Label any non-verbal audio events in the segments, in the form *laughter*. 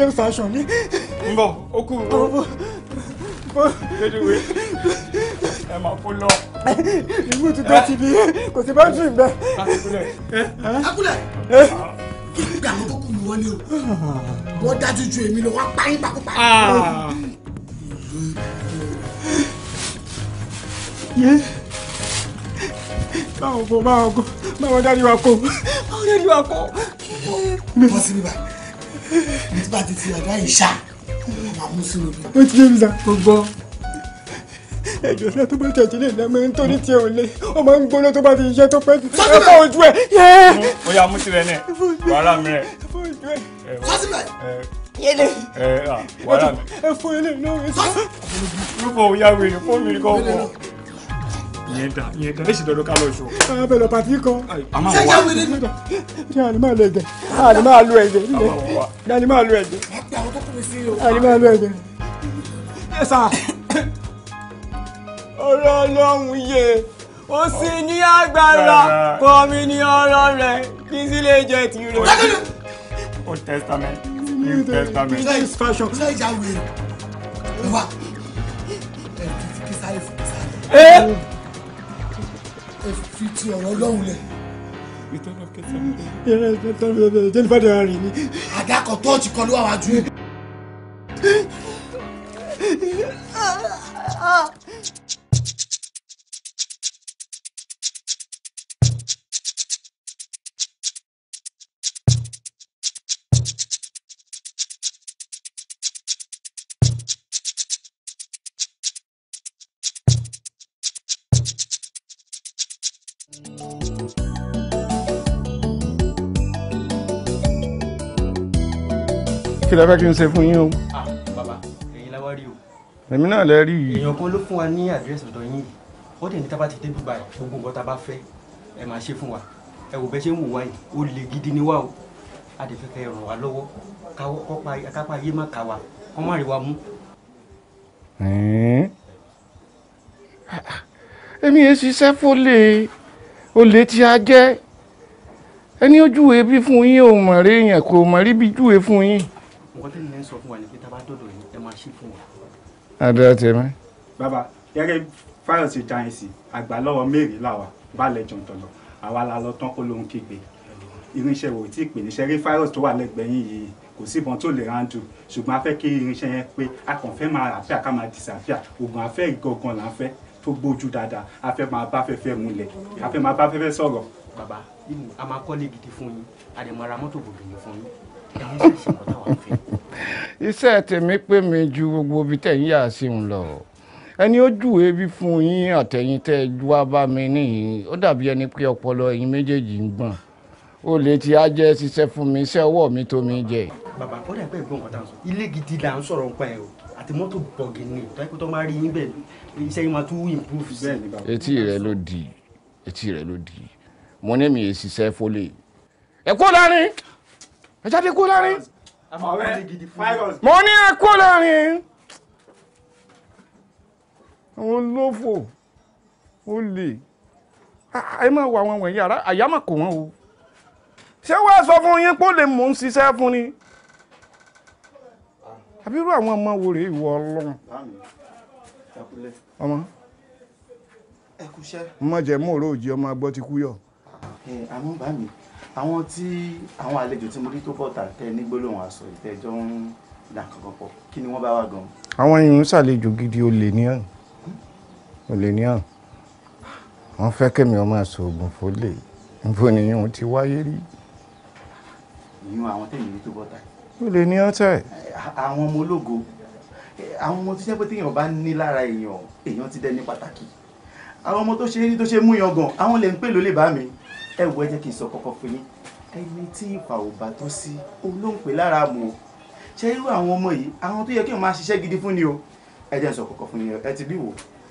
jẹ́ fashion ni. n bọ o kú o dédúwe ẹ máa kú lọ. ìlú ti dé ti bí kò sí bátìrì bẹ́ẹ̀. akulẹ kí ni àwọn tó kù mí wọlé o wọ́n dájú ju èmi lọ wá páyín pákópá. báwo báwo báwo dáríwá kó báwo dáríwá kó. bọ́sí mi báyìí tí bá ti ti ọ̀dọ́ yìí ṣá máa mú sí omi. ó ti yé mi sá gbogbo ẹjọ náà tó bá tẹ̀jú lè lẹ́mọ nítorí tí ò lé ó máa ń gbóná tó bá ti yẹ tó pẹ́ ẹ bá ojú ẹ. ó yá mú tirẹ̀ náà wàhálà mi rẹ̀. sọ́sibẹ̀. yéle. wàhálà mi. ẹ fún ilé náà rẹ sọ. rúbọ̀ òyà wèrè fún mi kọ́ fọ́. ìyẹn ta ìyẹn ta ẹ sì dọdọ ká lọ sọ. a bẹ pàtí kan. a máa wà. ṣé ìyá wèrè ṣé àlè máa àní máa lo ẹ̀jẹ̀ nílẹ̀ àní máa lo ẹ̀jẹ̀ àní máa lo ẹ̀jẹ̀ ẹ sà ọ̀rọ̀ ọlọ́run yẹ ó sì ní agbára kọ́ mi ní ọ̀rọ̀ rẹ̀ kí n sì lè jẹ tìrẹ. Old Testament New Testament. ṣe is fashion. ṣe ìjà wèrè wá ẹ fi ti kí sáré fún kí sáré. ẹ fi ti ọ̀rọ̀ ọlọ́run lẹ̀ ìtọ́nà kẹta mi lọ. jẹ́ni bá dára rìn ni. àdàkọ̀ tóòtù kan ló wà wájú. kí lẹ fẹ́ kí n ṣe fún yín o. Ah, bàbá ẹ̀yin láwa rí o. èmi náà lẹ rí yìí. èèyàn kan ló fún wa ní àdírẹ́sì ọ̀dọ̀ yín yìí ó dẹ̀ ní tá a bá ti débi gbogbo nǹkan tá a bá fẹ́ ẹ máa ṣe fún wa ẹ wò bẹ́ ṣe ń wò wá yìí ó le gidi ni wá o a dẹ̀ fẹ́ kẹ́ ràn wá lọ́wọ́ kápá ayé má kà wá kọ́ má rí wa mú. èmi yẹn ṣiṣẹ́ fólè olè tí a jẹ́ ẹni ó júwe fún yín ò mọ̀ rí yẹn kò mọ̀ rí bí júwe fún yín nǹkan tẹ́lẹ̀ yẹn sọ fún wa ni pé tá a bá dọ̀dọ̀ yìí ẹ máa ṣe fún wa. àdúrà tiẹ̀ mẹ́. bàbá gẹ́gẹ́ fáyọ̀sì jáyẹ̀sì àgbà lọ́wọ́ mẹ́rin làwà balẹ̀ jọ̀ǹtọ̀lọ̀ àwa la lọ tán olóhùn kígbe irinṣẹ́ wo tí pè níṣẹ́ rí fáyọ̀sì tó wà lẹ́gbẹ̀ẹ́ yín yìí kò sí ìbọn tó lè ráńdù ṣùgbọ́n a fẹ́ kí irinṣẹ́ yẹn pé a kàn fẹ́ máa àfẹ́ àká máa dìsàfíà oògùn afẹ́ ìgangan là ń fẹ́ tó gbójú dáadáa a fẹ́ máa bá fẹ́fẹ́ múlẹ̀ a fẹ́ máa bá fẹ́fẹ́ sọ̀rọ̀. bàbá a máa kọ́lé gidi fún yín a dẹ̀ máa ra mọ́tò bòbìnrin fún yín *laughs* iṣẹ́ tèmi pé mi ju gbogbo ibi tẹ̀ ń yà sí òun lọ ẹni ó júwe bí fún yín àtẹ̀yìn tẹ́ ẹ wá bá mi níyìn ó dàbí ẹni pé ọpọlọ ẹ̀yin méjèèjì ń gbọ̀n ó lè ti á jẹ́ ṣiṣẹ́ fún mi iṣẹ́ ọwọ́ mi tó mi jẹ. bàbá ó dàgbẹ́ ìgbọ́n nǹkan tá sọ ilé gidi là ń sọ̀rọ̀ nípa ẹ̀ o àti mọ́tò bọ̀gì ni tó yẹ kó tó máa rí yín bẹ́ẹ̀ iṣẹ́ yín máa tún improve sí. etí rẹ ló di etí rẹ ló di mo ní mi èsì sẹ́fọ́lẹ̀ ẹ̀kọ́ lárin ẹ jáde kú láàrin. mo ní ẹ kú láàrin. àwọn olófò olè ẹ máa wọ àwọn wọ̀nyí àyà máa kò wọ́n o ṣé wàá sọ fún yín pé ó lè mò ń ṣiṣẹ́ fún ni àbírú àwọn ọmọ wo rèé ìwọ ọlọ́run ọmọ ọmọ jẹ mọ òrò òjì ọmọ agbọ ti kú yọ. àmọ́ àwọn tí àwọn àlejò tí mo rí tó bọ̀tà tẹ nígbólóhùn aṣọ ìtẹ́jọ́ ń dà kankan pọ̀ kí ni wọ́n bá wà gan. àwọn èèyàn ṣàlejò gidi olè ní àná olè ní àná wọ́n fẹ́ kẹ́mi ọmọ àṣoògùn fólè níbo ni yóò ti wáyé rí. ìyún àwọn tèmi rí tó bọ̀tà. olè ní ọ̀tẹ̀. àwọn ọmọ ológo àwọn ọmọ tó ṣe pé téèyàn bá ní lára èèyàn èèyàn ti dẹni pàtàkì àwọn ọmọ tó ṣe rí tó ṣe mú yan àwọn lè ń pè lólè bá mi ẹ wo ẹ jẹ́ kí sọ kọ́kọ́ fún yín ẹni tí ìfà ò bá tó sí olóǹpẹ̀ lára mu o ṣe irú àwọn ọmọ yìí àwọn tó yẹ kí wọ́n máa ṣiṣẹ́ gidi fún ni o ẹ jẹ́ sọ kọ́kọ́ fún yín ẹ ti bí wò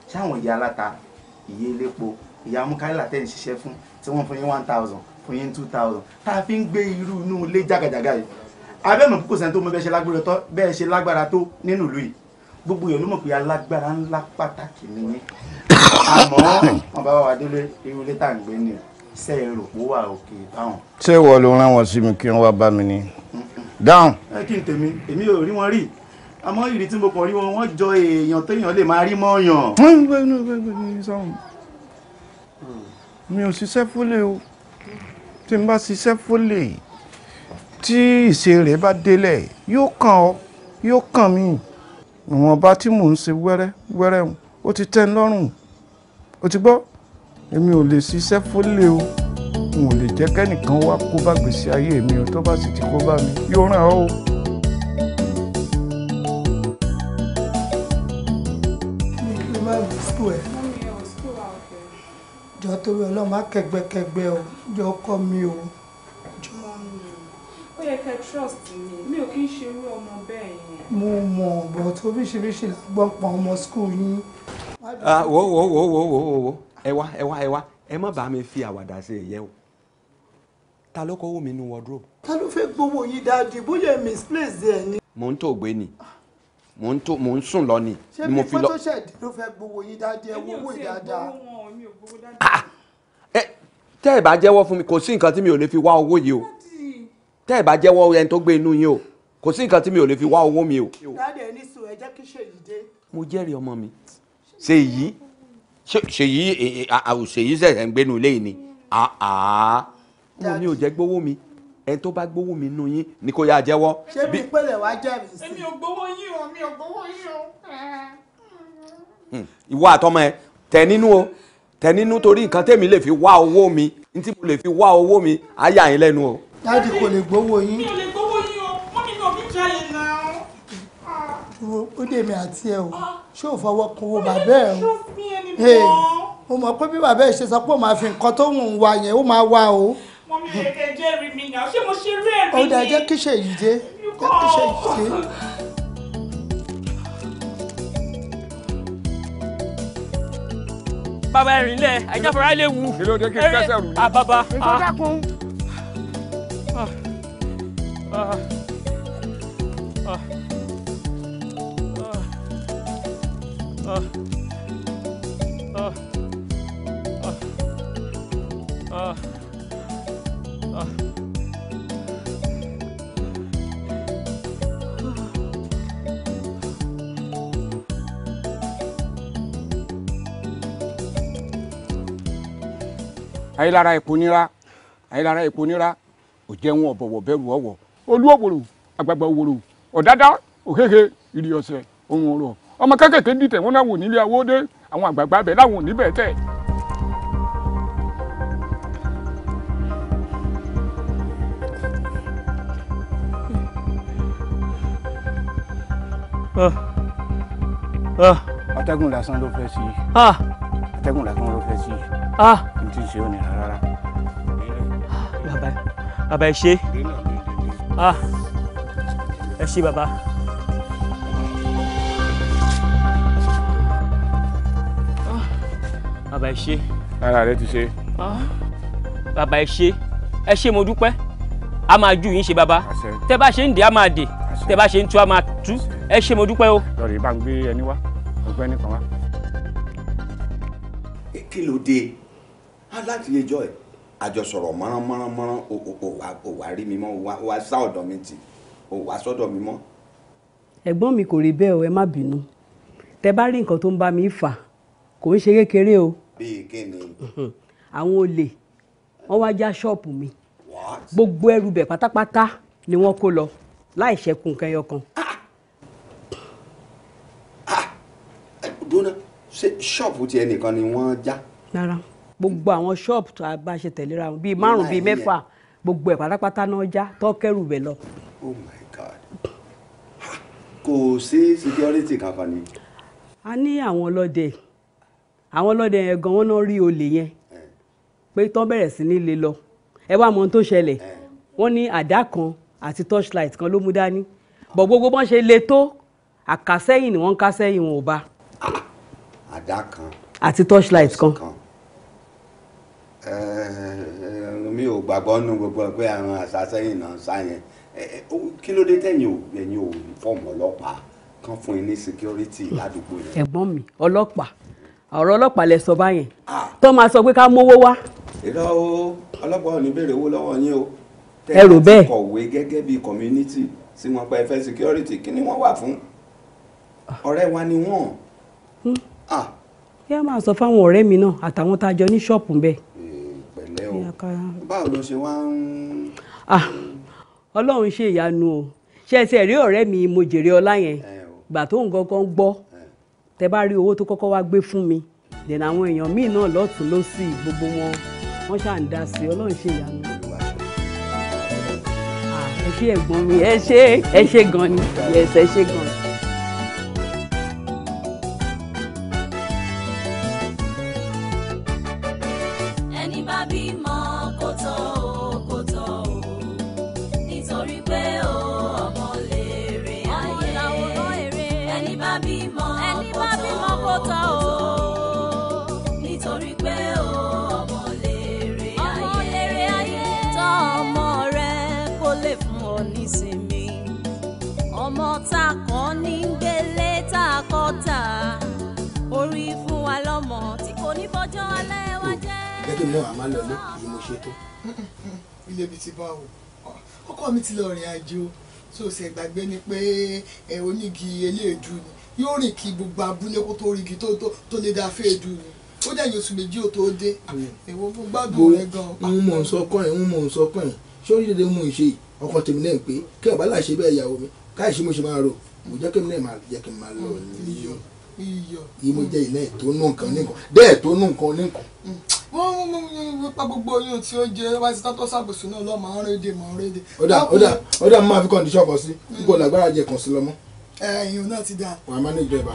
ṣé àwọn ìyá aláta ìyá elépo ìyá amúkálà tẹ́ ń ṣiṣẹ́ fún tí wọ́n fún yín one thousand fún yín two thousand tá a fi ń gbé irú inú ilé jágàjàgà yìí abẹ́mọ̀ púpọ̀ sẹ́ni tó mọ bẹ́ẹ̀ ṣe lágbára tó nínú ìlú yìí gbogbo èèyàn ló mọ̀ pé alágbára ńlá pàtàkì nìyí àmọ́ wọn bá wà wá délé irú ilé tá à ń gbé nìyí ṣe é rò pé ó wà òkè táwọn. ṣé ìwọ ló rán wọn sí mi kí wọn wá bá mi ni. dáhùn. ẹ kí n tèmi èmi ò rí wọn rí àmọ́ ìrì tí mo kàn rí wọn wọ́n jọ èèyàn téèyàn lè máa rí mọ́ọ̀yàn. Hmm. mi ò ṣiṣẹ́ fólè o tí n bá ṣiṣẹ́ fólè tí ìṣe rẹ̀ bá délẹ̀ yóò kàn ọ́ yóò kàn mí ìwọ̀nba tí mò ń ṣe wẹ́rẹ́ wẹ́rẹ́ o ti tẹ́ ń lọ́rùn o ti gbọ́ èmi ò lè ṣiṣẹ́ fólè o n ò lè jẹ́ kẹ́nìkan wá kó bá gbèsè ayé mi o tó bá sì ti kó bá mi yóò ràn ọ́ o. jọ torí Ọlọ́run má kẹ́gbẹ́kẹ́gbẹ́ o jọ kọ́ mi o. ó yẹ kẹ́ trust mi mi ò kí ń ṣe irú ọmọ bẹ́ẹ̀ yẹn. mo mọ̀ bọ̀ tó oríṣiríṣi la gbọ́ pọ̀ ọmọ school yín. Ah, wo wo wo wo wo wo ẹ wá ẹ wá ẹ wá ẹ má bàa mi fi àwàdà ṣe ẹ̀yẹ o ta ló kówó mi nú wardrobe. ta ló fẹ́ gbowó yìí dájú bóyá misplace ẹ̀ ni. mò ń tòògbé ni mò ń tó mò ń sùn lọ ni ni mo fi lọ. ṣé bí photoshed ló fẹ́ gbowó yín dáadé ẹ wọ́wọ́ ìdáadáa. ẹ tẹ́ ẹ bá jẹ́wọ́ fún mi kò sí nǹkan tí mi ò lè fi wá owó yìí o tẹ́ ẹ bá jẹ́wọ́ ẹni tó gbé inú yín o kò sí nǹkan tí mi ò lè fi wá owó mi o. dáadé ẹni sùn ẹ jẹ́ kí ṣèyí dé. mo jẹ́rìí ọmọ mi ṣèyí ṣèyí àwòṣèyí ṣẹ̀ṣẹ̀ ń gbénu ilé yìí ni mo ní ò jẹ́ gbowó mi ẹ tó bá gbowó mi nù yín ni kò yá jẹ́wọ́. ṣé mi pẹ̀lẹ́ wá jẹ́ sí. èmi ò gbowó yín o mi ò gbowó yín o. Hmm. ìwọ àtọmọ ẹ tẹ nínú o tẹ nínú torí nǹkan tèmi lè fi wá owó mi ntí mo lè fi wá owó mi á yà yín lẹ́nu o. dáàdi kò lè gbowó yín. wo ó dèmi àti ẹ o ṣé ò fọwọ́ kun wo bàbá ẹ o mo mọ̀ pé bí bàbá ẹ ṣe sọ pé ó máa fi nǹkan tó wù ú wá yẹn ó máa wá o. mo mi ò lè kẹ́ jẹ́rìí mi ṣé mo ṣe rí ẹ̀rí mi. ó jẹ́ kí bàbá ẹ̀rín lẹ̀ àìjáfara lè wù. kí ló kí n fẹsẹ̀ rù ní. àbàbà nǹkan ah. dákun. Ah. Ah. Ah. àyílára epo nira àyílára epo nira ò jẹun ọ̀bọ̀wọ̀ bẹ̀rù ọ̀wọ̀ olú òwòrò àgbàgbà òwòrò ọ̀dádá òhèhè ìrì ọ̀sẹ̀ ohun ọ̀rọ̀ ọmọ kékèké dìtẹ̀ wọn láwọn onílé awódé àwọn àgbààgbà bẹ̀ láwọn oníbẹ̀ tẹ̀. Ah. Ah. atẹ́gùn lásán ló fẹ́ sí i ah. atẹ́gùn lásán ló fẹ́ sí i n ti ṣe òní rárá. bàbá bàbá ẹ ṣe ẹ ṣe bàbá. bàbá ẹ ṣé. ara rẹ ti ṣe. Ah, bàbá ẹ ṣé ẹ ṣé mo dúpẹ́ a máa ju yín ṣe bàbá tẹ bá ṣe ń dè a máa dè tẹ bá ṣe ń tú a máa tú ẹ ṣé mo dúpẹ́ o. lọ́ọ̀rì bá ń gbé ẹni wá ọgbẹ́ nìkan wá. kí ló dé aláti ẹjọ́ ẹ̀ àjọsọ̀rọ̀ mọ́rán-mọ́rán-mọ́rán ò wá rí mi mọ́ ò wá sá ọ̀dọ̀ mi tì ò wá sọ́dọ̀ mi mọ́. ẹ̀gbọ́n mi kò rí bẹ́ẹ̀ o ẹ má bínú tẹ bá rí nǹkan tó ń bá mi fà kò ń ṣe kékeré o bíi kí ni. àwọn olè wọ́n wá já ṣọ́ọ̀pù mi gbogbo ẹrù bẹ̀ pátápátá ni wọ́n kó lọ láì ṣẹ́kùn kẹyọ kan. Ah! Ah! dúnà ṣé ṣọ́ọ̀pù tiẹ̀ nìkan ni wọ́n já. rárá gbogbo àwọn ṣọ́ọ̀pù tó a bá ṣe tẹ̀léra wọn bíi márùn bíi mẹ́fà gbogbo ẹ̀ pátápátá náà já tọ́kẹ́rù bẹ̀ lọ. oh my god ah! kò sí security kankan ni. a ní àwọn ọlọ́dẹ àwọn ọlọ́dẹ yẹn gan wọn náà rí olè yẹn pé tó bẹ̀rẹ̀ sí ní lè lọ ẹ wá mọ ohun tó ṣẹlẹ̀ wọ́n ní àdá kan àti torchlight kan ló mú dání bọ̀ gbogbo bọ́n ṣe le tó àkàsẹ́yìn ni wọ́n ń kásẹ́yìn wọn ò bá. àdá kan àti torchlight kan. mi ò gbàgbọ́ nínú gbogbo pé àwọn àṣàṣẹ́yìn náà ṣàyẹn kí ló dé tẹ̀yìn ẹ̀yìn ò fọ́ọ̀mù ọlọ́pàá kan fún yín ní security ládùúgbò yẹn. ẹ̀gbọ́n mi ọlọ́pàá ọ̀rọ̀ ọlọ́pàá lẹ sọ báyẹn tó máa sọ pé ká mówó wá. irọ́ o ọlọ́pàá ò ní béèrè owó lọ́wọ́ yín o. ẹ rò bẹ́ẹ̀ tẹ́lẹ̀ kọ̀wé gẹ́gẹ́ bíi community tí wọ́n pa ẹ̀fẹ́ security kí ni wọ́n wà fún ọ̀rẹ́ wa ni wọ́n. Hm. kí a máa sọ fáwọn ọ̀rẹ́ mi náà àtàwọn tá a jọ ní ṣọ́ọ̀pù ń bẹ̀. pẹ̀lẹ́ o báwo ló ṣe wá ń. ọlọ́run ṣe ìyanu o ṣe ẹsẹ̀ rí ọ̀rẹ́ mi mo jèrè ọlá yẹn gbà tó nǹkan kan gbọ́ tẹ bá rí owó tó kọ́kọ́ wá gbé fún mi dẹ̀nà àwọn èèyàn míì náà lọ́tún lọ́sì gbogbo wọn wọ́n ṣà ń dá sí ọlọ́run ṣe ìyanu. Ah, ẹ ṣé ẹ̀gbọ́n mi ẹ ṣé ẹ ṣé gan ni yes ẹ ṣé gan ni. mọ́tò mẹ́wàá máa lọ lé èyí mo ṣe tó. *laughs* ilé mi ti bá wò ọkọ mi ti lọ rìn àjò tó o ṣe gbàgbé ni pé onígi eléèdú ni yóò rìn kí gbogbo abúlé kó tó rigi tó lè dáa fèèdú ni ó dẹ̀ yóò sùn méjì ò tó dé èwo fún gbádùn rẹ gan. n mò ń sọ kàn ẹ̀ n mò ń sọ kàn ẹ̀ ṣé orílẹ̀-èdè mú ìṣe ọkọ tèmi náà pé kí ọ̀bá láṣẹ bẹ́ẹ̀ ìyàwó mi káìsí mo ṣe máa rò kò jẹ́ kí mi náà jẹ́ kí n máa lọ mm, ní iyọ̀ yìí mo jẹ́ ilé ètò nù nǹkan nìkan dẹ́ẹ̀ tó nù nǹkan nìkan wọ́n pa gbogbo oyún tí ó jẹ́ wáyé títà tó ṣàgbèsò náà lọ́ọ́ máa ń rédè máa ń rédè. ó dà ó dà ó dà máa fi kọ́ndíṣọ̀ kan sí hmm. kò lágbára jẹ kàn sí lọ́mọ. ẹyin náà ti dáa. wà á má ní ìjọba.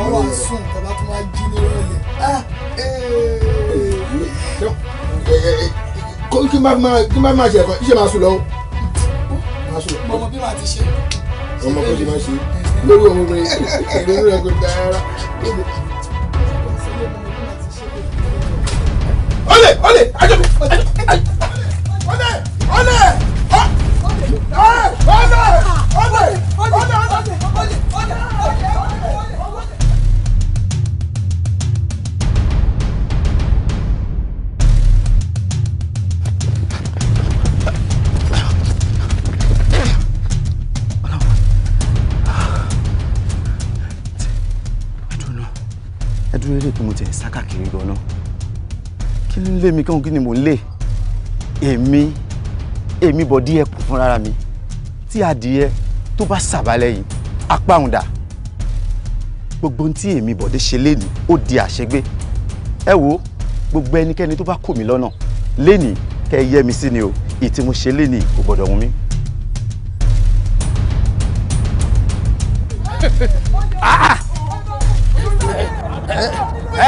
ọwọ́ àsùn tàbá tó máa jí ní ìrọ̀lẹ́. Ah, eh. kí n bá máa ṣe ẹ̀kọ́ iṣẹ́ máa sùn lọ́wọ́. mọ̀mọ́ bí wàá ti ṣe. ọmọ eh. kò ti máa ṣe lórí òun rẹ̀ lórí ẹ̀kọ́ olè olè ajọ mi olè olè olè olè olè olè olè. ẹ dúró lè pé mo tẹ̀ sá káàkiri gan-an kí ló ń lé mi kí ni mò ń lé èmi èmi bọ̀ díẹ̀ kù fúnra mi tí adìyẹ tó bá sàbálẹ̀ yìí apá òun dà gbogbo tí èmi bọ̀dé ṣe lénìí ó di àṣegbé ẹ wo gbogbo ẹnikẹ́ni tó bá kò mí lọ́nà lénìí kẹ́ ẹ yẹ mi sí ni o ìtí mo ṣe lénìí kò gbọ́dọ̀ wọ́n mi.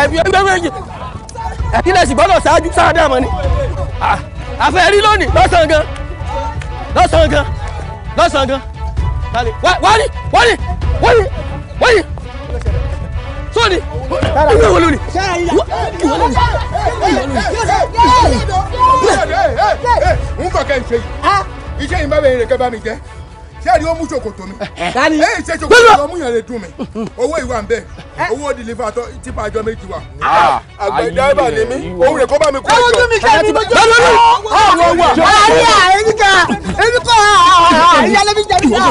ẹbí ọjọ́ méjì kílẹ̀ sì gbọ́dọ̀ ṣáájú sáádà mọ́ ni àfẹ́ rí lónìí lọ́sàn gan lọ́sàn gan lọ́sàn gan wáyé wáyé wáyé wáyé sóòní ìwé wo lónìí ìwé lónìí ìwé lónìí. yìí bá bẹ̀rẹ̀ kẹ́ bá mi jẹ́ sẹ́ẹ̀rí ó mú ṣòkòtò mi. *laughs* dani èyí ṣe ṣòkòtò tó mú yẹn lè dùn mí. owó ìwà ń bẹ eh. owó deliver tó tipa àjọ méjì wa. Ah, àgbẹ̀ dáìbà ni mí òun rẹ̀ kọ́ bá mi kó àjọ. ọdún mi kẹ́ mi lójú ọ̀hún ọ̀hún wà. àárí à èmi kà èmi kọ́ ìyálé mi jẹ́ mi kà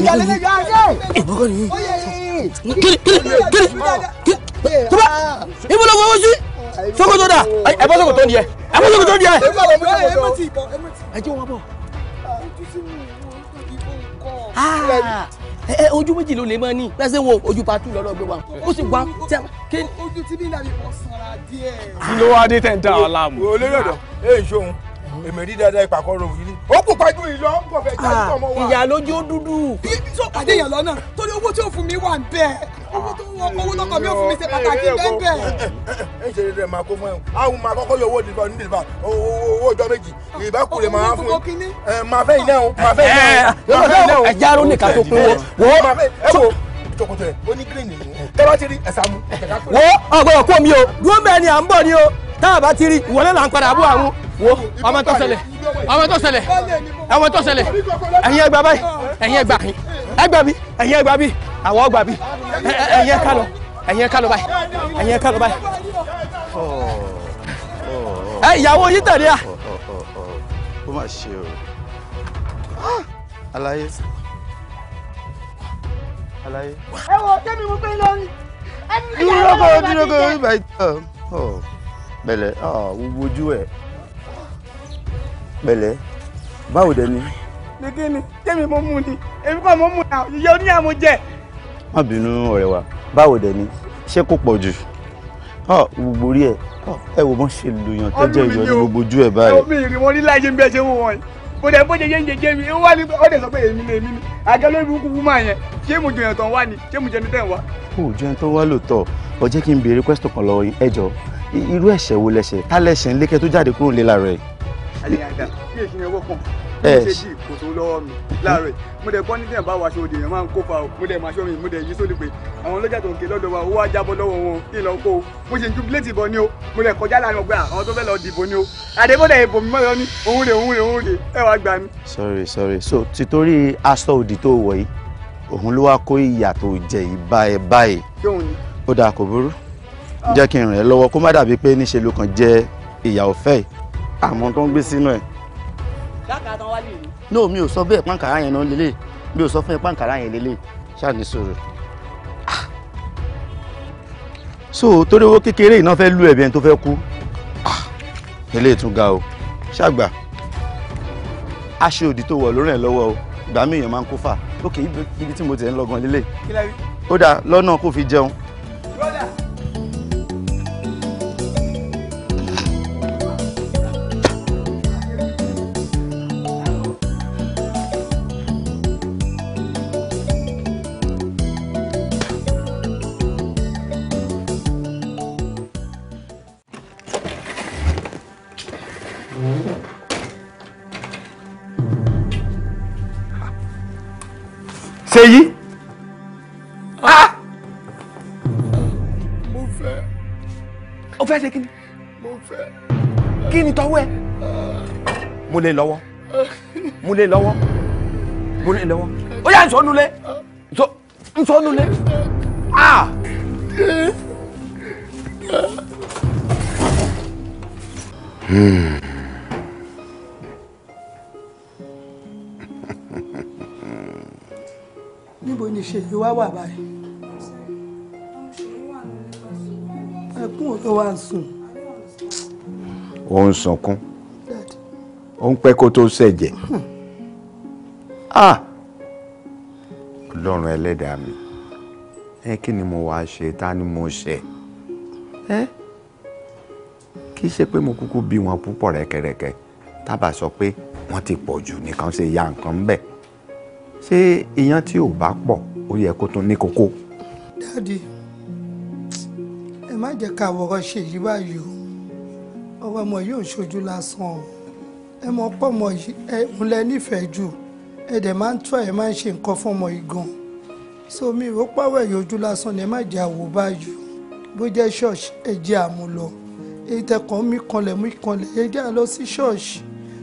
ìyálé mi jẹ́ mi kà. kiri kiri kiri tuba ibi ló fọwọ́ sí ṣòkòtò da ẹ bọ́ ṣòkòtò nìyẹn ẹ bọ́ ṣòkòtò nìyẹn. ẹ jẹ́ wọn bọ̀. Ah. ojú méjì ló lè máa ní pẹ́sẹ́ wo ojú patu lọ́dọ̀ gbé wa ó sì wá tẹ́ kí. ojú tí bí nàbí kò sanra díẹ̀. kí ló wá dé tẹ̀ ń dá wa olórí ọ̀dọ̀ ẹ̀ ṣóhun èmi rí dáadáa ìpàkọ́rọ̀ òyìnbí ó kù pàjù ìlọ ń bọ̀ jáde ah, tọmọ wa. ìyá lójú ó dúdú. sọ pàdé lọ́nà torí owó tí ó fún mi wà ń bẹ̀ owó tó owó lọkọ mi ò fún mi ṣe pàtàkì eh, eh, bẹ́ẹ̀ bẹ́ẹ̀. ẹ ṣe rẹ máa kó fún ẹ àwọn máa kọ́kọ́ yọ owó nípa nípa owó ọjọ́ méjì ìbákùn lè máa fún ẹ eh, máa fẹ́ iná o máa fẹ́ iná o máa fẹ́ iná o. ẹ ẹ ó ní green nìyí tẹ́lá ti rí ẹ̀sà mu. wo ọgbọ́n kò mi o dúró bẹ́ẹ̀ à ń bọ̀ ni o tá bá ti rí ìwọlé là ń padà bọ̀ àwọn wo ọmọ tó ṣẹlẹ̀ ọmọ tó ṣẹlẹ̀ ọmọ tó ṣẹlẹ̀ ẹ̀yin ẹgbà báyìí ẹ̀yin ẹgbà yín ẹgbà bí ẹ̀yin ẹgbà bí àwọn ọgbà bí ẹ̀yin ẹ̀ka lọ ẹ̀yin ẹ̀ka lọ báyìí ẹ̀yin ẹ̀ka lọ báyìí. ẹ ìyàwó yín tẹ̀lé à. ó mà ṣe o aláyé aláyé. ẹ wo kẹ́mi mo fẹ́ lọ rí. dúró kó dúró kó báyìí. bẹ̀lẹ̀ wúwojú ẹ̀ pẹ̀lẹ́ báwo dẹ ni. gègé ni tèmi mo mú ni èmi kò mo mú ni ìyá oníyà mo jẹ. má bínú ọ̀rẹ́ wa báwo dẹ ni ṣé kò pọ̀ jù gbogbo rí ẹ ẹ wo bọ́n ṣe lòyàn tẹ́jẹ́ ìyọ ní gbogbo ojú ẹ̀ báyìí. ọmọ mi ìrìn wọn ní láìsí bí ẹ ṣe ń wọ̀ mo dẹ̀ bóde yé ń jẹjẹ mi ó wá ní ó dẹ̀ sọ pé èmi ni èmi ni àga lórí burúkú wúmọ̀ yẹn ṣé mo jọyàn tán wá ni ṣé mo jẹni tẹ̀ wá. o ò jẹun tó wá lóòótọ́ ọ kí n béèrè question kan lọ́wọ́ yín irú ẹ̀ṣẹ̀ wo lẹ̀ṣẹ̀ tá ń lékẹ́ tó jáde kúrò nílé lára ẹ̀ àyàndà bí èsì yẹn wọ́pọ̀ bí mo ṣe di kòtò lọ́wọ́ mi láàárọ̀ mo dẹ̀ gbọ́ ní dẹ̀ bá wa aṣọ òdì máa ń kó fa o mo dẹ̀ máa ṣọ́ mi mo dẹ̀ yí sóli pé àwọn ọlọ́jà tó ń ké lọ́dọ̀ wa owó ajábọ̀ lọ́wọ́ wọn kí n lọ kó o mo ṣe ń ju bíléètì bọ̀ ni o mo dẹ̀ kọjá láàrin ọgbà àwọn tó fẹ́ lọ dìbò ni o àdébọ̀dẹ̀ ìbò mi mọ́yọ́ ni òun rè òun rè òun rè ẹ wá gbà mí. sorry sorry so tìtorí aṣọ òdì tó wọ̀ yìí òun ló wá kó ìyà tó jẹ yìí báyìí báyìí ó dáa kò burú ah àmọ́ tó ń gbé sínú ẹ̀. no mi ò sọ bẹ́ẹ̀ pàǹkàrà yẹn náà lélẹ̀ mi ò sọ fún ẹ pàǹkàrà yẹn lélẹ̀ ṣáà ní sòrò. so torí owó kékeré iná fẹ́ lu ẹ̀bí ẹni tó fẹ́ kú eléyìí ah, tún ga o ṣàgbà aṣọ òdì tó wọ̀ lórí ẹ̀ lọ́wọ́ o ìgbà míì èèyàn máa ń kó fà lókè ibi tí mo ti ń lọ gan lélẹ̀ ó dà lọ́nà kó fi jẹun. brother múlé lọ́wọ́ múlé lọ́wọ́ múlé lọ́wọ́ ó yà nsọ́nulé nsọ́nulé ah. Hmm. níbo ni ṣèyí wá wà báyìí ẹkún òkè wa sùn. ó ń sọkún ó ń pẹ́ kó tó ṣẹ̀jẹ̀ ah ọlọ́run ẹlẹ́dàá mi ẹ kí ni mo wàá ṣe ta ni mo ṣe ẹ kì í ṣe pé mo kúkú bí wọn púpọ̀ rẹ́kẹrẹ́kẹ́ tábà sọ pé wọ́n ti pọ̀ jù nìkan ṣe ya nǹkan ń bẹ̀ ṣé iyán tí ò bá pọ̀ ó yẹ kó tún ní kókó. dáàdi ẹ má jẹ́ ká wọ́rọ́ ṣèyí báyìí o ọwọ́ ọmọ yóò ṣojú lásán o ẹ mọ pọmọ yìí ẹ ń lẹ nífẹ̀ẹ́ jù ẹ dẹ̀ máa ń tọ́ ẹ máa ń ṣe nǹkan fọmọ yìí gan so mi ò pàwọ̀ ẹ̀yọ́ ojú lásán ni ẹ má jẹ́ àwò báyìí bó jẹ́ ṣọ́ọ̀ṣì ẹ jẹ́ àmúlọ èyí tẹkàn mí kanlẹ̀ mí kanlẹ̀ ẹ jẹ́ àlọ sí ṣọ́ọ̀ṣì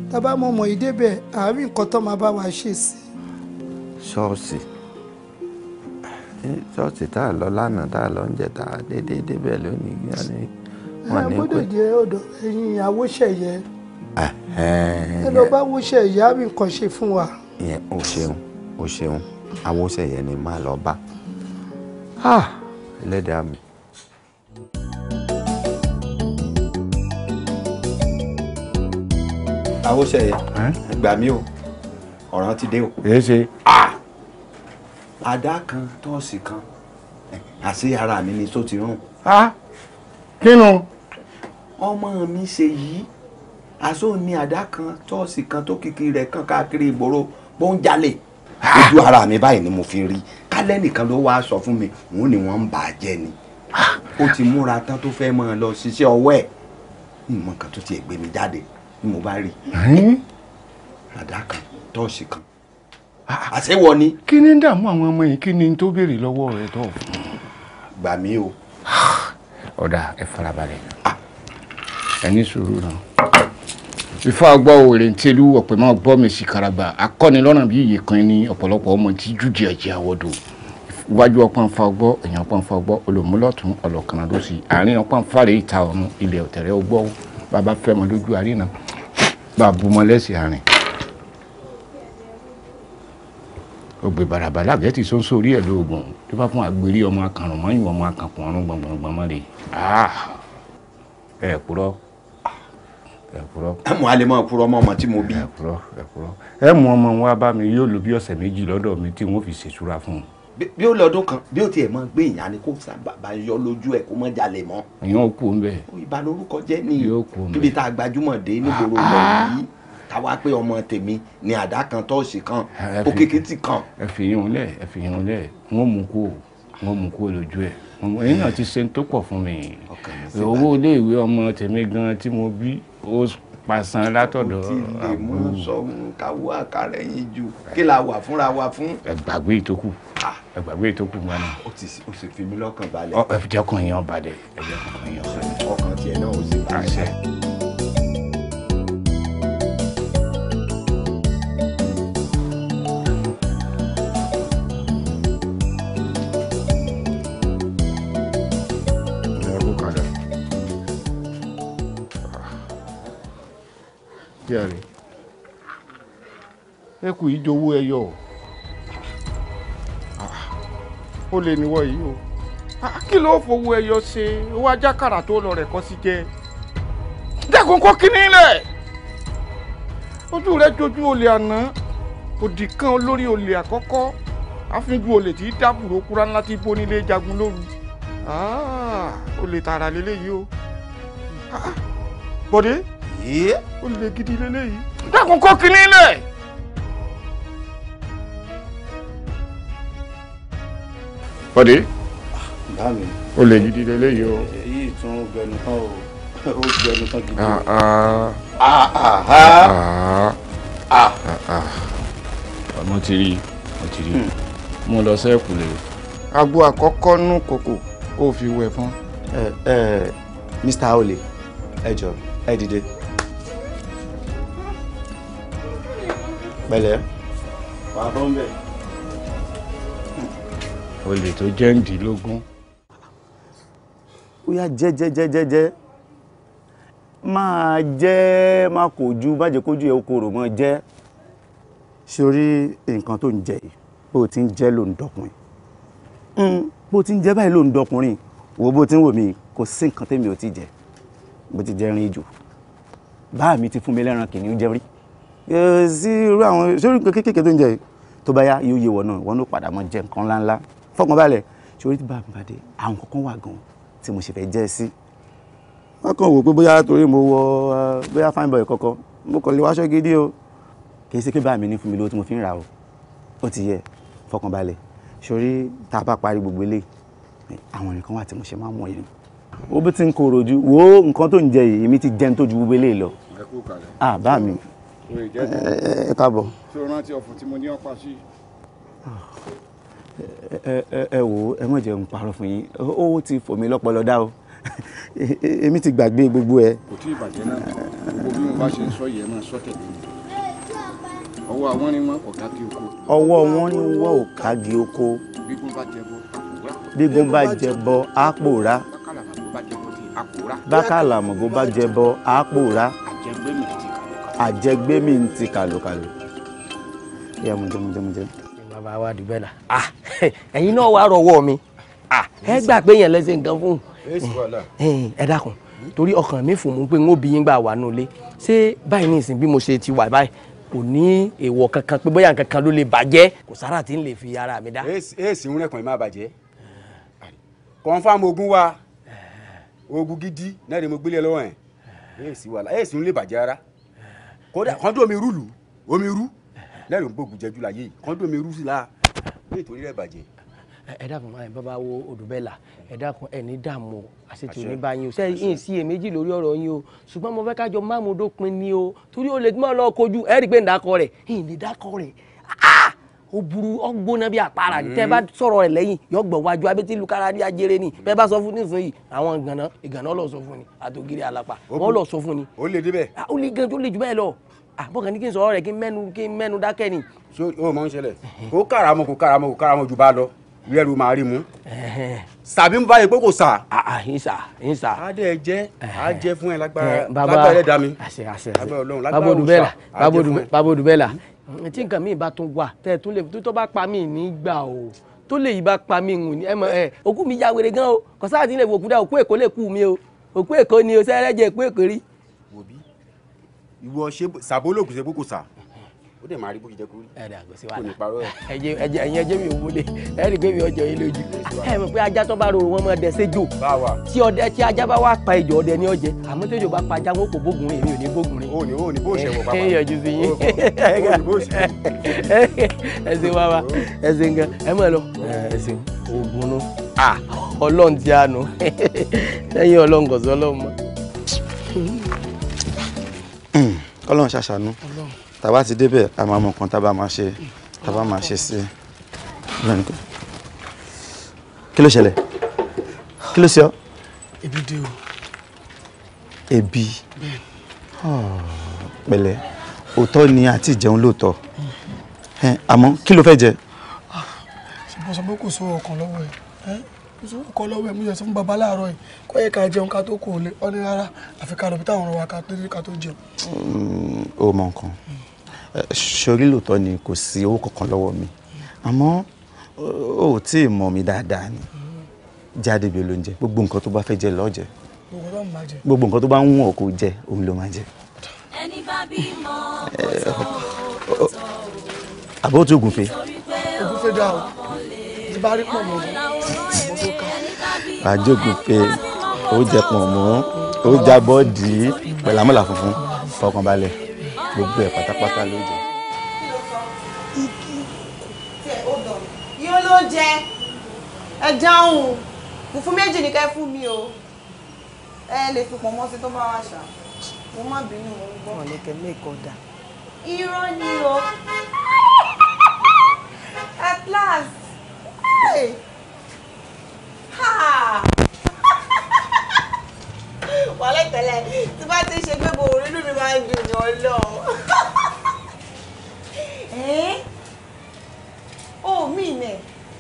tábà mọ ọmọ yìí débẹ̀ àárín nǹkan tó máa bá wa ṣe sí. ṣọ́ọ̀ṣì ṣọ́ọ̀ṣì tá a lọ lánàá tá a lọ ń jẹ tá a dédé débẹ̀ lónìí. ẹ gbọ́dọ̀ jẹ́ ọ̀dọ̀ ẹ̀yin àwòṣẹ̀yẹ ẹ lọ bá wọṣẹ ìyá mi kan ṣe fún wa. ìyẹn o ṣeun o ṣeun àwọn oṣẹ yẹn ni máa lọ bá ẹlẹ́dàá mi. àwọn oṣẹ yẹn gbà mí o ọ̀ràn ti dé o. èyí ṣe. àdá kan tọ́ọ̀sì kan àṣé ara mi ni tó ti rún. kínú. ọmọ mi ṣe yìí aṣọ ní àdá kan tọ́ọ̀sì kan tó kìkì rẹ̀ kan káàkiri ìgboro bó ń jalè ojú ara mi báyìí ni mo fi rí kálẹ̀ nìkan ló wá sọ fún mi òun ni wọ́n ń bà á jẹ́ ni ó ti múra tán tó fẹ́ mọ́ ọ lọ ṣiṣẹ́ ọwọ́ ẹ̀ ìmọ̀ nǹkan tó ti gbé mi jáde ni mo bá rí àdá kan tọ́ọ̀sì kan àṣewọ ni. kí ni ń dààmú àwọn ọmọ yìí kí ni tó béèrè lọ́wọ́ rẹ tó. gbà mí o. ọ̀dà ẹ farabalẹ̀ ẹni sùúrù náà ìfà ọgbà òwèrè ń tẹ́lú ọ̀pẹ̀ máa gbọ́ mèsì karagba akọ́nilọ́rùn bí iye kan ní ọ̀pọ̀lọpọ̀ ọmọ tí jújì ẹ̀jẹ̀ àwọ̀dò iwájú ọpọ́n fa ọgbọ́ èèyàn ọpọ́n fa ọgbọ́ olùmúlọ́tún ọlọ́kànnà ló sì àárín ọpọ́n fàrẹ̀ ìta ọ̀run ilẹ̀ ọ̀tẹ̀rẹ̀ ọgbọ́ bàbá fẹ́mọ lójú àríná bá bu mọ lẹ́sìn àárín ògbè bàràbà lágẹ̀ẹ́ ti sọ́nsọ́ orí ẹ̀ lóògùn tó bá fún àgbèrè ọmọ akàrùn mọ́yìn ọmọ akàkùn ọ̀run mọ́lẹ̀ ẹ̀ purọ́ ẹmu alẹ mọ ẹkúrọ ọmọ ọmọ tí mo bí. ẹkúrọ ẹkúrọ ẹmu ọmọ wa bá mi yóò lò bí ọ̀sẹ̀ méjì lọ́dọ̀ mi tí wọ́n fi ṣèṣura fún un. bí ó lọ́dún kan bí ó tiẹ̀ mọ gbé ìyá ni kó bá yọ lójú ẹ̀ kó mọ jalè mọ́. ìyàn kú ń bẹ. ìbá lórúkọ jẹ́ ní ibi tá a gbajúmọ̀ dé nígboro ah, lọ ah. yìí táwa pé ọmọ tèmi ni àdá kan tọ́ọ̀sì kan ah, òkìkìtì kan. ẹ fi yún lẹ ẹ fi yún lẹ wọn mú kó wọn mú kó lójú ẹ èyí náà ti ṣe tó pọ̀ fún mi owó iléèwé ọmọ tèmi gan tí mo bí ó pasan látọ̀dọ̀ àwọn. kò tí lè mú àkàrẹ̀ yín ju kí la wà fúnra wa fún. ẹgbàgbé ìtókù ẹgbàgbé ìtókù wọn ni. ó ti ó sì fi mí lọ́kàn balẹ̀. ẹ jẹ́ kàn yín ó balẹ̀ ẹ jẹ́ kàn yín ó balẹ̀. ọkàn tiẹ̀ náà ó sì balẹ̀. tí a rè é kù yìí jowó ẹyọ ah, ó lè níwọ yìí o ah, kí ló fowó ẹyọ ṣe owó ajákàrà tó lọ rẹ̀ kọ́ sí jẹ́ dẹ́kun kó kíní lẹ̀ ojú rẹ̀ jojú olè àná òdì kan olórí olè àkọ́kọ́ àfínjú olè tí dábùrò kúrá ńlá tí bónílé jagun lóru ah, olè tààrà lélẹ́yìí o bọ̀dé ó lè gidi lélẹ́yìí. dákun kó kinní lẹ̀. pàdé ó lè gidi lélẹ́yìí o. èyí tún gbẹnu tán o ó gbẹnu tán gidi. mo ti rí mo ti rí hmm. mo lọ sẹ́ẹ̀kù lè. agbo àkọ́kọ́ nú kòkò kó o fi wẹ̀ fún. ẹ ẹ Mr. Ole ẹ jọ ẹ dìde. pẹ̀lẹ́. wàá bọ́ ń bẹ̀. olè tó jẹ́ ǹdínlógún. ó yá jẹ́ jẹ́ jẹ́ jẹ́ jẹ́ máa jẹ́ máa kò ju bàjẹ́ kójú yẹ okòrò mọ́ jẹ́ sórí nǹkan tó ń jẹ yìí bó o ti ń jẹ́ ló ń dọkùnrin hmm, bó o ti ń jẹ́ báyìí ló ń dọkùnrin wo bó o ti ń wò mí kò sí nǹkan tẹ́mi ò ti jẹ bó ti jẹ́ rìn jù báà mi ti fún mi lẹ́ran kìnìún jẹ rí sí irú àwọn sórí nǹkan kéékèèké tó ń jẹ yìí tó bá yá yóò yé wọn náà wọn ló padà mọ jẹ nǹkan ńláńlá fọkàn balẹ̀ sórí tí bàbá dé àwọn kankan wà gan tí mo ṣe fẹ́ jẹ́ sí. wọ́n kàn wò pé bóyá torí mo wọ bóyá fine boy kankan mo kàn lè wáṣọ gidi o kì í ṣe pé bá mi ní fún mi lówó tí mo fi ń ra o ó ti yẹ fọkàn balẹ̀ sórí tá a bá parí gbogbo eléyìí àwọn nǹkan wà tí mo ṣe máa mọ yìí ó bí ti ń korò ju wo nǹkan tó ń jẹ yìí èmi ti jẹun tó ju gbogbo eléyìí lọ. ẹ kú kalẹ̀. àbá mi. Eh, eh, eh, ẹ káàbọ̀. ṣé o rántí ọ̀fun tí mo ní ọ̀pá sí? ẹ wò ó ẹ mọ̀ jẹ́ n parọ́ fún yín ó ti fò mí lọ́pọlọ dá o *laughs* èmi ti gbàgbé gbogbo ẹ. kò tí ì bàjẹ́ náà gbogbo bí mo bá ṣe ń sọ yìí ẹ máa sọ tẹ̀lé mi ọwọ́ àwọn ni wọn kò ká gé oko. ọwọ́ wọn ni wọn ò ká gé oko. bígún bá jẹ bọ bígún bá jẹ bọ àpòrá bákàlà mọ̀gó bá jẹ bọ àpòrá àjẹgbẹ́mí ń ti kàlùkàlù. ìyá mo jẹ mo jẹ mo jẹ. bàbá wa dùbẹ́ la ah ẹ̀yin náà wàá rọwọ́ mi ah ẹ gbà pé yẹn lẹ́sẹ̀ nǹkan fún un ẹ dákun torí ọkàn mi fún mu pé n ó bí yín gbà wà nulẹ̀ ṣé báyìí ní ìsìn bí mo ṣe ti wà báyìí kò ní èèwọ̀ kankan pé bóyá nǹkan kan ló lè bàjẹ́ kò sára tí ń lè fi ara mi dá. èèsì ń rẹ̀kùn ẹ̀ má bàjẹ́ kọ́ńfàmù ogun wa ogun gidi náà ni mo gbélé lọ́wọ́ ẹ̀ èèsì wà lá èèsì ń lè bàjẹ́ ara kódà kọ́ńtò omi rú lù omi rú lẹ́rìí ń gbógun jẹjú láyé yìí omi rú sí la ní ìtòrí rẹ̀ bàjẹ́ ẹ dákun ẹ bàbá wo odùbẹ́là ẹ dákun ẹ ní dààmú àṣetì oníbàyìn o ṣe yín sí èméjì lórí ọ̀rọ̀ yín o ṣùgbọ́n mo fẹ́ kájọ máàmúdópin ni o torí o lè má lọ kojú ẹ rí i pé ń dákọ rẹ̀ ń dákọ rẹ̀ áá ah! ó burú ó gbóná bí àpárá ni tẹ́ bá mm-hmm. sọ̀rọ̀ rẹ̀ lẹ́yìn yóò gbọ̀ wájú abẹ́tí lukara ní ajere ni bẹ́ẹ̀ bá sọ fún nísìnyí àwọn ìgànná ìgànná lọ sọ fún ni àtògiri àlàpà wọ́n lọ sọ fún ni. ó lè débẹ̀. Ah, ó lè gan tó lè jù bẹ́ẹ̀ lọ àbọ̀kan ah, ní kí n sọ̀rọ̀ rẹ̀ kí n mẹ́nu kí n mẹ́nu dákẹ́ ni. so o mọ̀ ń ṣẹlẹ̀ kó kàràmọ́ kó kàràmọ́ kó kàràmọ́ jù bá lọ rẹ́rù máa rí mu sàbí ń báyìí pé kò sà. ìsà ìsà. adé jẹ a jẹ fún ẹ lágbára lágbára ẹ dá mi. àṣẹ àṣẹ àṣẹ babodu bẹ́ẹ̀ la babodu bẹ́ẹ̀ la tí nǹkan míì bá tún wà tẹ́ ẹ tún lè tó bá pa mí nígbà o tó lè yìí bá pa mí ń ní ẹ mọ ẹ òkú mi ya wèrè gan o kọsáà tí ń lè wò òkú èkó lè kú mi o òkú èkó ni o sẹ́rẹ́ jẹ òkú èkó rí. wòbí ìwọ ṣe sàbólògùn ṣe kókò sà ó dẹ̀ máa rí bó ṣe jẹ́ kó rí. ẹ dà kò sí wàhálà kò ní parọ́ ẹ̀. ẹ̀yin ẹ̀jẹ̀ mi ò wọlé ẹ rí i pé mi ọjọ́ yín lójú. ẹ mọ̀ pé ajá tó bá rorò wọn mọ̀ ọdẹ séjò. tí ọdẹ tí ajá bá wà pa ìjọ ọdẹ ní ọjẹ àmọ́ tó jò bá pa ajá wọn kò bógun rìn èmi ò ní bógun rìn. òní òní bó ṣe wọ̀ bàbá ẹ yọjú sí yín. ẹ ṣe wá wa ẹ ṣe nǹkan ẹ mọ̀ lọ ẹ ṣe oògùn nu ọlọ́run ti àánú lẹ́yìn ọlọ́run kọ̀ọ̀sọ́ ọlọ́run mọ́. Hmm. ọlọ́run ṣàṣàánú. ọlọ́run tàbá ti débẹ̀ a máa mọ nǹkan tàbá máa ṣe tàbá máa ṣe sí i. kí ló ṣẹlẹ̀ kí ló ṣe ọ́. ebi dé o. ebi ah, pẹ̀lẹ́ òótọ́ ni àti ìjẹun lóòótọ́ àmọ́ kí ló fẹ́ jẹ. Ah, ṣùgbọ́n sọ pé kò sówó ọkàn lọ́wọ́ ẹ̀ ọkàn lọ́wọ́ ẹ̀ mo yẹ sọ fún baba láàárọ̀ ẹ̀ kó yẹ ká jẹun ká tó kò lé ọ́ ní rárá àfi ká lọ bí táwọn ọ̀rọ̀ wa ká tó jẹun. Mm, ó mọ nǹkan. Mm ṣorí lóòótọ́ ni kò sí owó kankan lọ́wọ́ mi àmọ́ o ò tí ì mọ̀ mi dáadáa ni jáde bí olóúnjẹ gbogbo nǹkan tó bá fẹ́ jẹ lọ́ọ́ jẹ gbogbo nǹkan tó bá ń wọ̀n kó jẹ òun ló máa jẹ. Eh, o. àbó tí oògùn fe. oògùn fe dá o ti bá rí pọ̀ mọ́ mo tó ká. ó jẹ pọ̀ mọ́ ó jábọ́ dì í pẹ̀lámọ́là funfun fọkànbalẹ̀ gbogbo ẹ̀ pátápátá ló jẹ. yóò ló jẹ ẹ dáhùn fùfú méjì ní kẹ́ fún mi o ẹ lè fi pọ̀nmọ́ sí tó bá wà ṣá mo má bínú mo ń gbọ́. ọ̀lẹ́kẹ̀ mẹ́kọ̀ọ́ dà. irọ́ ni o at last. Hey. Ha! fọlẹ́ tẹ́lẹ̀ tí bá ti ṣe pé mo rí inú mi máa ń dùn ní ọlọ́ọ̀. ó mì nẹ̀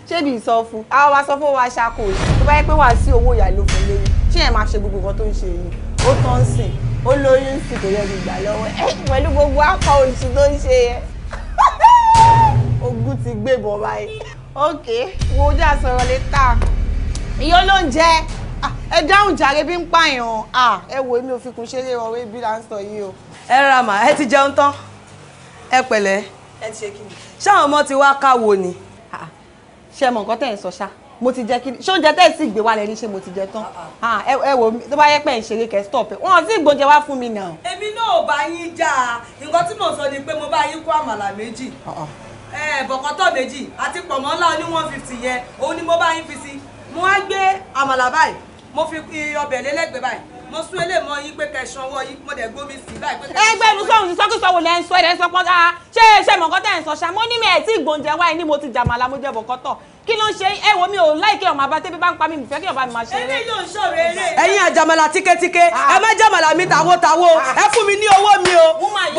ṣé bí ìsọfún àwọn wa sọ fún wa ṣàkó yìí tó bá yẹ pé wà sí owó ìyá ló fún lóyún ṣé ẹ máa ṣe gbogbo nǹkan tó ń ṣe yìí ó tán sìn ó lóyún sì kò yẹ gbìgbà lọ́wọ́ ẹ pẹ̀lú gbogbo akọ oṣù tó ń ṣe yẹn *laughs* ogun ti gbébọn báyìí ok wo ojú àsọ̀rọ̀ lè ta ìyó ló ń jẹ́. Ah, ẹ dáhùn jàre bí ń pààyàn ah, ẹ wo èmi ò fi kún ṣeré ọ̀rọ̀ ibi là ń sọ yìí o. ẹ rà mà ẹ ti jẹun tán ẹ pẹ̀lẹ́. ẹ ti ṣe kí ni. ṣáwọn ọmọ ti wá káwo ni. Ah, ṣé mọ nǹkan tẹ̀ ń sọ ṣá mo ti jẹ kí ni ṣé oúnjẹ tẹ̀ sí ìgbé wa lẹ́ni ṣé mo ti jẹ tán ẹ wò tó bá yẹ pé ń ṣeré kẹ́ stop ẹ wọn sì gbóúnjẹ wá fún mi nà. èmi náà ò bá yín jà nǹkan tí mò ń sọ ni pé mo bá yín kó àmàlà méjì bọ̀kọ́tọ̀ méjì àti pọ̀mọ́ ńlá ní one fifty yẹn òun ni mo bá yín fi sí mo wá gbé àmàlà báyìí mo fi ọbẹ̀ lélẹ́gbẹ̀ẹ́ báyìí mo sún ilé mọ yín pé kẹsàn ọwọ́ yín mo dẹ̀ gbómi sí báyìí pé kẹsàn. ẹgbẹ́ ìlú sọ̀rọ̀ sí sọ́kìsọ wò lẹ́ ń sọ pọ́n dáa ah, ṣé ṣe mọ̀kọ́ tẹ̀ ń sọ ṣá mo ní mi ẹ̀ tí ìgbòǹjẹ wá ẹ̀ ní mo ti jàmàlà mo jẹ bọ̀kọ́tọ̀ kí ló ń ṣe ẹ wo mi ò láìkẹ́ ọ̀mà bá tẹ́bí bá ń pa mi fẹ́ kí ọ̀bá mi máa ṣe eré. ẹ̀yin àjàmàlà tíketíke ah. ẹ má jàmàlà mi tàwo tàwo ah. ẹ fún mi ní owó mi o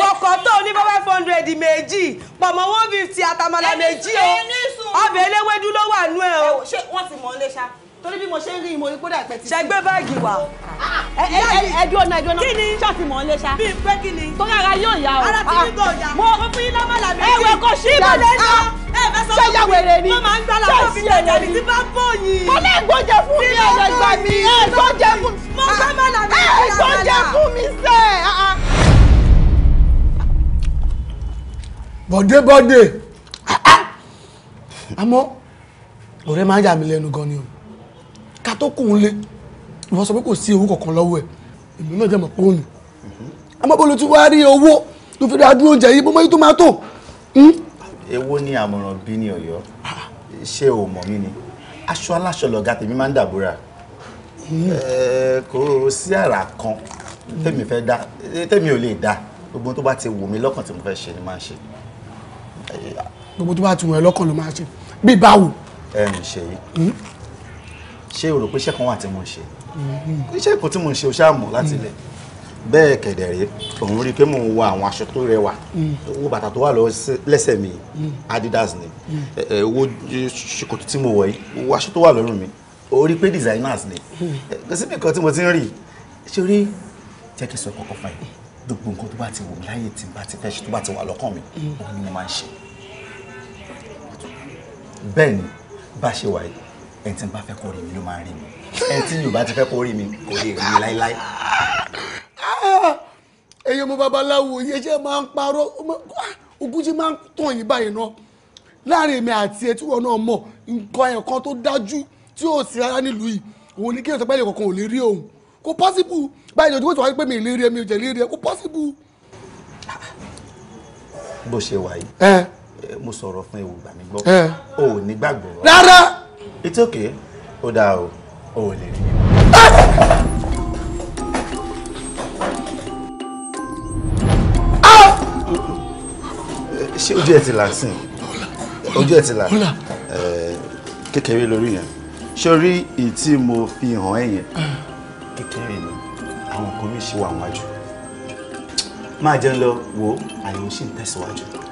bọ̀kọ́tọ̀ ní five hundred méjì pọ̀mọ́ one fifty àtàmàlà méjì o ọbẹ̀ eléwédú ló wà nú ẹ o. ṣé wọ́n ti mọ̀ ọ́ lé ṣá torí bí mo ṣe ń rí mo rí kódà pẹ́ ti. ṣẹgbẹ́ báàgì wa. Ah, ẹjọ́ náà ẹjọ́ náà kí ni ṣọ́ọ̀tì mọ̀ ń lé ṣá. bí pé kí ni. tó yàrá yóò yá o. ara ti ní kò yá. Ah, mo fún yín lámàlà méjì. ẹwẹ kò sí ìbàdàn náà. Ah, ẹ bá sọ fún mi ṣẹ́yàwèrè ni. wọ́n máa ń gbá làwọn òbí tẹ̀lé mi tí bá bóyin. mo lè gbọ́jẹ fún mi ọ̀rẹ́ gbà mí. ẹ gbọ́jẹ fún mi. mo sámàlà méjì lámàlà. ẹ gbọ́jẹ fún mi sẹ́ bọ̀dé bọ̀dé àmọ́ ọ̀rẹ́ máa ń yà mí lẹ́nu gan ni o ká tó kù ń lé ìwọ́n sọ pé kò sí owó kankan lọ́wọ́ ẹ̀ èmi náà jẹ́ mọ̀ pé òní amọ́bọ̀lù ti wá rí owó tó fi ra dúró oúnjẹ yìí bó mọ́yí tó máa tó. Hmm? èwo ni àmọ̀ràn bí ní ọ̀yọ́ ṣé o mọ̀ mí ni aṣọ aláṣọ lọ̀gá tèmi máa ń dàbúrà hmm. kò sí àrà kan tèmi fẹ́ dá eh, tèmi ò lè dá gbogbo tó bá ti wù mí lọ́kàn tí mo fẹ́ ṣe ni máa ń ṣe. gbogbo tó bá ti wù ẹ́ lọ́kàn ló máa ṣe bí báwo. ẹ ǹ ṣe yìí hmm? ṣé o rò pé iṣẹ́ kan wà tí mo ń ṣe mm-hmm. iṣẹ́ kan tí mo ń ṣe o ṣáà mọ̀ láti mm. ilẹ̀ bẹ́ẹ̀ kẹ̀dẹ̀rẹ́ òun rí i pé mò ń wọ àwọn aṣọ tó rẹwà mm. owó bàtà tó wà lẹ́sẹ̀ mi mm. Adidas ni owó ṣòkòtò tí mo wọ̀ yìí owó aṣọ tó wà lọ́rùn mi o rí i pé designers ni kò sí nǹkan tí mo ti ń rí ṣe rí jẹ́ kí n sọ kọ́kọ́ fà yìí gbogbo nǹkan tó bá ti wù mí láyè tí n bá ti fẹ́ ṣe tó bá ti wà lọ́kàn mi òun ni mo máa ń ṣe bẹ́ẹ̀ ni bá ṣe wà yìí ẹ̀ tí n bá fẹ́ kó rí mi ló máa rí mi ẹ̀ tí yorùbá ti fẹ́ kó rí mi kò lè rí mi láéláé. Ah! ẹ̀yin mo babaláwo yẹn jẹ́ máa ń parọ́ ah! ogúnjẹ máa ń tàn yín báyìí náà láàrin èmi àti etí wọn náà mọ̀ nǹkan ẹ̀ kan tó dájú tí ò sí rárá nílùú yìí òun ni kí èèyàn sọ pé ẹnì kankan ò lè rí òun kò pọ́síbù báyìí lójú wọ́n ti wáyé pé mi ì lè rí ẹ mi ò jẹ̀ lè rí ẹ kò pọ́síbù. bó ṣe wà yìí mo sọ̀rọ̀ fún ewu gbàmígbọ́ o ò ní gbàgbọ́. rárá it's okay ó dáa o ò lè rí mi. Ah! ṣé ojú ẹ ti là sí ojú ẹ ti là kékeré lórí yẹn ṣé ìtí mo fi hàn ẹ yẹn kékeré ni àwọn nǹkan mi ṣe wà wájú máa jẹun lọ wo àyẹ̀wò ṣì ń tẹ̀síwájú.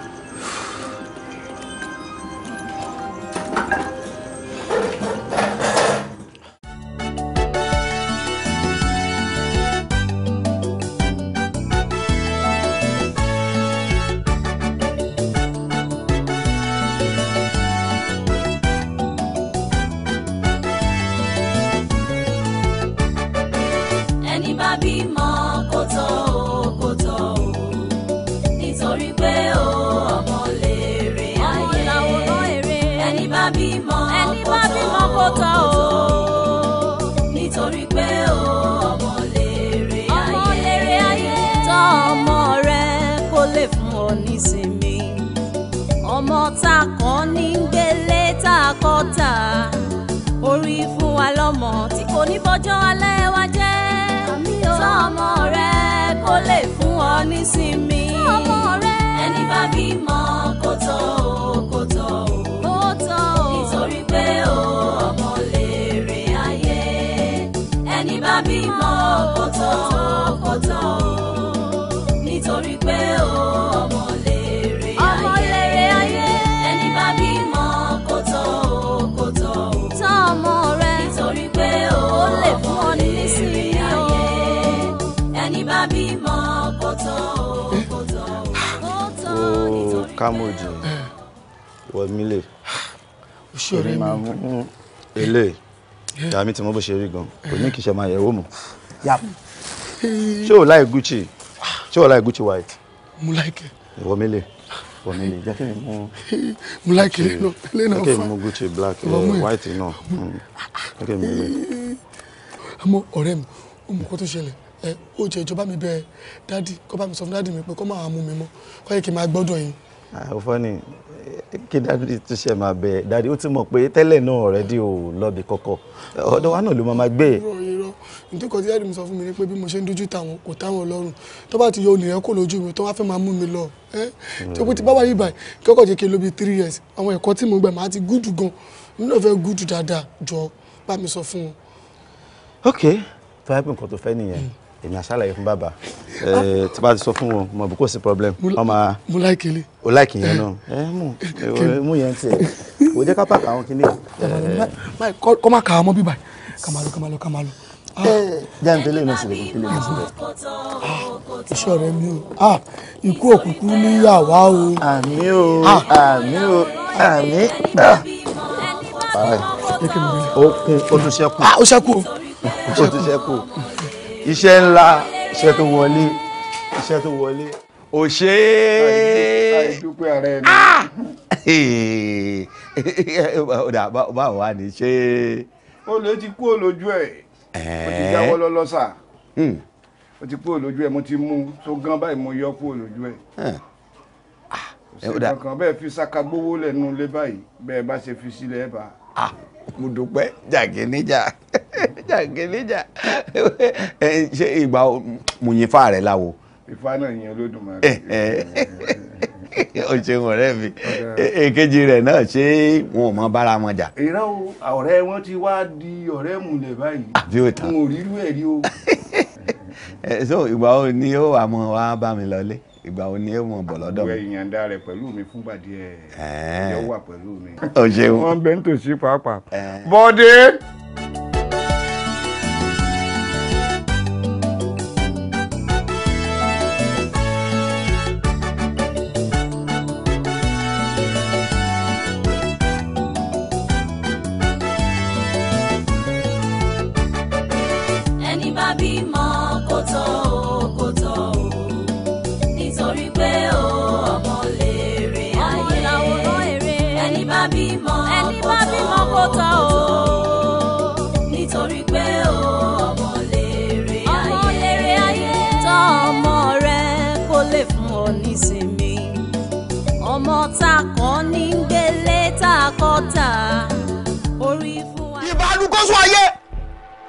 kámòjì wọmílẹ̀ òní máa mú ilé ìyá mi ti mú bó ṣe rí gan kò ní kì í ṣe máa yẹ̀wò mọ́ ṣé o láì Gucci ṣé o láì Gucci white. mo láìkẹ́. wọmílẹ̀ wọmílẹ̀ jẹ́ kí n mú. mo láìkẹ́ lẹ́nu náà fa hmm. jẹ́ kí n mú Gucci black white náà jẹ́ kí n mú ilé. àmọ́ ọ̀rẹ́ mi ó mú kó tó ṣẹlẹ̀ ẹ ó jẹ ìjọba mi bẹ dádì kó bá mi sọ fún dádì mi pé kó máa mú mi mọ́ kó yẹ kí n máa gbọ́dọ̀ yín ọ̀fọ́ni ah, kí dáàdì tún ṣe máa bẹ dáàdì ó ti mọ̀ pé tẹ́lẹ̀ náà ọ̀rẹ́dì ò lọ́bi kọ́kọ́ ọ̀dọ̀ wa náà ló máa gbé. irọ́ irọ́ nítorí kan tí mi sọ fún mi ni pé bí mo ṣe ń dojú táwọn kò táwọn lọ́rùn tó bá ti yọ olè yẹn lójú mi tó wá fẹ́ máa mú mi lọ tó pé ti bá wáyé báyìí kọ́kọ́ jẹ́ kí n lo bíi three years àwọn ẹ̀kọ́ tí mo gbà máa ti gúdù gan mi náà gúdù dáadáa jọ bá mi sọ fún wọn. ok fàápì nǹkan tó fẹ́ nìyẹn hmm èmi àṣàlàyé fún bàbá tí bá ti sọ fún wọn mo kò sí problem wọn máa mo láìkì ni o láìkì yẹn eh. náà ẹ mú eh, mú yẹn tiẹ o jẹ ká pàkà àwọn kìnìún. Eh. kọ́ máa kà á mọ́ bíbá kàmálù kàmálù kàmálù. Ah. jẹ́ n tẹ́lẹ̀ náà sílẹ̀ kò tẹ́lẹ̀ náà ah, sílẹ̀. iṣẹ́ ọ̀rẹ́ mi o ah, ikú òkùnkùn ní yàwá o. àmín o àmín o àmín. ó kún ó tún ṣẹ́kù. ó ṣẹ́kù o ó tún ṣẹ́kù iṣẹ́ ńlá iṣẹ́ tó wọlé iṣẹ́ tó wọlé. ò ṣe é. àìdúpẹ́ ààrẹ mi. Ah! *laughs* ọ̀dà báwo wà ní ṣe. ó lè ti kú olójú ẹ̀ ó ti yàwọ́ lọ́lọ́sà hmm. ó ti kú olójú ẹ̀ mo ti mú tó gan báyìí mo yọ kú olójú ẹ̀ ah, kò sí kankan bẹ́ẹ̀ fi ṣàkà gbówó lẹ́nu lé báyìí bẹ́ẹ̀ bá ṣe fi sílẹ̀ ẹ̀ bá. Ah mo dúpẹ́ jàgínníjà *laughs* jàgínníjà *laughs* ṣé ìgbà mo yin fáà rẹ̀ láwo. ìfá náà yin olódùmarè. Eh, eh. *laughs* o ṣeun ọ̀rẹ́ mi e, èkejì rẹ̀ náà ṣé wọn ò mọ bára wọn jà. ìran ọ̀rẹ́ wọn ti wá di ọ̀rẹ́ múlẹ̀ báyìí. àbí ah, o tán. n ò rí irú ẹ̀ rí o. Eh, so ìgbà wo ni ó wà mọ́ wá bá mi lọ lé ìgbà wo ni ẹ mọ̀ bọ̀ lọ́dọ̀ mi. àwọn èèyàn dá rẹ pẹ̀lú mi fúngbà díẹ̀ ẹ̀ ẹ̀ yọ wà pẹ̀lú mi. o ṣeun. wọ́n bẹ nítòsí pàápàá. bọ́dé.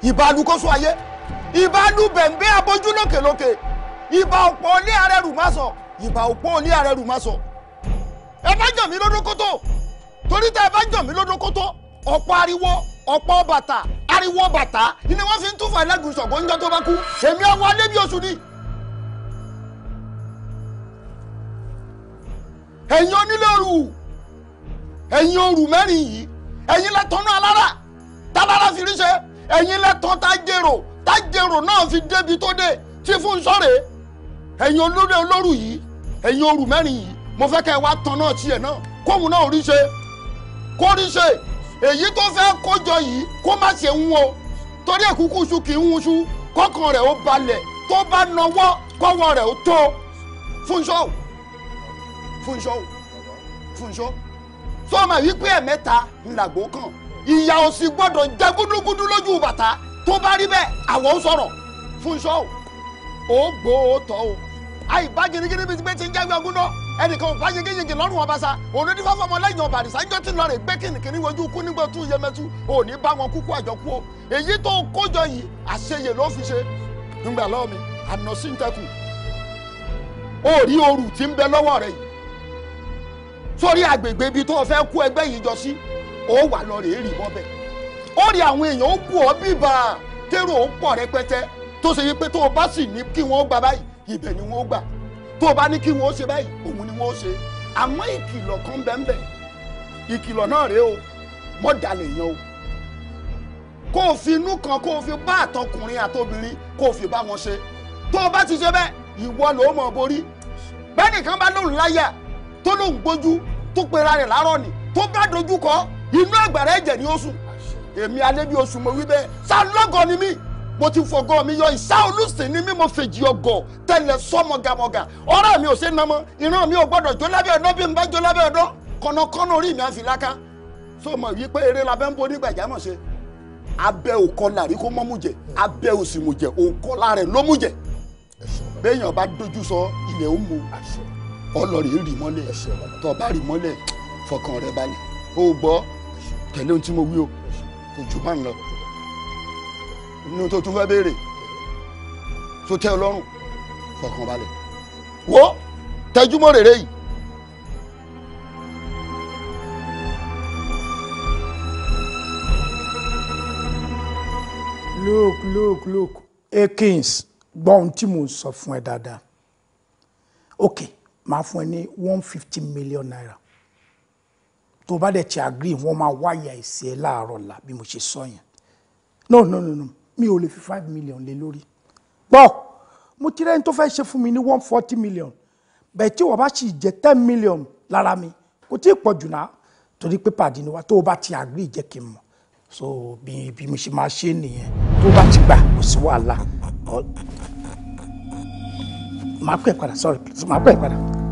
ìbálùkóso ayé ìbálù bẹ̀ǹbẹ́ abójú lókèlókè ìbà òpó ilé ààrẹ rù má sọ ìbà òpó ilé ààrẹ rù má sọ. ẹ bá jàn mí lódókótó torí tá ẹ bá jàn mí lódókótó ọ̀pọ̀ ariwo ọ̀pọ̀ bàtà ariwo bàtà ni wọ́n fi ń túfà ẹlẹ́gùn ṣọ̀gbọ́n níjọ́ tó bá kú èmi àwọn alẹ́ bí oṣù ni. ẹ̀yin onílé òrù ẹ̀yin òrù mẹ́rin yìí ẹ̀yin lẹ́tọ̀ọ́nù alára tálára fi ríṣẹ́ ẹ̀yin lẹ́tọ́ tájèrò tájèrò náà fi débi tó dé tí fún sọ̀rẹ́ ẹ̀yin olóde olóru yìí ẹ̀yin orù mẹ́rin yìí mo fẹ́ kẹ́ ẹ wá tan náà tiẹ̀ náà kóhun náà rí ṣe kó rí ṣe èyí tó fẹ́ kójọ yìí kó má ṣe ń wo torí èkúkú ṣu kì í ń ṣu kọ́kàn rẹ̀ ó balẹ̀ tó bá nọwọ́ kọ́wọ́ rẹ̀ ó tó fúnṣọ́ fúnṣọ́ fúnṣọ́ sọ́ọ́mà wípé ẹ̀mẹ́ta ńlàgbó kàn ìyá ò sì gbọ́dọ̀ jẹ́ gúdúgúdú lójú bàtà tó bá rí bẹ́ẹ̀ àwọn ń sọ̀rọ̀ Fúnṣọ́ o ò gbó o tọ́ o àì bá gírígírí bíi ti ń jáwé ọgún náà ẹnìkan ò bá yegeyege lọ́rùn ọba sa òní nífà fọmọ lẹ́yìn ọba àdìsá jọ́ tí lọ rè gbé kìnìkìnì wojú kú nígbà tún yẹmẹtú òní bá wọn kúkú àjọkú o èyí tó kójọ yìí àṣeyè ló fi ṣe ńgbà lọ́wọ́ mi àná sí ń tẹ́kù ó rí oòrùn tí ń bẹ lọ́wọ́ rẹ̀ yìí sórí àgbègbè ibi tó o fẹ́ kú ẹgbẹ́ yìí jọ sí ó wà lọ rèé rì bọ́bẹ̀ ó rí àwọn èèyàn ó bù ọ́ bíbà tẹ́rù ó pọ̀ rẹpẹtẹ tó ṣe yí tó o bá sì ní kí wọ́n gbà báyìí ibẹ̀ ni wọ́n gbà tó o bá ní kí wọ́n ṣe báyìí òun ni wọ́n ṣe àmọ́ ìkìlọ̀ kan bẹ́ẹ̀ ìkìlọ̀ náà rèé o mọ́ dalẹ̀ yẹn o kó o fi inú kan kó o fi bá àtọkùnrin àtobìnrin kó o fi bá wọn ṣe tó o bá ti ṣe bẹ́ẹ̀ ìwọ ló mọ̀ borí bẹ́ẹ̀ nìkan bá lóun láyà tó lóun gbójú tó pera rẹ̀ láàárọ̀ ni tó bá dojú kọ́ inú àgbàrá ẹ̀jẹ̀ ni ó sùn èmi alẹ́ bí oṣù mo wí bẹ́ẹ̀ sá lọ́gọ̀ ni mí mo ti fọgọ́ mi yọ ìsá olùsìn ni mí mo fèjì ọgọ̀ tẹ̀lẹ̀ sọ mọ̀gàmọ̀gà ọ̀rọ̀ mi ò ṣe na mọ́ ìran mi ò gbọ́dọ̀ jó lábẹ́ ọ̀dọ́ bí n bá jó lábẹ́ ọ̀dọ́ kọ̀nàkọ́nà orí mi á fi láká so mọ̀ wí pé eré labẹ́ ń bo nígbà ìjámọ̀ ṣe abẹ́ òkọ làrí kó mọ́ mú jẹ abẹ́ òsì mú jẹ òkọ lárẹ̀ ló mú jẹ béèyàn bá dojú sọ ilẹ̀ ó mu ọlọ́rin rì mọ́lẹ̀ tó bá rì mọ́lẹ̀ fọkàn rẹ balẹ̀ ó gbọ́ tẹ̀lé ohun tí mo wí o kò jù bá ń lọ inú tó tún fẹ́ béèrè tó tẹ́ ọ lọ́rùn fọkàn balẹ̀ wo tẹjúmọ́ rere yìí. look look look Akins gbọ́ ohun tí mo sọ fún ẹ dáadáa ok màá fún ẹ ní one fifty million naira tó bá dẹ̀ ti agree wọ́n máa wáyà ẹ̀sẹ̀ láàárọ̀ là bí mo ṣe sọ yẹn no no no no mi ò lè fi five million lé lórí gbọ́ mo ti rẹ́ni tó fẹ́ ṣe fún mi ní one forty million bẹ́ẹ̀ tí wọ́n bá sì jẹ́ ten million lára mi kò tí ì pọ̀ jù náà torí pé pàdé ni wa tó bá ti agree jẹ́ kí n mọ̀ so bí bí mo ṣe máa ṣe nìyẹn tó bá ti gbà kò sí wàhálà máa pẹ́ padà sorry máa pẹ́ padà.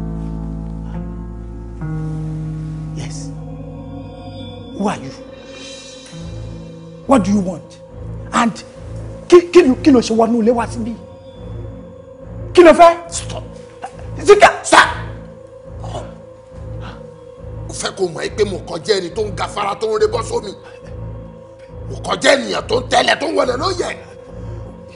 who are you what do you want and kí kí ló kí ló ṣe wọnú ilé wá síbí kí stop zika sa. mo fẹ́ kó mọ̀ ẹ́ pé mo kọjá ẹni tó ń ga fara tó ń rebọ́ sómi mo kọjá ènìyàn tó ń tẹ́lẹ̀ tó ń wọlé ló yẹ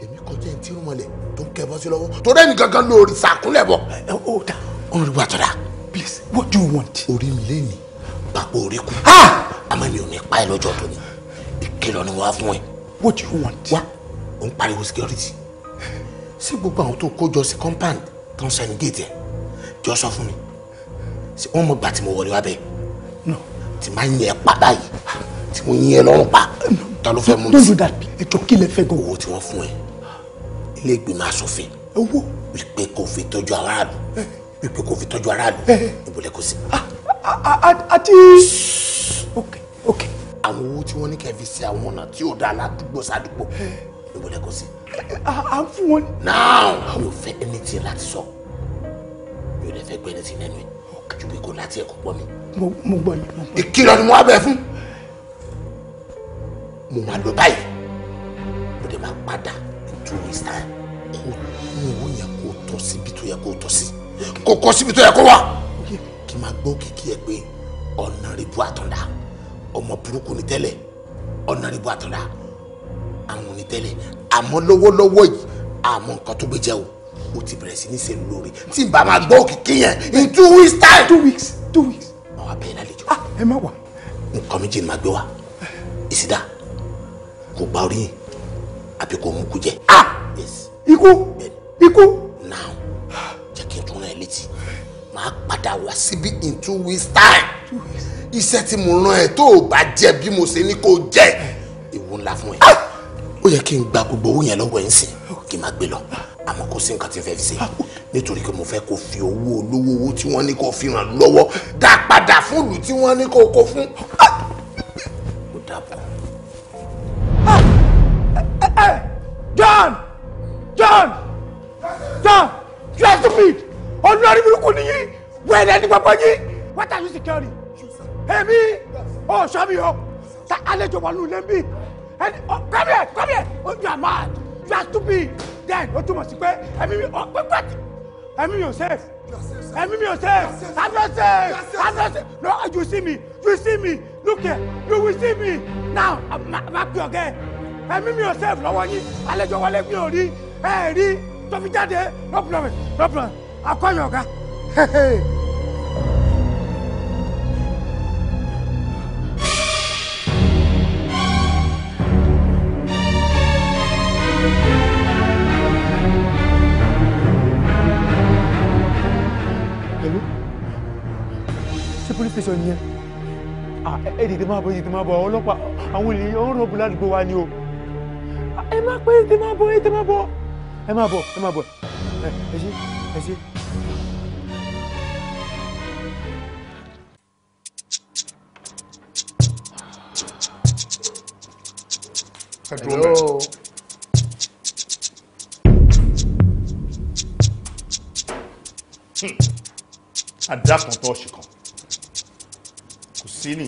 èmi kọjá ẹni tí ń mọlẹ̀ tó ń kẹbọ́ sí lọ́wọ́ torí ẹni gangan lórí sàkúnlẹ̀ bọ̀. ó dà. ó ń rí wàtọ́ra. please what do you want. Ori mi lé mi gbàgbọ́ orí kù àmọ́ èmi ò ní pa ẹ́ lọ́jọ́ tó ní ìkìlọ̀ ni wàá fún ẹ. what do you want. wá ò ń pariwo security ṣé gbogbo àwọn tó kó jọ sí compound tó ń sẹ́ni gate ẹ̀ jọ sọ fún mi ṣé wọ́n mọ̀ gbà tí mo wọlé wá bẹ́ẹ̀ no tí máa ń yẹ pa báyìí tí mo yín ẹ lọ́rùn pa ta ló fẹ́ mú mi. don't do that ẹjọ kí lẹ fẹ́ gan. owó tí wọ́n fún ẹ ilé ìgbìmọ̀ asòfin owó wípé kò fi tọ́jú aráàlú eh. wípé kò fi tọ́jú aráàlú eh. ìbòlẹ́ kò sí. ah àti. ok ok àwọn owó tí wọ́n ní kẹ́ fi ṣe àwọn ọ̀nà tí ò dáa ládùúgbò sádùúgbò níbo lẹ́kọ̀ọ́ sí. à ń fún wọn. now mi ò fẹ́ anything láti sọ mi ò lè fẹ́ gbé anything lẹ́nu ẹ̀ ju pé kò láti ẹ̀kọ́ gbọ́ mi. mo gbọ́ yìí. ìkìlọ̀ ni mo wá bẹ̀ fún. mo máa lọ báyìí mo dẹ̀ máa padà two weeks time kó mú owó yẹn kó tọ́ síbi tó yẹ kó tọ́ sí kó kọ́ síbi tó yẹ kó wà kí n máa gbọ́ kìkì ẹ̀ pé ọ̀nàrìbù àtọ̀dá ọmọ burúkú ni tẹ́lẹ̀ ọ̀nàrìbù àtọ̀dá àwọn ni tẹ́lẹ̀ àmọ́ lọ́wọ́lọ́wọ́ yìí àmọ́ nǹkan tó gbé jẹ́ o o ti bẹ̀rẹ̀ sí ní ṣe lóore tí n bá máa gbọ́ kìkì yẹn in two weeks time. two weeks two weeks. màá wá bẹ́ẹ̀ lálejò. ah ẹ má wà. nǹkan méjì ni màá gbé wa ìsìdá kò gba orí yìí àbí kò mú kú jẹ. ah yes. ikú ikú. now jẹ́ kí n tún ẹ létí máa padà wá síbí in two weeks time iṣẹ́ tí mo rán ẹ tó o bá jẹ bí mo ṣe ní kó o jẹ ìwọ ńlá fún ẹ ó yẹ kí n gba gbogbo owó yẹn lọ́wọ́ ẹ̀ ń sìn kí n máa gbé lọ àmọ́ kò sí nǹkan tí n fẹ́ fi ṣe nítorí pé mo fẹ́ kó fi owó olówó owó tí wọ́n ní kó fi ràn lọ́wọ́ dá padà fún ìlú tí wọ́n ní kó kó fún. ó dàbọ̀. Ah! Eh, eh, eh, John! John! olórí burúkú nìyí wẹ̀rẹ̀ ní gbogbo yín what are you security èmi ò sọ mi o ta àlejò wà lóun lẹ́mí ẹni oh, come here come here oh, you are mad you are stupid then o túmọ̀ sí pé ẹ̀mí mi ò oh, pípẹ́ ẹ̀mí mi ò safe ẹ̀mí mi ò safe I'm not safe I'm not safe no you see me you see me look here you will see me now ma pe ọ̀gẹ́ ẹ̀mí mi ò safe lọ́wọ́ yín àlejò wọlé mi ò rí ẹ̀ rí tó fi jáde no problem no problem akọyọ ọ̀gá police station yẹn ẹ tètè máa bọ̀ ẹ tètè máa bọ̀ àwọn ọlọ́pàá àwọn èlè ọ̀rọ̀ ọ̀bùn ládùúgbò wa ni o ẹ má pẹ́ ẹ tètè ẹ tètè máa ẹ má bọ̀ ẹ ẹ ṣe ẹ ṣe. ẹ dúró mẹ́. adákan tó ṣe kan kò sí ni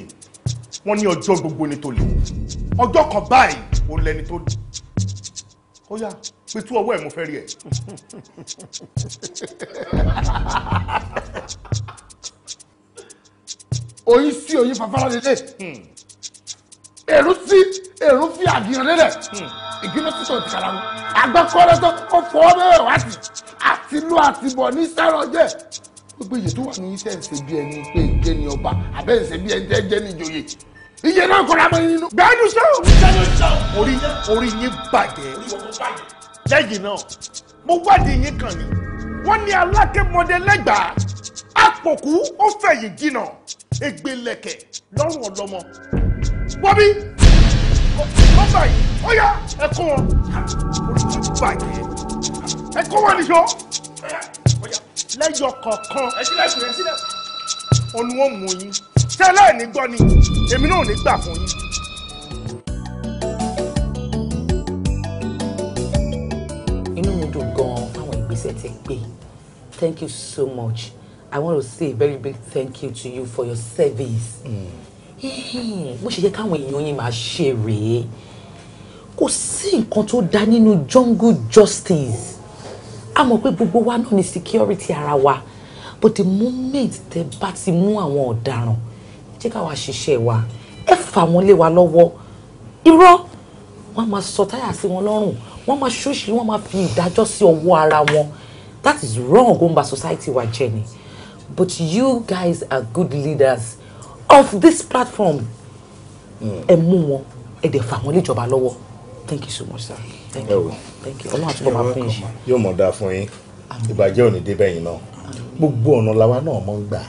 wọ́n ní ọjọ́ gbogbo ni tó lè ọjọ́ kan báyìí ó lẹni tó dùn ó yá pé tú ọwọ́ ẹ̀ mo fẹ́ rí ẹ̀. oyin sí oyin fafara lele èrú sí èrú fi àdìyàn lélẹ̀ ìgbìmọ̀ sísọ ti kàlà mu àgbàkọ́rẹ́ tó kọ́ fọ́ bẹ́ẹ̀ wá sí àtìlú àtìbọ̀ ní sẹ́rọ̀ gbogbo iye tó wà ní iṣẹ́ ń bí ẹni pé ń ni ọba àbẹ́ ń ṣe bí ẹni tẹ́ jẹ́ ni ìjòyè iye náà kọ́ra mọ́ nínú. bẹ́ẹ̀ni sọ orí orí yín bàjẹ́ lẹ́yìn náà mo wádìí yín kàn ní wọ́n ní alákẹ́mọdé lẹ́gbàá àpòkù ó fẹ̀yìn jìnnà ègbèlẹ̀kẹ̀ lọ́rùn ọ̀dọ́mọ wọ́bí ó báyìí ó yá wọn orí ti bàjẹ́ wọn nìyọ lẹ́yọ kọ̀ọ̀kan òun wọn mú yín tẹ́lẹ̀ ní gbọ́ ni èmi náà ò ní gbà fún yín. inú mi dùn gan-an fáwọn ìgbésẹ̀ tẹ́ gbé thank you so much i want to say a very big thank you to you for your service. Mm bó ṣe yẹ káwọn èèyàn yẹn máa ṣe rèé kò sí nǹkan tó dá nínú jungle justice a mọ̀ pé gbogbo wa náà ni security ara wa but the moment tẹ bá ti mú àwọn ọ̀daràn jẹ́ káwa ṣiṣẹ́ wa ẹ fà wọ́n lé wa lọ́wọ́ irọ́ wọ́n máa sọ táyà sí wọn lọ́rùn wọ́n máa ṣóṣì wọ́n máa fi ìdájọ́ sí ọwọ́ ara wọn that is wrong ó society wa jẹ́ ni but you guys are good leaders of this platform ẹ mú wọn ẹ dẹ̀ fà wọ́n léjọba lọ́wọ́ thank you so much sir thank you thank you ọlọ́run àtúbọ̀ máa fún yín. yóò mọ̀ dáa fún yín ìbàjẹ́ ò ní dé bẹ́yìn náà gbogbo ọ̀nà làwa náà mọ̀ ń gbà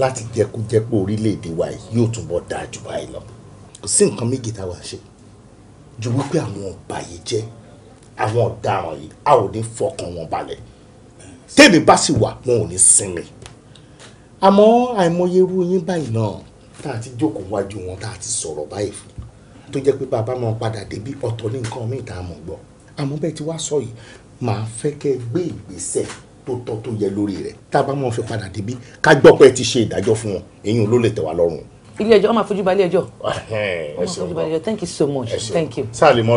láti jẹ́kújẹ́pọ̀ orílẹ̀-èdè wa yóò túbọ̀ dáa jù báyìí lọ kò sí nǹkan méjì táwa ṣe ju wípé àwọn ọba yìí jẹ́ àwọn ọ̀daràn yìí a ò ní fọkàn wọn balẹ̀ tèmi bá sì wà wọn ò ní sinmi àmọ́ àìmọye irú yín báyìí náà tá a ti jókòó wájú wọn tá a ti sọ̀rọ̀ báyìí fún tó jẹ́ pé bàbá máa padà débi ọ̀tọ̀ ní nǹkan míì tá a mọ̀ gbọ́ àmọ́ bẹ́ẹ̀ tí wàá sọ yìí màá fẹ́ kẹ́ gbé ìgbésẹ̀ tó tọ́ tó yẹ lórí rẹ̀ tá a bá máa fi padà débi ká gbọ́ pé ẹ ti ṣe ìdájọ́ fún wọn èyí ló lè tẹ̀ wá lọ́rùn ilé ẹjọ́ ọmọ àfojú ba ẹjọ́ ọmọ àfojú ba ẹjọ́ thank you so much thank you. sáà lè mọ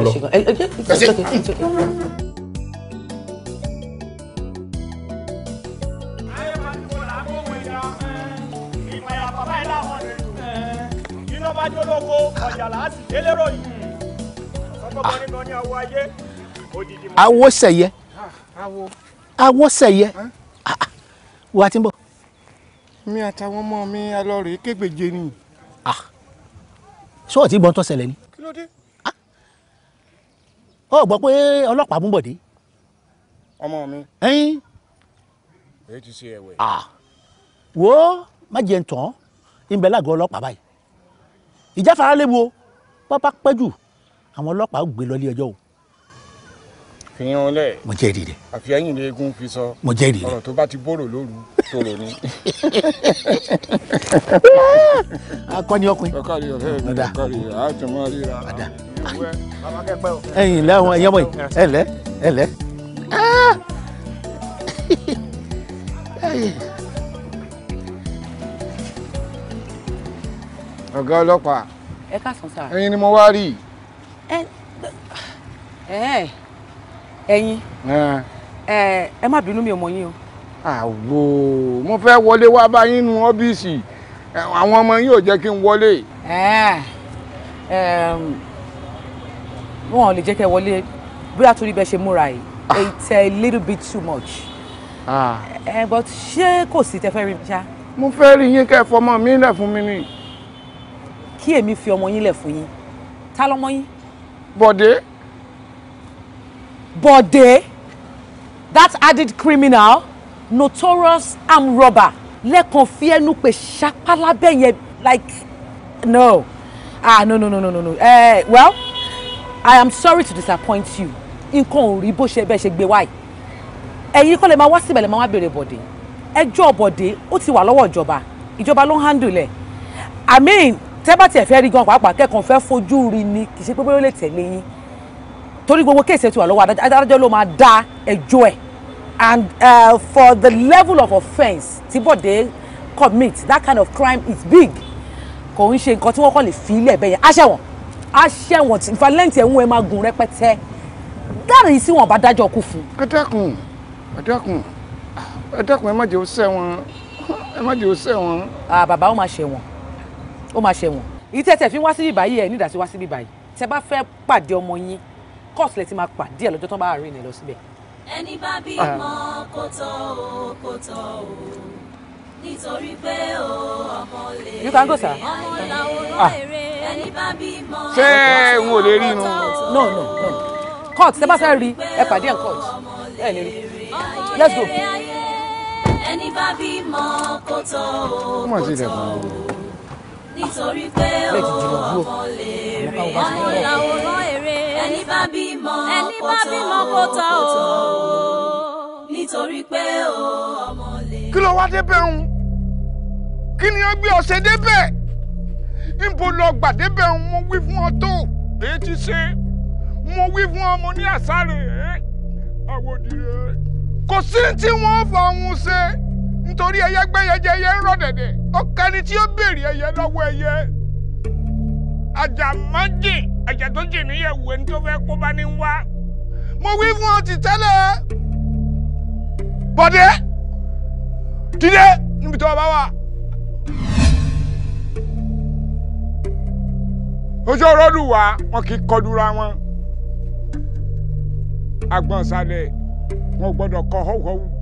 ajólógo ọ̀yàlá àti elérò yìí ọkọ̀bọ̀nrin gan ni àwọ̀ ayé òdìdí mọ́. awọ́sẹ̀yẹ awọ́sẹ̀yẹ ah, ah. wà á ti ń bọ̀. mi àtàwọn ọmọ mi alọ́rẹ̀ kégbèje ni. Ah. ṣọ́ọ̀tì ìbọn tó ṣẹlẹ̀ ni. kí ló dé. ó gbọ́ pé ọlọ́pàá mú bọ̀dé. ọmọ mi. ẹyin. èyí ti ṣe ẹ̀wẹ̀. wo má jẹ́ ń bẹ lágọ̀ọ́ ọlọ́pàá báyìí ìjáfara léwu o pápá pẹ́jù àwọn ọlọ́pàá gbé lọ ilé ẹjọ́ o. fihàn ọlẹ. mo jẹ́ ìrì rẹ. àfihàn ilé egun fi sọ. mo jẹ́ ìrì rẹ. ọ̀rọ̀ tó bá ti bòrò lóru tó lò ní. akọni ọkùnrin. ọkàlì ọ̀rẹ́ mi ọkàlì àtúmọ̀ ríra. ẹ̀yin ilé àwọn ẹyẹ yìí ẹ lẹ ẹ lẹ. *laughs* ọ̀gá ọlọ́pàá. ẹ káàsán sáà. ẹ̀yin ni mo wá rí. ẹ ẹ ẹ̀yin ẹ má bínú mi ò mọ̀ yín o. àwo mo fẹ́ wọlé wá bá yín nu ọ́fíìsì àwọn ọmọ yín ò jẹ́ kí n wọlé. wọn ò lè jẹ́ kẹ́ wọlé bóyá torí bẹ́ẹ̀ ṣe múra yìí ah. it's a little bit too much. Ah. ẹ but ṣé kò sí tẹ fẹ́ rí mi ṣá. mo fẹ́ rí yín kẹ́ fọmọ mi lẹ̀ fún mi ni kí èmi fi ọmọ yín lẹ̀ fún yín ta lọmọ yín. bọ̀dé. bọ̀dé that added criminal notorious armed robber lẹ́kan fi ẹnu pé ṣapálá bẹ́ẹ̀ yẹn like no ah no no no no no no uh, well i am sorry to disappoint you nǹkan ò rí bó ṣe bẹ́ẹ̀ ṣe gbé wáyé ẹ̀yin kọ́ lè máa wá síbẹ̀ lè máa wá béèrè bọ̀dé ẹjọ́ bọ̀dé ó ti wà lọ́wọ́ ìjọba ìjọba ló ń handle ẹ̀ i mean tẹ́ bá tiẹ̀ fẹ́ rí gan pàápàá kẹ́kọ̀ọ́ fẹ́ fojú rí ni kì í ṣe pé bóyá ó lè tẹ̀lé yín torí gbogbo kéèsì ètò àlọ́wọ́ adájọ́ ló máa dá ẹjọ́ ẹ̀ and uh, for the level of offence tí Bọ̀dé commit that kind of crime is big kò ń ṣe nǹkan tí wọ́n kàn lè fi ilẹ̀ bẹ́yẹn aṣẹ́wọ̀n aṣẹ́wọ̀n tí valenti ẹ̀hún ẹ̀ máa gùn rẹpẹtẹ dáàrin yìí sí wọn bá dájọ́ kú fún. ẹ dẹ́kun ẹ dẹ́kun ẹ dẹ́kun ẹ má jẹ́ ó ẹ má jẹ́ ó ah, bàbá ó máa ṣẹ̀wọ̀n ó máa ṣẹ̀wọ̀n èyí tẹ́ fi wá síbí báyìí ẹ̀ nídàá sí wá síbí báyìí tẹ́ bá fẹ́ pàdé ọmọ yín kọ́ọ̀sì lẹ ti máa pàdé ẹ̀ lọ́jọ́ tó bá rìn ẹ̀ lọ síbẹ̀. ẹni bá bí mọ kó tọ o kó tọ o nítorí pé o ọmọ lè ah. rè ọmọ làwòrán èrè ẹni bá bí mọ kó tọ o kó tọ o. no no no court tẹ́ bá fẹ́ rí ẹ pàdé ẹ̀ court ẹ lè rí let's go. ẹni bá bí mọ kó tọ o kó tọ o nítorí pé ọmọ lè rè àwòrán èrè ẹni bá bímọ kó tọ́ o nítorí pé ọmọ lè. kí ló wá débẹ̀ ń kí ni ó gbé ọ̀sẹ̀ débẹ̀ níbo lọ gbà débẹ̀ ń mo wí fún ọ tó èyí ti ṣe mo wí fún ọ mo ní àṣà rẹ̀ àwòdì rẹ̀ kò sí tí wọ́n fọ ohun ṣe nítorí ẹyẹ gbẹ́yẹjẹ ẹyẹ ń rọ̀ dẹ̀dẹ̀ ọkàní tí ó béèrè ẹyẹ lọ́wọ́ ẹyẹ àjàmájì ẹ̀jẹ̀ tó jì níyẹ̀wò ẹni tó fẹ́ kó bá ní wá mo wí fún ọ ti tẹ́lẹ̀ bọ̀dé dídé níbi tó o bá wà. ojú ọ̀rọ̀ lù wọn kì í kọdúra wọn agbọ̀nsalẹ̀ wọn gbọ́dọ̀ kọ họ́wọ́wọ́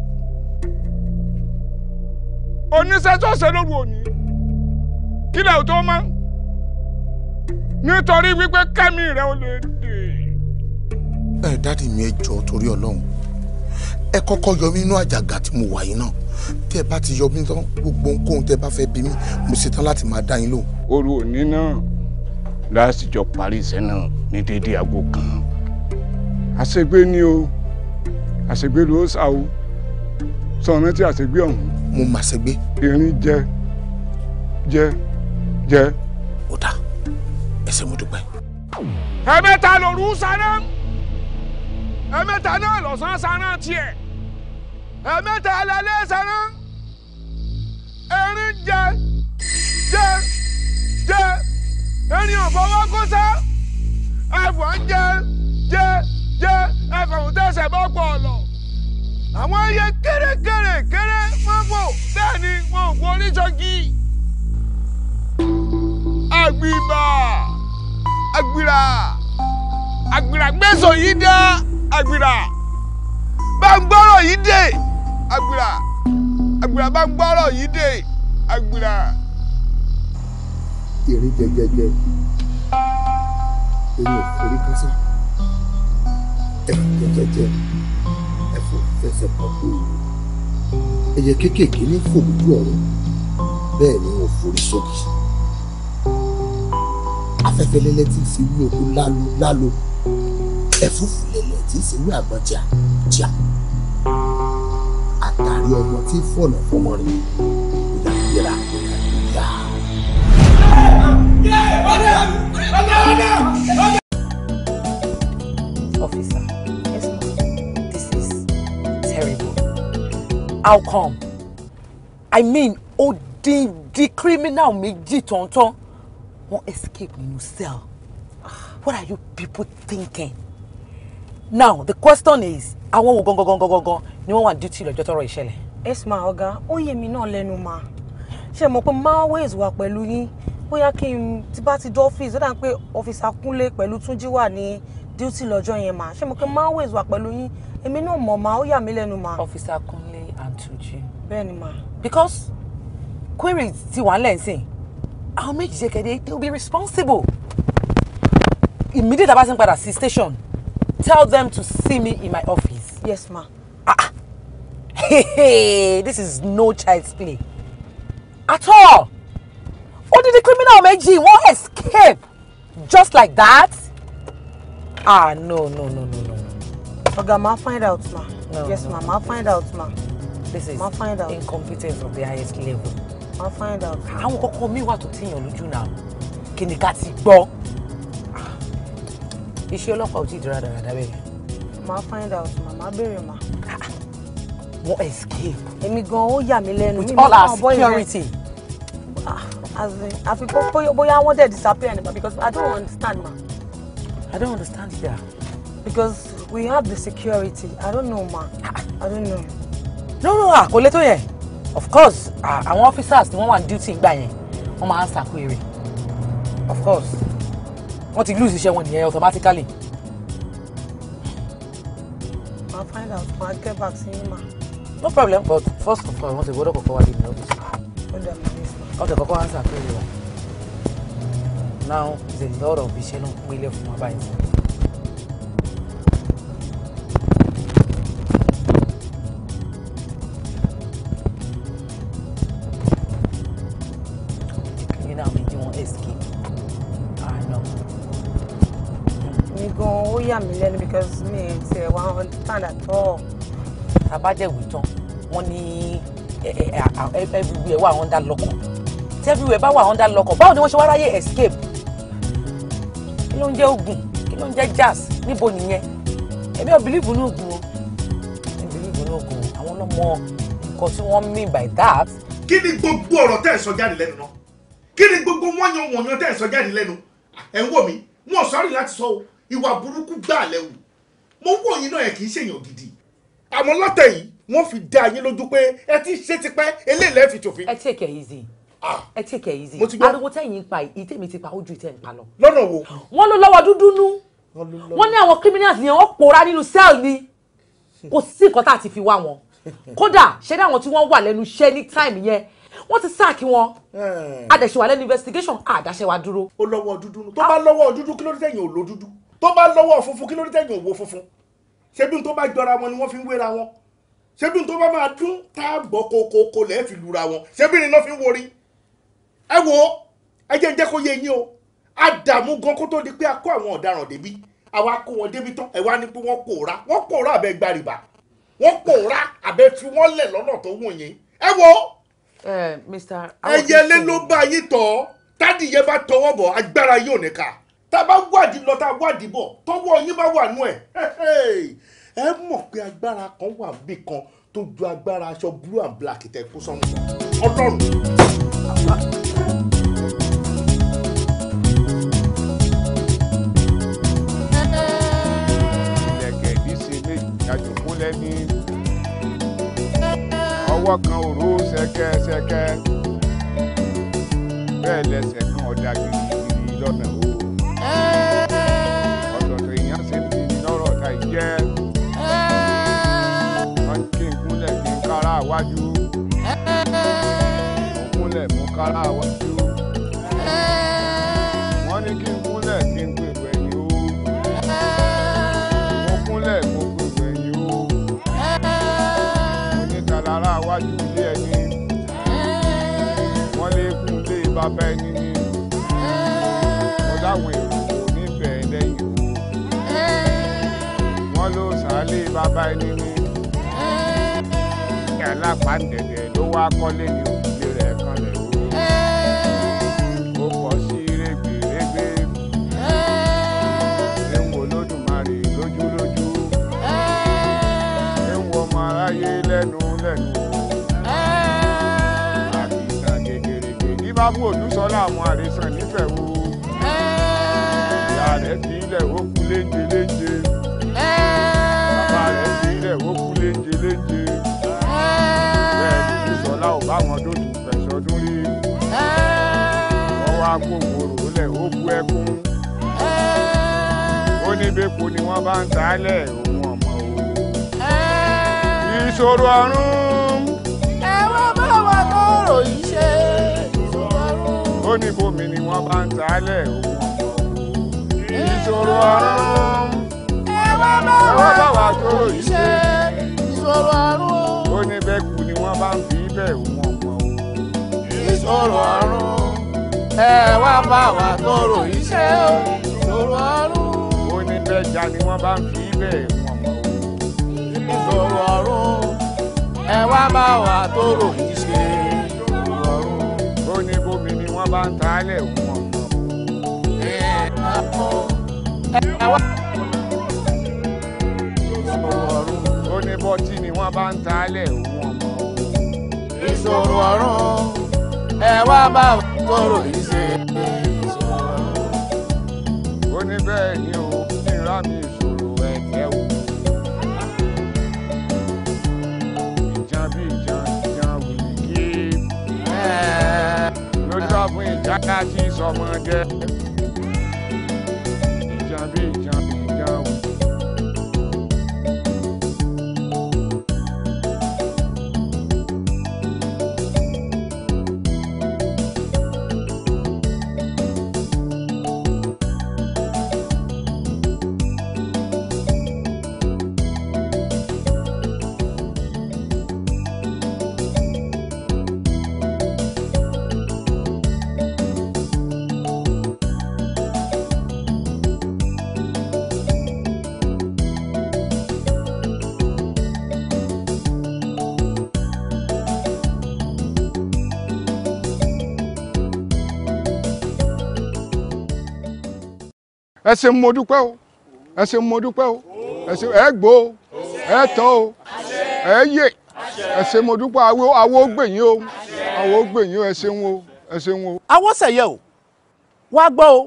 oníṣẹ́ tó ṣe lóru òní kílẹ̀ ò tó mọ́ nítorí wípé kẹ́mi rẹ̀ ò lè dè. ẹ dáàdi mi ẹ jọ torí Ọlọ́run ẹ kọ́kọ́ yọ mí inú àjàgà tí mo wà yìí náà tẹ bá ti yọ mí tán gbogbo ohunkóhun tẹ bá fẹ́ bí mi mo ṣetán láti máa dá yín lóhùn. òru òní náà láàsìjọ parí iṣẹ́ náà ní déédéé aago kan àṣegbé ni o àṣegbé ló sá o sọ̀rọ̀ tí àṣegbé ọ̀hún mo mà ṣe gbé. irin je. jẹ jẹ. ó dà ẹsẹ̀ mo dúpẹ́. ẹ̀mẹ́ta lòru sáná ẹ̀mẹ́ta náà lọ́sàn-án sáná tiẹ̀ ẹ̀mẹ́ta alálẹ́ sáná erin jẹ jẹ jẹ erin ò fọwọ́ kó sá ẹ̀fọ́ ń jẹ jẹ jẹ ẹ̀fọ́ ń tẹ̀sẹ̀ bọ́ pọ̀ lọ àwọn ayé kéré-kéré kéré wọ́n wò bẹ́ẹ̀ ni wọ́n wò oníṣọ́gí. àgbìbà àgbìrà àgbìrà gbèsò yìí dá àgbìrà bá ń gbọ́rọ̀ yìí dé àgbìrà àgbìrà bá ń gbọ́rọ̀ yìí dé àgbìrà. ìrìn jẹjẹjẹ èmi ò forí kásá ẹ̀rọ jẹjẹjẹ fẹsẹ̀ kan pé ẹyẹ kéékèèké ní fò lójú ọ̀run bẹ́ẹ̀ ni wọn forí sókè afẹ́fẹ́ lẹ́lẹ́ tí ń ṣe wí oko lálo lálo ẹ̀fúùfù lẹ́lẹ́ tí ń ṣe wí àgbọn jà jà àtàrí ọmọ tí fọ̀nà fọmọ rẹ̀ ìdàgbéra ìdàgbéra. Officer. Outcome. i mean the the criminal méjì tọ̀ntọ̀n won't escape nínú cell what are you people thinking now the question is go go go go go ni wọ́n want duty lọ́jọ́ tọ́rọ̀ ìṣẹ̀lẹ̀. yes ma ọ̀gá ó yé mi no lenu ma She mọ̀ pé ma always wà pẹ̀lú yín bóyá kí n ti bá ti dé ọ́fíìsì ó dà pé ọ́fíìsà kúnlé pẹ̀lú túnjí wà ní duty lọ́jọ́ yẹn ma She mọ̀ pé ma always wà pẹ̀lú yín èmi náà mọ̀ ma ó yà mí lẹ́nu ma. ọ́fíìsà kún Àǹtòjì. Bẹ́ẹ̀ni ma. Because queries ti wà lẹ́sìn, àwọn méjì ṣe kéde they will be responsible. Immediate abá ti ń padà sí station, tell them to see me in my office. Yes ma. Ah, ah. hey, this is no child's play at all. Odidi criminal méjì wọ́n escape just like that. Ah no no no no no. Ọ̀gá, find out ma. No, yes no. ma, màá find out ma places ma find out incompetence of the highest level ma find out. àwọn kọ́kọ́ mi wà tó téèyàn lójú náà kí ni ká ti gbọ́ iṣẹ́ ọlọ́pàá ò tí ì dúró dáradára bẹ́ẹ̀. ma find out màmá béèrè ma. wọ́n escape. èmi gan-an ó yà mí lẹ́nu. with all our security. Ah, àfi bóyá wọ́n dẹ̀ disappear ma, because I don't understand ma. I don't understand there. because we have the security I don't know ma ah, ah. I don't know no no àkọlé ah, tó yẹn of course ah, àwọn officers tí wọ́n wà ní duty gbà yẹn wọ́n máa ń ṣàpèrè of course wọ́n ti lose iṣẹ́ wọn nìyẹn automatically. I find out ma get back to you ma. no problem but first of all wọ́n ti gbọ́dọ̀ kọ́kọ́ wá dé ní ọ́fíìsì. wọ́n ti kọ́kọ́ wá ń ṣàpèrè wa now the lord of iṣẹ́ náà ń pínlẹ̀ fún wa báyìí. yà mí lẹ́nu because mi ẹ̀ ti ẹ̀ wá stand at all. àbájẹ̀wé tán wọ́n ní everywhere wà under lọ́kàn tí everywhere bá wà under lọ́kàn báwo ni wọ́n ṣe wá ráyè escape kí ló ń jẹ́ ogun kí ló ń jẹ́ jazz níbo nìyẹn èmi ò bìlíìfù ní ogun o èmi bìlíìfù ní ogun àwọn ọlọ́mọ nǹkan tí wọ́n mean by that. kí ni gbogbo ọ̀rọ̀ tẹ́ ẹ̀ sọ jáde lẹ́nu náà kí ni gbogbo wọ́n yan wọ̀nyàn tẹ́ ẹ̀ sọ jáde lẹ́nu ẹ̀ ń wò mí wọn ò sọ́rí láti sọ o ìwà burúkú gbà lẹ́wù mo wò yín náà ẹ̀ kì í ṣèyàn gidi àmọ́ lọ́tẹ̀ yìí wọ́n fi dá yín lójú pé ẹ ti ṣe tipẹ́ eléyìí lẹ́ẹ̀fì tòfin. ẹ take it easy ẹ take it easy ariwo tẹ̀yìn pa ìtẹ̀mí ti pa ojú ìtẹ̀ ń lọ. lọ́nà wo. wọ́n ló lọ́wọ́ dúdú nú wọ́n ní àwọn criminals yẹn wọ́n pòórá nínú cell ni *laughs* kò sí nǹkan tá a ti fi wá wọn kódà ṣe ní àwọn tí wọ́n wà lẹ́nu iṣẹ́ ní time yẹn wọ́n ti sáàkì wọn adẹ̀ṣẹ̀wà lẹ́nu investigation àdáṣẹ̀wà dúró. ó lọ́wọ́ dúdú tó bá lọ́wọ́ dúdú kí ló dé tẹ̀yìn ò lọ dúdú tó bá lọ́wọ́ funfun kí ló dé tẹ̀yìn òwò funfun ṣebí tó bá jọra wọn ni wọ́n fi ń wéra wọn ṣebí tó bá máa dún tá a gbọ́ kokoko lẹ́ẹ̀ fi lura wọn ṣebí ni wọ́n fi ń wori ẹ wo ẹ jẹ́ kó yé yín o àdààmú gan kó tó di pé a kó àwọn ọ̀daràn débi àwa kó wọn débi tán ẹ wá ní pé wọ́n pòórá wọ́n pòórá àbẹ gbàrìbà wọ́n pòórá àbẹ fi wọ́n lẹ̀ lọ́nà tó wù yín ẹ wo ẹyẹlé ló bá yín tọ́ tádìyẹ bá tọwọ́ bọ̀ agbára yóò ní ká tá a bá wádìí lọ tá a wádìí bọ̀ tọ́wọ́ yín bá wà nú ẹ̀ ẹ mọ̀ pé agbára kan wà bí kan tó ju agbára aṣọ blue and black tẹ kó sọ́run ọlọ́run. ìlẹ̀kẹ̀ níṣe méjì àjòkúnlẹ̀ ní ọwọ́ kan òró ṣẹ̀kẹ̀ṣẹ̀kẹ̀ bẹ́ẹ̀ lẹ́sẹ̀ kan ọ̀dà gidigidi lọ́nà òru. jẹ. wọ́n kí n kúnlẹ̀ kí n kára wájú. mo kúnlẹ̀ mo kára wájú. wọ́n ní kí n kúnlẹ̀ kí n pè pè yìí o. mo kúnlẹ̀ mo pè pè yìí o. ní kàlára wájú ilé ẹni. wọ́n lé kúnlé bàbá ẹni ni. mo àrálé bàbá ẹni ni alápàǹdẹ̀dẹ̀ ló wá kọ́lé ní òkúlé rẹ̀ kan lẹ̀ wò ó kọ́ sí rẹ́gbẹ̀rẹ́gbẹ̀ ẹ̀wọ̀n olódùmarè lójúlójú ẹ̀wọ̀n ọmọ aráyé lẹ́nu lẹ́nu àti ìtàn gègèrègè ní bá mú òdúsọ́lá àwọn àrísàn kó wòrò lẹ̀ ẹkún. ó ní bẹ́pò ni wọ́n bá ń talẹ̀ òun ọ̀mọ́ o. ìṣòro ọ̀run. ẹ wá bá wa yìí ṣe ó ní ni wọ́n bá ń talẹ̀ òun ọ̀mọ́ o. ìṣòro ọ̀run. ẹ wá bá wa yìí ṣe ìṣòro ọ̀run. ó ní bẹ́pò ni wọ́n bá ń fi bẹ́ẹ̀ òun ọ̀mọ́ o. ìṣòro ọ̀run ẹ wá bá wa tọrọ iṣẹ́ o ìṣòro ọrùn. ó ní bẹ́jà ni wọ́n bá ń fi bẹ́ẹ̀ mọ̀ mọ́ ìṣòro ọrùn ẹ wá bá wa tọrọ iṣẹ́ ìṣòro ọrùn. ó ní bómi ni wọ́n bá ń ta alẹ̀ wọn. ẹ wá bọ́tí ni wọ́n bá ń ta alẹ̀ ìṣòro ọrùn ẹ wá bá wa tọrọ bẹ́ẹ̀ ni o ìrà mi ìṣòro ẹ̀jẹ̀ o. ìjà bí ìjà ìjà wìlì kí. lójú àbúrò ìjà ká sí sọmọdé. ẹ ṣé mo dúpẹ́ o ẹ ṣé mo dúpẹ́ o ẹ ṣé ẹ gbó o ẹ tọ́ o ẹ yè ẹ ṣé mo dúpẹ́ àwo àwo gbèyìn o àwo gbèyìn o ẹ ṣeun o ẹ ṣeun o. awọ́sẹ̀yẹ o wá gbọ́ o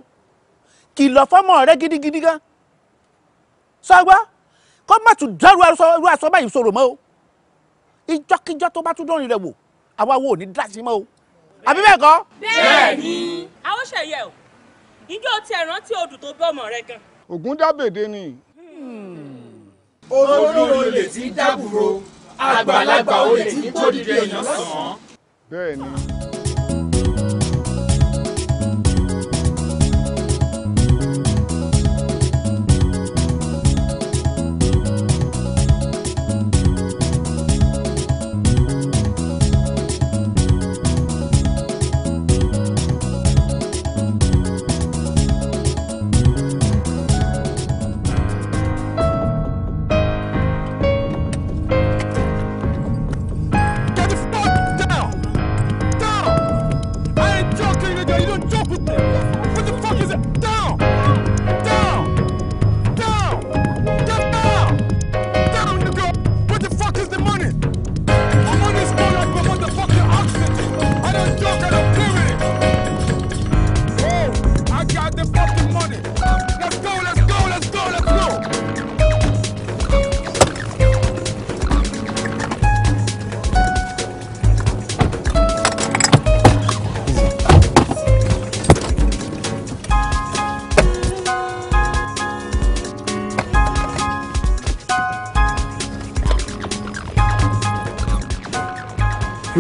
kìlọ̀ fọ́mọ rẹ gidigidi gan sọ gbọ́ kó má tún dárú aṣọ báyìí sọ̀rọ̀ mọ́ o ìjọkíjọ tó bá tún dọ́rin rẹ wò àwa wo ò ní dá sí mọ́ o àbí bẹ́ẹ̀ kọ́. bẹ́ẹ̀ ni awọ́sẹ̀yẹ o ǹjẹ́ o tiẹ̀ rántí odù tó bẹ́ ọmọ rẹ gan. ògùn dábèdè ni. Hmm. olórí olè tí dábùrò àgbàlagbà olè tí kò dìde èèyàn sàn án.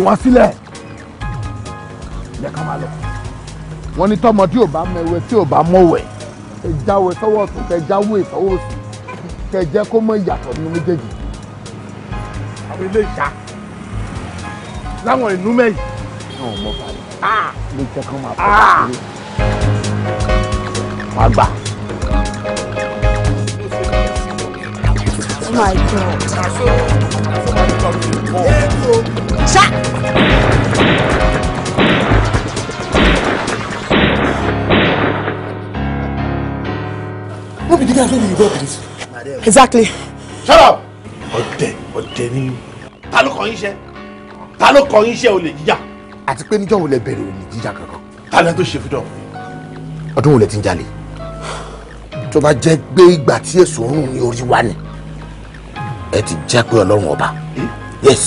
wọn sílẹ̀ jẹ́ ká máa lọ. wọ́n ní tọ́mọ tí ò bá mẹ̀wẹ̀ tí ò bá mọ̀wẹ̀ ẹ jáwé sọ́wọ́ ọ̀tún kẹ jáwé sọ́wọ́ òsì kẹ jẹ́ kó mọ ìyàtọ̀ nínú méjèèjì. àwọn ilé ìṣá láwọn ìlú mẹ́yì. àwọn ọmọ bàálù lè ah! ah! jẹ́ kó máa pọ̀ sí i. gbà. Oh my God. that's why we got this. exactly. shut up. ọ̀dẹ̀ ọ̀dẹ̀ ni. ta ló kọ́ yín ṣe ta ló kọ́ yín ṣe olè jíjà. àti pé níjọ́ wo lẹ bẹ̀rẹ̀ olè jíjà kankan. ta lẹ́nu tó ṣe fún dọ̀. ọdún wo lẹ ti ń jalè. tó bá jẹ́ gbé ìgbà tí èso ń rùn ní orí wa ni ẹ ti jẹ́ pé ọlọ́run ọba yes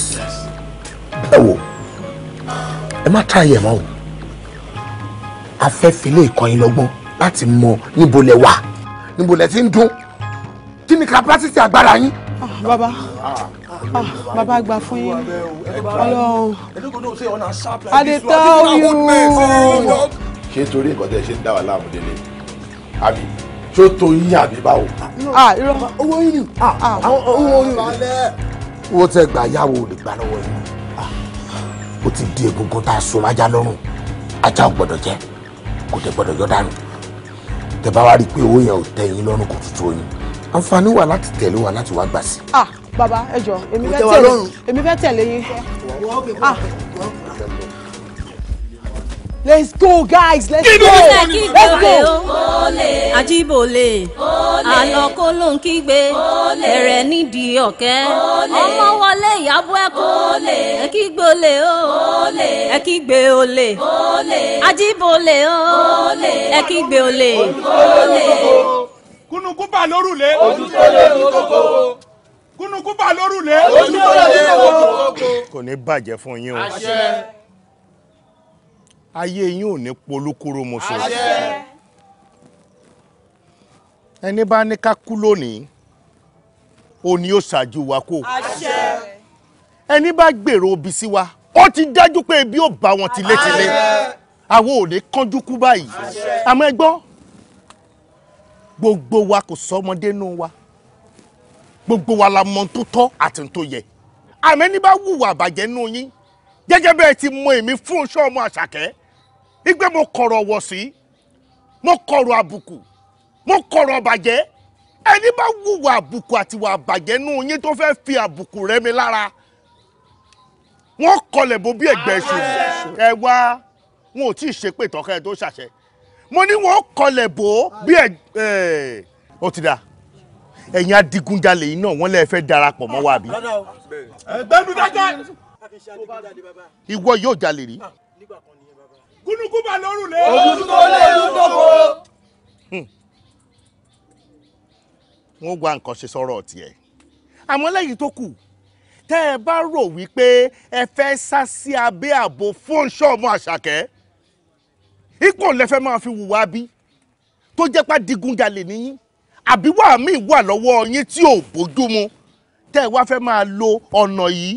ẹ wo ẹ má ta ayẹ̀ mọ́ o afẹ́fẹ́ lè kọ́ yín lọ́gbọ́n láti mọ níbo lẹ wà níbo lẹ ti ń dún kí ni capacity agbára yín. Ah, bàbá ah, bàbá gbà fún yín ọlọ́run adetọ yóò. ṣé torí nǹkan tẹ ṣe ń dá wa láàmú délé àbí ṣó tó yín àbí báwo. Ah, owó yín ni owó yín ni owó tẹ gbà yàwó lè gbà lọ́wọ́ yín ó ti di egungun tá a so májá lọ́rùn ajá ò gbọ́dọ̀ jẹ kò dé gbọ́dọ̀ yọ dànù tẹ́ rí i pé owó yẹn ò tẹ́ yín lọ́rùn kò tuntun oyin àǹfààní wà láti tẹ̀lé wa láti wá gbà sí. ah bàbá ẹ jọ èmi fẹ́ tẹ̀lé èmi fẹ́ tẹ̀lé yín. ah let's go guys let's go let's go. ajibole àná kó ló ń kígbe ẹ̀rẹ̀ nídìí ọ̀kẹ́ ọmọ wọlé ìyàbọ̀ ẹ̀kọ́ ẹ kígbe olè o ẹ kígbe olè ajíbo olè o ẹ kígbe olè. kúnukúbà lórùlé. ojútó lé ojúkókó kúnukú bá lórúlé. kò ní bàjẹ́ fún yín o. ayé yín ò ní polúkúrú mọ́sọ̀ ẹni bá ní ká kú lónìí ó ní ó ṣáájú wa kó. àṣẹ. ẹni bá gbèrò obì sí wa ó ti dájú pé ebi ó bá wọn tilétilé àwọn ò lè kánjú kú báyìí àmọ́ ẹ gbogbo wa kò sọmọdé nù wa gbogbo wa la mọ tó tọ́ àti tó yẹ àmọ́ ẹni bá wùwà bàjẹ́ nù yín gẹ́gẹ́ bẹ́ẹ̀ ti mọ èmi fún iṣẹ́ ọmọ àṣàkẹ́ igbe mo kọ̀rọ̀ wọ̀ sí mo kọ̀rọ̀ àbùkù wọ́n kọ̀rọ̀ bàjẹ́ ẹni bá wùwà àbùkù àtiwà àbàjẹ́ nù yín tó fẹ́ fi àbùkù rẹ mi lára wọ́n kọlẹ̀ bó bí ẹgbẹ́ ṣù ẹ wá wọn ò tí ì ṣépè tọ́kẹ́ tó ṣàṣẹ mo ní wọ́n kọlẹ̀ bó bí ẹ ó ti dà ẹ̀yin adigunjalè yìí náà wọ́n lè fẹ́ darapọ̀ mọ́ wa bí. ìwọ yóò jalè rí. gúnugún bá lọ́rùn lé. ògùn wọ́n wá nǹkan ṣe sọ̀rọ̀ tiẹ̀ àmọ́ lẹ́yìn tó kù tẹ́ ẹ bá rò wípé ẹ fẹ́ sá sí abẹ́ ààbò fún ṣọ́ọ̀mù àṣàkẹ́ ipò lẹ́fẹ́ máa fi wùwá bí tó jẹ́ pá digunjalè níyìn àbí wàá mí wà lọ́wọ́ yín tí ò bójú mu tẹ́ ẹ wá fẹ́ máa lo ọ̀nà yìí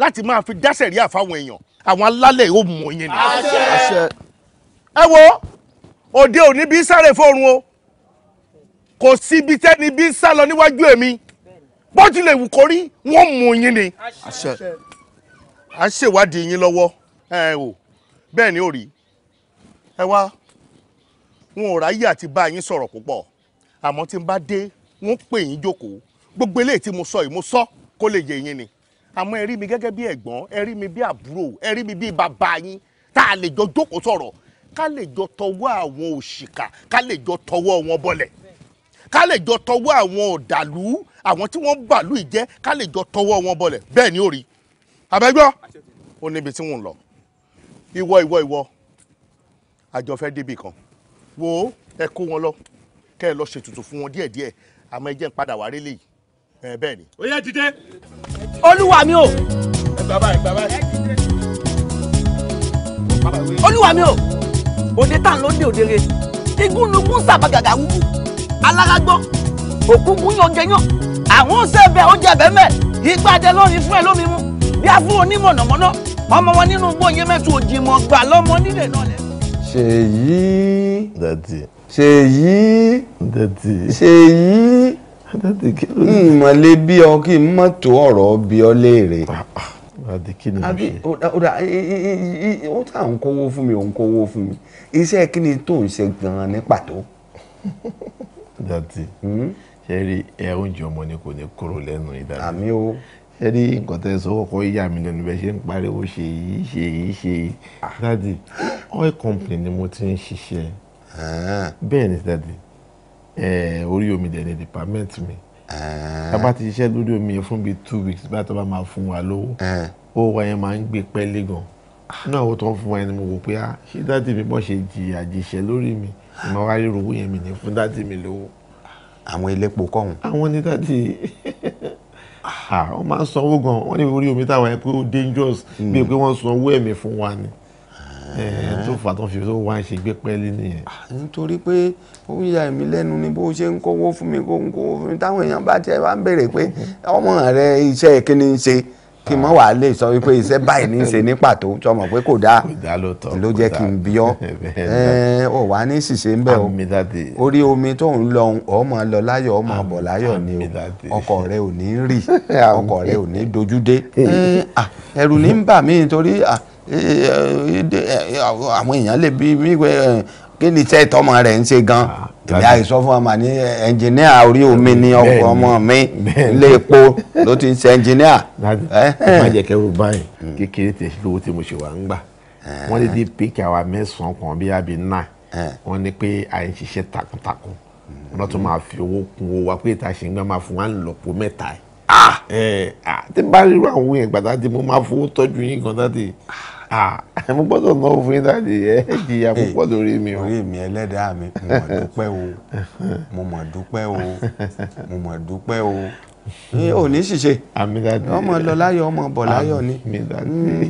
láti máa fi dáṣẹ̀ rí àfáwọn èèyàn àwọn alálẹ̀ ò mọ̀ yín ni. ẹ wo òde òní bí sáré fóorun o kò síbi tẹ́ni bí ń sá lọ níwájú èmi bọ́jú lè wù kó rí wọ́n mú yín ni. à ń ṣèwádìí yín lọ́wọ́ ẹ o bẹ́ẹ̀ ni ó rí ẹ wá wọn ò ráyè àti bá yín sọ̀rọ̀ púpọ̀ àmọ́ tí n bá dé wọ́n pè yín jókòó gbogbo eléyìí tí mo sọ yìí mo sọ kó lè yé yín ni àmọ́ ẹ rí mi gẹ́gẹ́ bí ẹ̀gbọ́n ẹ rí mi bí àbúrò ẹ rí mi bí bàbá yín tá a lè jọ jókòó sọ̀rọ̀ ká lè jọ tọwọ́ àwọn òṣìkà ká lè jọ tọwọ́ wọn bọlẹ̀ ká lè jọ tọwọ́ àwọn ọ̀dàlú àwọn tí wọ́n bàlú ìjẹ́ ká lè jọ tọwọ́ wọn bọlẹ̀ bẹ́ẹ̀ ni ó rí abẹ́gbọ́ ó níbi tí wọ́n lọ ìwọ ìwọ ìwọ àjọ fẹ́ débi kan wo ẹ kó wọn lọ kẹ́ ẹ lọ ṣètùtù fún wọn díẹ̀díẹ̀ àmọ́ ẹ jẹ́ ń padà wá rélé yìí ẹ bẹ́ẹ̀ ni. ó yẹ dìde. olúwa mi o. ẹ gbà báyìí gbà báyìí. olúwa mi o òde tá à ń lóde òde re igún lukú sàbàgàgà wúwú alárágbọ́ òkúnkún yàn jẹyàn àwọn ọ̀sẹ̀ bẹ oúnjẹ bẹ́ẹ̀ mẹ́ ìgbà dẹ lórin fún ẹ lómi mú bí a fún onímọ̀nàmọ́ná ọmọ wọn nínú gbòye mẹ́tù òjìmọ̀ gbà lọ́mọ nílé náà lẹ. ṣèyí ṣèyí ṣèyí ìmọ̀lẹ́ bí ọ kí n mọ̀ tó ọ̀rọ̀ bí ọ léèrè ah, ah. àbí ọ̀dà ó tà ń kówó fún mi ò ń kówó fún mi iṣẹ́ kí ni tó ń ṣe gan-an ní pàtó. *laughs* dọ̀tí hmm? ṣe rí ẹ oúnjẹ ọmọ ni kò ní kúrò lẹ́nu ìdáná. àmì o. ṣe rí nǹkan tẹ́ sọ ọkọ yíyá mi lẹ́nu bẹ́ẹ̀ ṣe ń pariwo ṣe yìí ṣe yìí ṣe yìí. Ah. dadi oil company ni mo ti ń ṣiṣẹ́. Ah. bẹ́ẹ̀ ni dadi orí omi dẹ̀ ni department mi. Ah. tá ti ṣiṣẹ́ lórí omi yẹn fún bíi two weeks bá a tó bá máa fún wa lówó. owó wa yẹn máa ń gbé pẹ́ẹ́lí gan. náà owó tó fún wa yẹn ni mo wò pé ṣé dadi mi bọ́ ṣe jìyà jìṣẹ́ lórí mi mo wá rí owó yẹn mi ní fún dádì mi lówó. àwọn elépo kọ̀hún. àwọn ní dádì wọ́n máa ń sanwó gan wọ́n ní orí omi táwọn ẹ̀ pé ó dangerous hmm. bíi pé wọ́n sanwó ẹ̀mí fún wa ni ah. tó fà tó fi tó wá ṣe gbé pẹ́ẹ́lí nìyẹn. Ah, nítorí pé ó ń ya èmi lẹ́nu ni bó ṣe ń kówó fún mi kó ń kówó fún mi táwọn èèyàn bá tiẹ̀ bá ń béèrè pé ọmọ rẹ iṣẹ́ kí ń ṣe kí n mọ̀ wàá lè sọ wípé iṣẹ́ báyìí ní í ṣe ní pàtó tí ọmọ pé kò dáa ló jẹ́ kí n bí ọ́ ọ *laughs* wà ní ṣìṣe ń bẹ̀ o orí omi tó ń lọ ọmọ lọ láyọ̀ ọmọ bọ̀ láyọ̀ ni o ọkọ rẹ ò ní rì *laughs* ọkọ rẹ ò ní dojúdé ẹ̀rù ní ń bà mí nítorí àwọn èèyàn lè bí mí kí ni iṣẹ́ ìtọ́mọ rẹ̀ ń ṣe gan-an ah, èmi àìsọ fún ọmọ ní ẹnjìníà eh, orí omi ni ọkọ ọmọ mi ilé epo ló ti ń ṣe eh, ẹnjìníà. má eh. jẹ́ kẹ́rù báyìí hmm. kékeré tẹ̀ sí lówó tí mo ṣe wà ń gbà wọ́n lè dé pèkì àwa mẹ́sàn-án kan bí àbí náà wọ́n ní pé à ń ṣiṣẹ́ takuntakun hmm. wọ́n tún máa fi owó kun owó wa pé ìta ṣe ń gbà máa fún wa ń lọ́pọ̀ mẹ́ta ẹ̀ ah! ah, tí bá ríru àwọn èèyàn gbàdá tí mo máa fowó tọ́jú yín gan dáadé mo gbọ́dọ̀ ná òfin yín dáàdì ẹ jìyà púpọ̀ lórí mi o. orí mi ẹlẹ́dàá mi mo mọ̀ dúpẹ́ o mo mọ̀ dúpẹ́ o mo mọ̀ dúpẹ́ o ò ní ṣìṣe ọmọ lọ láyọ̀ ọmọ bọ̀ láyọ̀ ni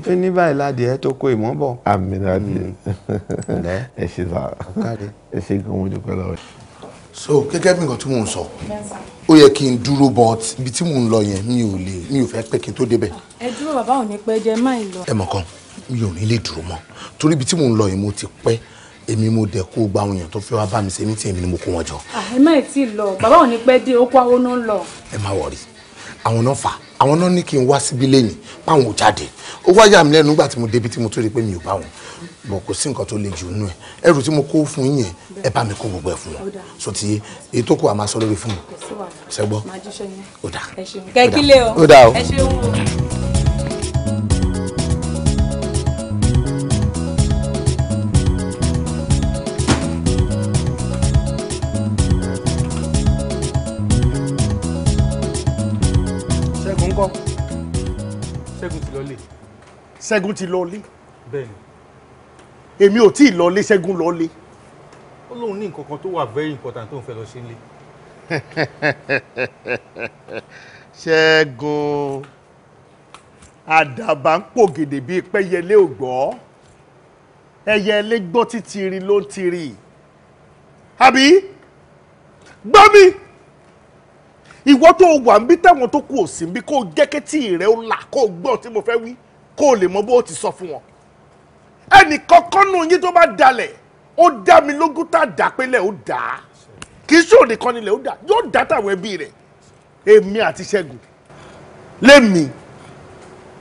pé mm, ní báyìí láti ẹ tó kó ìmọ̀ bọ̀. àmì dáàdì mm. ẹ ṣe sá ẹ ṣe gan mo dúpẹ́ lọ́wọ́. so gẹ́gẹ́ bí nǹkan tí mò ń sọ ó yẹ kí n dúró but ibi tí mò ń lọ yẹn mi ò lè mi ò fẹ́ pé kí n tó débẹ̀. ẹ dúró bàbá ò ní pẹ́ máa ń lọ. ẹ mọ̀ kan mi ò ní lè dúró mọ́ torí ibi tí mò ń lọ yìí mo ti pẹ́ èmi mo dẹ̀ kó gba àwọn èèyàn tó fẹ́ wá bá mi ṣe mí tí èmi ni mo kó wọn jọ. Ah, ẹ má tí ì lọ bàbá òní pẹ́ dé okó àwọn náà lọ. ẹ má wọrí àwọn náà fà àwọn náà ní kí n wá síbí lẹ́yìn páwọn ò jáde ó wá yà mí lẹ́nu nígbà tí mo débi tí mo tó rí pé mi ò bá wọn bọ̀ kò sí nǹkan tó le jù nínú ẹ̀ ẹrù tí mo kó fún yín yẹn ẹ bá mi kó gbogbo ẹ̀ fún wọn so ti èyí tó kù àmà sọ lórí fún mi ṣẹgbọ́ ó dà ó dà ó. ṣẹ́gun ti lọlé èmi ò tí ì lọlé ṣẹ́gun lọlé. ó lóun ní nǹkan kan tó wà very important tó ń fẹ́ lọ sí nílé. *laughs* ṣẹ́gun àdàbà ń pògèdè bíi pẹ́yẹlé ò gbọ́ ẹyẹlé gbọ́ títìrì ló ń tìrì àbí gbọ́ mi ìwọ tó wà ń bí táwọn tó kù ò sí ń bí kó jẹ́ kẹ́tì rẹ̀ ó là kó gbọ́ tí mo fẹ́ wí kó o lè mọ bó o ti sọ fún wọn ẹnì kankan nù yín tó bá dalẹ̀ ó dá mi lógún tá a dà pélé ó dà á kì í ṣó nìkan nílẹ̀ ó dà yóò dá tàwọn ẹbí rẹ̀ èmi àti Ṣẹ́gun lémi.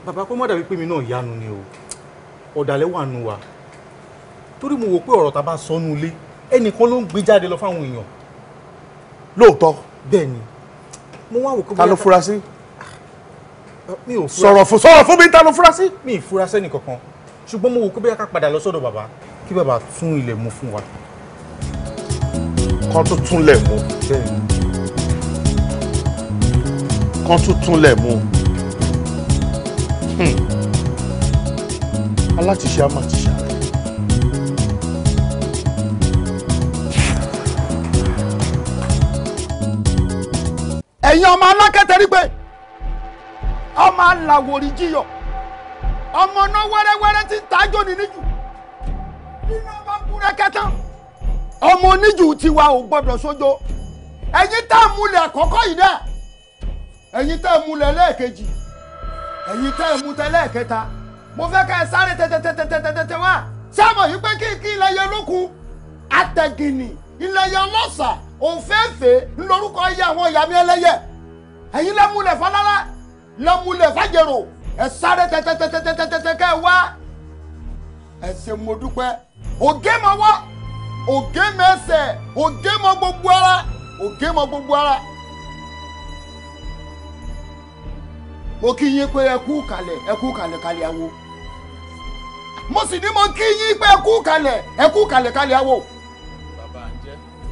bàbá kó má pé mi náà yanu ni o ọ̀dàlẹ̀ wà nù wa torí mo wò pé ọ̀rọ̀ tá a bá sọ nù ilé ẹnìkan ló ń gbé jáde lọ fáwọn èèyàn. lóòótọ́. bẹ́ẹ̀ ni mo wá wò pé. ta ló fura sí sọ̀rọ̀ fún sọ̀rọ̀ fún mi ta ló fura sí. mi ì fura sẹ́ni kankan ṣùgbọ́n mo wò pé bóyá ká padà lọ sọ́dọ̀ bàbá kí bàbá tún ilẹ̀ mú fún wa. kan tún túnlẹ̀ mú. kan tún túnlẹ̀ mú. Hmm. alátiṣe á máa ti ṣe. ẹ̀yin ọmọ alákẹ́tẹ̀rí pé ọmọ aláwòrì jiyọ̀ ọmọ náà wẹ́rẹ́wẹ́rẹ́ ti ń tajọ́ ní níjù nínú ọmọ kúrẹ́kẹ́ tán ọmọ oníjù tiwa ò gbọdọ̀ sójó ẹ̀yin tá a múlẹ̀ àkọ́kọ́ yìí dẹ́ ẹ̀yin tá a múlẹ̀ lẹ́ẹ̀kejì ẹ̀yin tá a múlẹ̀ lẹ́ẹ̀kẹta mo fẹ́ ká ẹ sáré tẹ́tẹ́tẹ́tẹ́tẹ́tẹ́ wá sáàmù yìí pé kí kí ilẹ̀ yẹn lókun àtẹ̀gìnì ilẹ̀ yẹn lọ́sà òféèfé ńlórúkọ iye àwọn ìyàmí ẹlẹ́yẹ ẹ̀yin lẹ́múlẹ̀ fọlọ́lá lọ́múlẹ̀ fàjẹrò ẹ sáré tẹ́tẹ́tẹ́tẹ́tẹ́tẹ́ kẹ́ ẹ wá ẹ ṣe mo dúpẹ́ ògé mọ wá ògé mọ ẹsẹ̀ ògé mọ gbogbo ara ògé mọ gbogbo ara. mo kí yín pé ẹ kú kalẹ̀ ẹ kú kalẹ̀ kalẹ̀ awo mo sì ní mo kí yín pé ẹ kú kalẹ̀ ẹ kú kalẹ̀ kalẹ̀ awo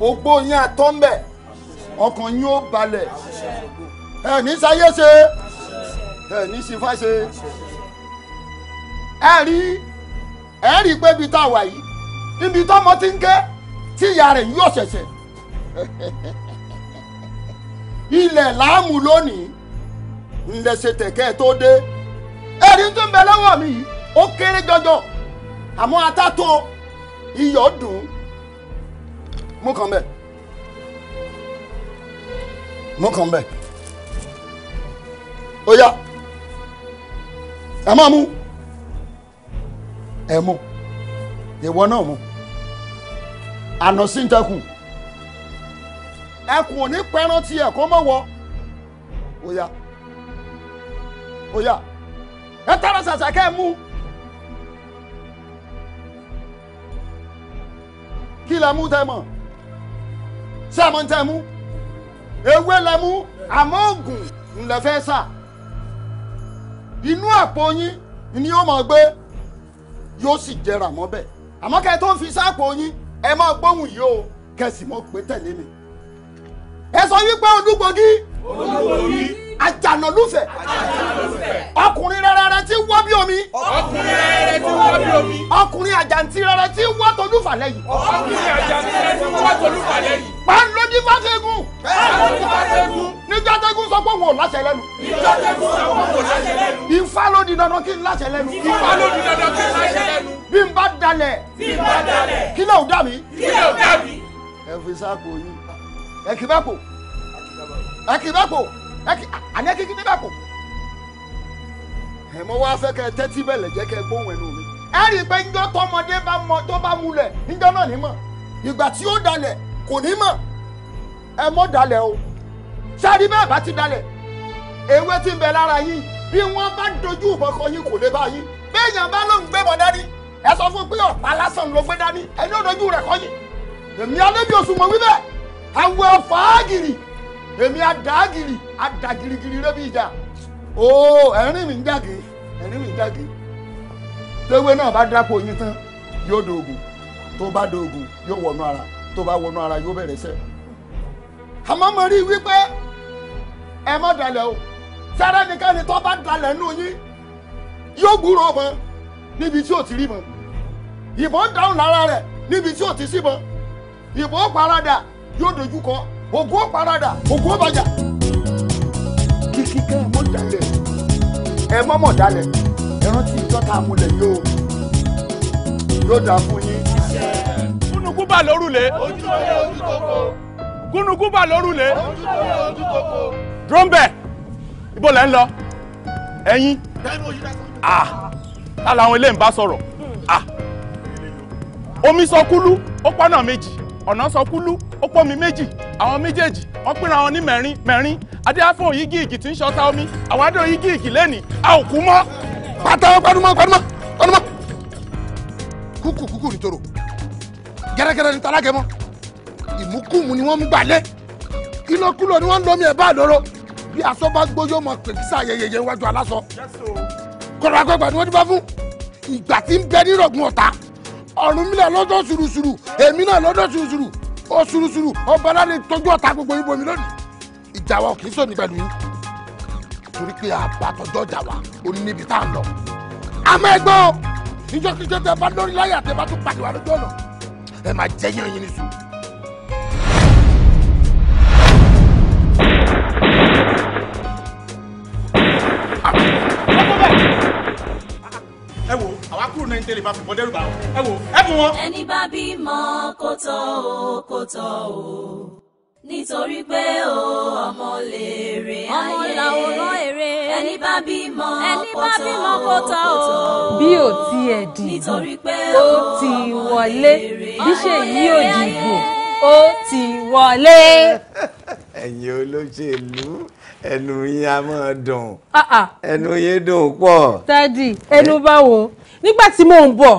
ògbó yín àtọ́ ń bẹ̀ ọkàn yín ó balẹ̀ ẹ ní sáyé ṣe ẹ ní sí fáṣe ẹ rí ẹ rí i pé ibi tá a wà yìí níbi tọ́mọ ti ń ké tí ìyá rẹ̀ yóò ṣẹ̀ṣẹ̀ *laughs* ilẹ̀ láàmú lónìí ńlẹ̀ṣẹ̀ tẹ̀kẹ́ tó dé ẹ̀rí tó ń bẹ lọ́wọ́ mi yìí ó kéré jọjọ àmọ́ atátó iyọ̀ dùn mú kàn bẹ́ẹ̀ mú kàn bẹ́ẹ̀ ó yá ẹ máa mú ẹ mú ìwọ náà mú àná sí ń tẹkùn ẹkùn ò ní pẹran tí ẹkọ mọ wọ ó yá ó yá ẹ tara ṣàṣà kẹ ẹ mú kí lẹ mú tẹ mọ ṣé ẹ tẹ mú ewé lẹ mú àmọ́ oògùn ńlẹ fẹ́ sà inú àpò yín ni yóò máa gbé yóò sì jẹrà mọ́bẹ̀ àmọ́ kẹ́ ẹ tó ń fi sáàpò yín ẹ máa gbóhùn yìí o kẹ́ sì mọ́ pé tẹ̀lé mi ẹ sọ wípé olúgbògí olúgbògí àjànàlúfẹ̀ ọkùnrin rẹrẹrẹ tí wọ́ bí omi ọkùnrin rẹrẹrẹ tí wọ́ bí omi ọkùnrin àjàntí rẹrẹ tí wọ́ tolúfà lẹ́yìn ọkùnrin àjàntí rẹrẹ tí wọ́ tolúfà lẹ́yìn. pàǹlódì fàṣẹgùn pàǹlódì fàṣẹgùn níjọ́ tẹ́gùn sọ pé òun ò láṣẹ lẹ́nu. níjọ́ tẹ́gùn sọ pé òun di dandan kí n láṣẹ lẹ́nu. di dandan kí n láṣẹ lẹ́nu. bí n bá dalẹ̀ bí n bá kí lè ò dà mí. ẹ fi sáàpù yín ẹkì bá kò ẹkì bá kò ẹkì àní ẹkì kí bá kò. ẹ mọ wá fẹ́ kẹ tẹ́tí bẹ̀lẹ̀ jẹ́ kẹ gbóhùn ẹnu mi. ẹ rí i pé njọ́ tọmọdé bá mọ tó bá múlẹ̀ njọ́ náà ní mọ̀ ìgbà tí ó dalẹ̀ kò ní mọ̀ ẹ mọ̀ dalẹ̀ o sáré bẹ́ẹ̀ bá ti dalẹ̀ ewé ti ń bẹ lára yín bí wọ́n bá dojú ìbọn kọ yín kò lè bá yín béèyàn bá lóun gbé bọ̀ dání ẹ sọ fún pé ọ̀pá lásán ló gbé dání ẹni ò dojú rẹ̀ kọ yín èmi alẹ́ bí oṣù mọ̀ wí bẹ́ẹ̀ àwọn afáàgìrì èmi àdàgìrì àdàgìrìgìrì rẹ bí ìjà o ẹ̀rín mi ń jàgé ẹ̀rín mi ń jàgé tewé náà bá dápò yín tán yóò dògùn tó bá dògùn yóò wọnú ara tó bá wọnú ara yóò bẹ̀rẹ̀ sẹ́ àmọ́ mo rí i wípé ẹ má dalẹ̀ o sára nìkan ni tó bá dalẹ̀ nù yín yóò gbúrò mọ́ níbi tí ò ti rí mọ́ ìbọn dáhùn lára rẹ̀ níbi tí ò ti sí mọ́ ìbọn paradà yóò dojú kọ ògùn ó paradà ògùn ó bàjá. kíkí kẹ́ ẹ mọ̀ dalẹ̀ ẹ mọ̀ mọ̀ dalẹ̀ ẹ rántí ìjọta àmúlẹ̀ yóò yóò dà fún yín. kúnukú bà lórúlé. ojú lóye ojú kòkó. kúnukú bà lórúlé. ojú lóye ojú kòkó. drombe ibo lẹ ń lọ ẹyin ah ta làwọn eléyìí ń bá sọ̀rọ̀ ah omi sọ kúlú ó pọnà méjì ọ̀nà sọkúlú ó pọ́nmi méjì àwọn méjèèjì wọ́n pínra wọn ní mẹ́rin mẹ́rin adéáfò yígì ìgì tí ń ṣọta omi àwọn adé yígì ìgì lẹ́nìí a ò kú mọ́. pátá pẹnumọ́ pẹnumọ́ pẹnumọ́ kúkú kúkú ní toro gẹ́rẹ́gẹ́rẹ́ ní talágẹmọ ìmúkùmù ni wọ́n mú gbalẹ̀ ìlọkulọ ni wọ́n ń lọmi ẹ̀ bá lọ́rọ́ bí aṣọ bá gbóyó mọ pèkísà yẹyẹyẹ iwájú aláṣọ kọ̀rọ̀ àgbàgbà ni wọ́n ti bá fún ìgbà tí ń bẹ nírọ̀gùn ọ̀tá Ọ̀rúnmìlà lọ́jọ́ sùrùsùrù èmi náà lọ́jọ́ sùrùsùrù ó sùrùsùrù ọba aládé tọ́jú ọ̀tá gbogbo yín bomi lónìí ìjà wa kì í sọ̀nì pẹ̀lú yín torí pé àbátọ̀jọ́ ọjà wa ó níbi tá à ń lọ. àmọ́ ẹ gbọ́ ìjọ kíjọ tẹ bá lórí láyà tẹ bá tún pàdé wa lójú ọ̀nà ẹ máa jẹ́ yín ẹyin níṣu. Come back! ẹ wo àwa kúrò náà ń tẹ́lẹ̀ bá fi bọ́ bá ẹ wo ẹ fún wọn. ẹni bá bímọ kó tọ́ o kó tọ́ o nítorí pé o ọmọ lè rè ayé ọmọ làwòrán èrè ẹni bá bímọ kó tọ́ o bí ò tiẹ̀ dìbò ó ti wọlé bí ṣèyí ò dìbò ó ti wọlé. ẹ̀yin olóṣèlú ẹnu yín a máa dùn ah, ah. ẹnu yín dùn pọ̀. dádì ẹnu báwo nígbà tí mò ń bọ̀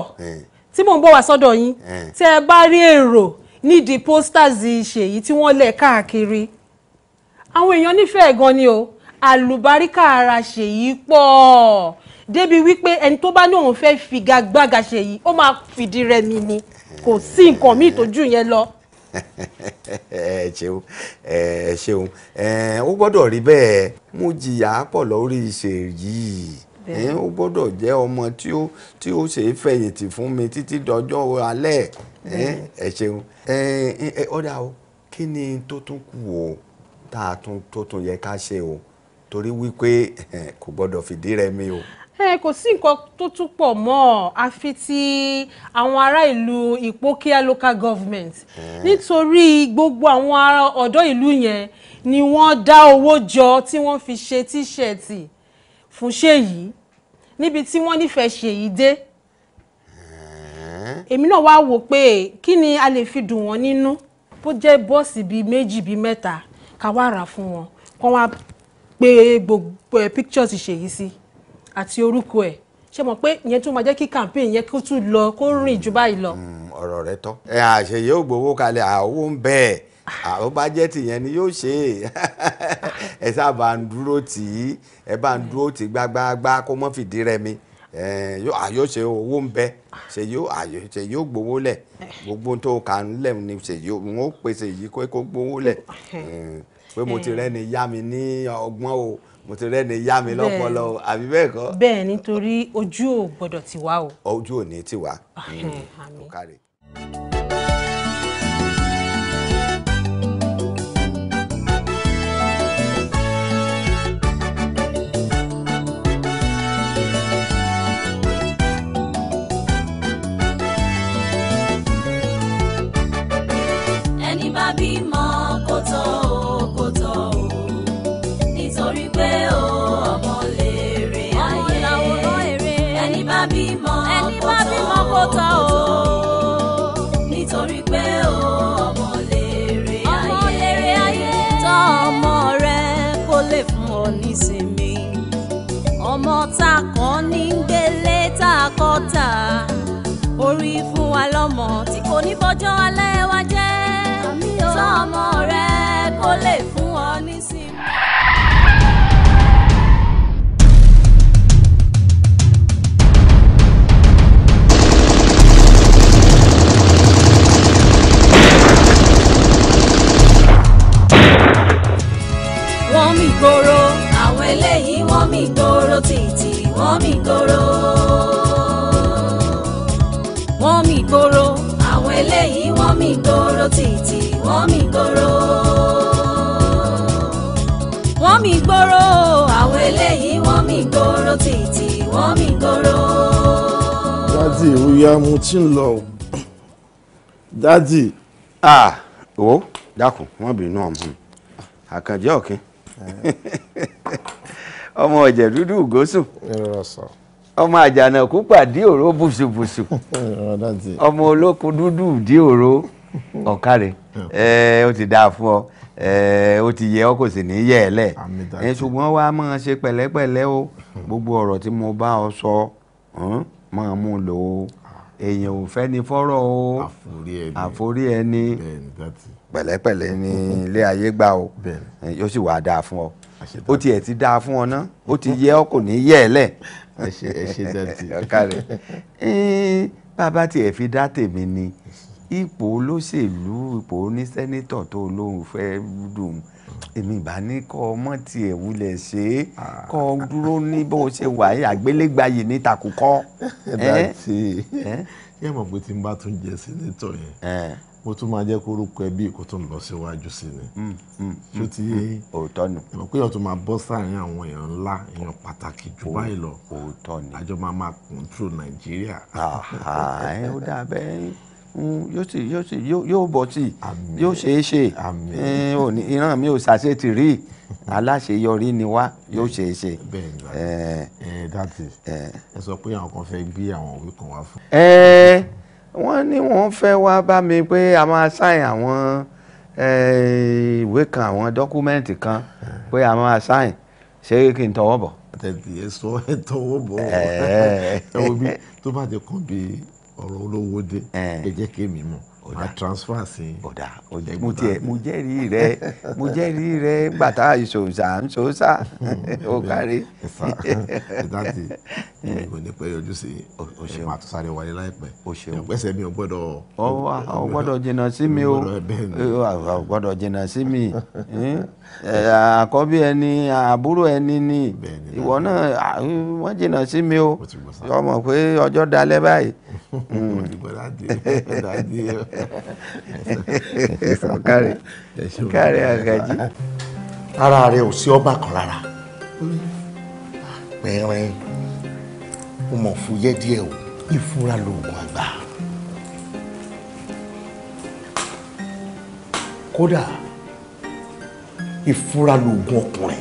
tí mò ń bọ̀ wá sọ́dọ̀ yín tẹ́ ẹ bá rí èrò nídìí posters ṣèyí tí wọ́n lẹ̀ káàkiri àwọn èèyàn nífẹ̀ẹ́ gan ni o àlùbáríkà ara ṣèyí pọ̀ débi wípé ẹni tó bá ní òun fẹ́ figagbága ṣèyí ó máa fìdí rẹmi ni kò sí nǹkan míì tójú yẹn lọ. *laughs* ẹ ṣeun ẹ ṣeun ẹ ó gbọ́dọ̀ rí bẹ́ẹ̀ mo jìyà pọ̀ lórí iṣẹ́ yìí ẹ ó gbọ́dọ̀ jẹ́ ọmọ tí ó tí ó ṣe é fẹ̀yìntì fún mi títí dọjọ́ alẹ́ ẹ ṣeun ẹ ọ̀dà o kí ni tó tún kù o tá a tún tó tún yẹ ká ṣe o torí wípé *laughs* kò gbọ́dọ̀ fìdí rẹmi o ẹ kò sí nǹkan tó tún pọ̀ mọ́ àfi ti àwọn ará ìlú Ìpókíà local government hmm. nítorí gbogbo àwọn ọ̀dọ́ ìlú yẹn ni wọ́n dá owó jọ tí wọ́n fi ṣe tíṣẹ̀ẹ̀tì fún ṣèyí níbi tí wọ́n nífẹ̀ẹ́ ṣèyí dé hmm. èmi náà wá wò pé kí ni a lè fi dùn wọ́n nínú bó jẹ́ bọ́ọ̀sì bíi méjì bíi mẹ́ta ká rà fún wọn kó wá pé gbogbo ẹ̀ pictures ṣèyí sí. Si àti orúkọ ẹ̀ ṣe mọ̀ pé ìyẹn tún máa jẹ́ kí campaign yẹn kó tún lọ kó rìn jù báyìí lọ. Hmm, ọ̀rọ̀ rẹ tọ́ ẹ àṣeyẹ ò gbowó kalẹ̀ àwọ̀ ń bẹ́ẹ̀ àwọn bá jẹ́ tìyẹn ni yóò ṣe é ẹ sáà bá ń dúró tì í ẹ bá ń dúró tì í gbágbáágbá kó mọ́ fìdí rẹ mi àyò ṣe owó ń bẹ ṣe yóò àyò ṣe yóò gbowó lẹ̀ gbogbo tó kà ń lẹ̀ ni ṣe yóò n ó pèsè yìí kó gbowó lẹ̀ pé mo ti rẹ́ni yá mi ní ọgbọ́n o mo ti rẹ́ni yá mi lọ́pọlọ àbí bẹ́ẹ̀ kọ́. bẹ́ẹ̀ nítorí ojú ò gbọ́dọ̀ tì o. ojú ò ní tì wá. Ah, mm. *laughs* àmín. ọmọ tí kò ní bọ́jọ́ alẹ́ wa jẹ́ sọ ọmọ rẹ kó lè fún ọ nísìnyí. wọ́n mi gbòòrò àwọn eléyìí wọ́n mi gbòòrò títí wọ́n mi gbòòrò gbòòrò. àwọn eléyìí wọ́n mì gbòòrò títí wọ́n mì gbòòrò. wọ́n mì gbòòrò. àwọn eléyìí wọ́n mì gbòòrò títí wọ́n mì gbòòrò. dádì ìwúyà mo ti ń lọ o dádì à ó dákun wọn bínú ọmọ àkànjẹ ọkìn eh. *laughs* ọmọ ọjẹ dúdú ògòsùn. ẹ rọra sọ ọmọ àjànàkú pàdé òró bùsùbùsù ọmọ olókun dúdú dí òró ọ̀kàrẹ̀ ẹ ó ti dáa fún ọ ó ti yẹ ọ kò sì ní yẹ ẹ lẹ ẹ ṣùgbọ́n wàá máa ṣe pẹ̀lẹ́pẹ̀lẹ́ o gbogbo ọ̀rọ̀ tí mo bá ọ sọ máa mú lò ó èèyàn ò fẹ́ ni fọ́rọ̀ o àforí ẹni pẹ̀lẹ́pẹ̀lẹ́ ni ilé ayé gbà o yóò sì wàá dáa fún ọ ó tiẹ̀ ti dáa fún ọ ná ó ti yẹ ọ kò ní yẹ ẹ lẹ̀. ẹ ṣe ẹ ṣe dẹ́tì. ọ̀kàrẹ̀ *laughs* bàbá tiẹ̀ fi dá tèmi ni ipò olóṣèlú ipò onísẹ́nítọ̀ tó lóun fẹ́ dùn èmi ìbá ní kọ́ ọmọ tiẹ̀ wulẹ̀ ṣe é kọ́ ọ dúró ní bó ṣe wà yìí àgbélégbàyè ní takùkọ́. ẹ dàtí ṣé ẹ mọ̀ pé tí n bá tún jẹ sẹ́nítọ̀ yẹn ó tún máa jẹ́ kórúkọ ẹbí kó tún lọ síwájú sí ni tó mm, mm, mm, ti yé òótọ́ ni ìmọ̀ pé ọ̀tún máa bọ́ sáàrin àwọn èèyàn ńlá èèyàn pàtàkì jù báyìí lọ òótọ́ ni àjọ máa máa kọ̀ǹtrò nàìjíríà. ó dà bẹ́ẹ̀ yóò sì yóò sì yóò bọ̀ sí i yóò ṣeé ṣe ìran mi ò ṣàṣetì rí aláṣeyọrí ni wá yóò ṣeé ṣe. bẹ́ẹ̀ ni ẹ ẹ sọ pé àwọn kan fẹ́ gbé àwọn òwe kan wá fún wọ́n ní wọ́n fẹ́ wá bá mi pé a máa sáìn àwọn ìwé kan àwọn dọ́kúmẹ́ǹtì kan pé a máa sáìn ṣé kí n tọwọ́ bọ̀. àtẹ̀tẹ̀ ẹ sọ ẹ tọwọ́ bọ̀ ẹ wo bí tó bá ti kàn bí ọ̀rọ̀ olówó dé ẹ jẹ́ kí èmi mọ̀ ọ̀dà transfer sí. ọ̀dà mo tiẹ̀ mo jẹ́rìí rẹ mo jẹ́rìí rẹ gbàtà ìṣòṣà ń ṣòṣà *laughs* ó kárí. ìdáàtì ìgbìmọ̀ nípa ẹyọjú sí ìmọ̀ àtúnṣàrẹ̀ wáyé láìpẹ́ ìpẹ́sẹ̀ mi ò gbọ́dọ̀. ọwọ́ ò gbọ́dọ̀ jìnnà sí mi o ò gbọ́dọ̀ jìnnà sí mi. *laughs* àkọ́bí ẹni àbúrò ẹni ni ìwọ náà wọ́n jìnnà sí mi o ọmọ pé ọjọ́ dalẹ́ báyìí. *laughs* *laughs* àgàjì. ara rẹ ò sí ọba kan rárá pẹ̀rẹ̀ o mọ̀ díẹ̀ o ìfúra lóògùn àgbà kódà. ìfura lògùn ọkùnrin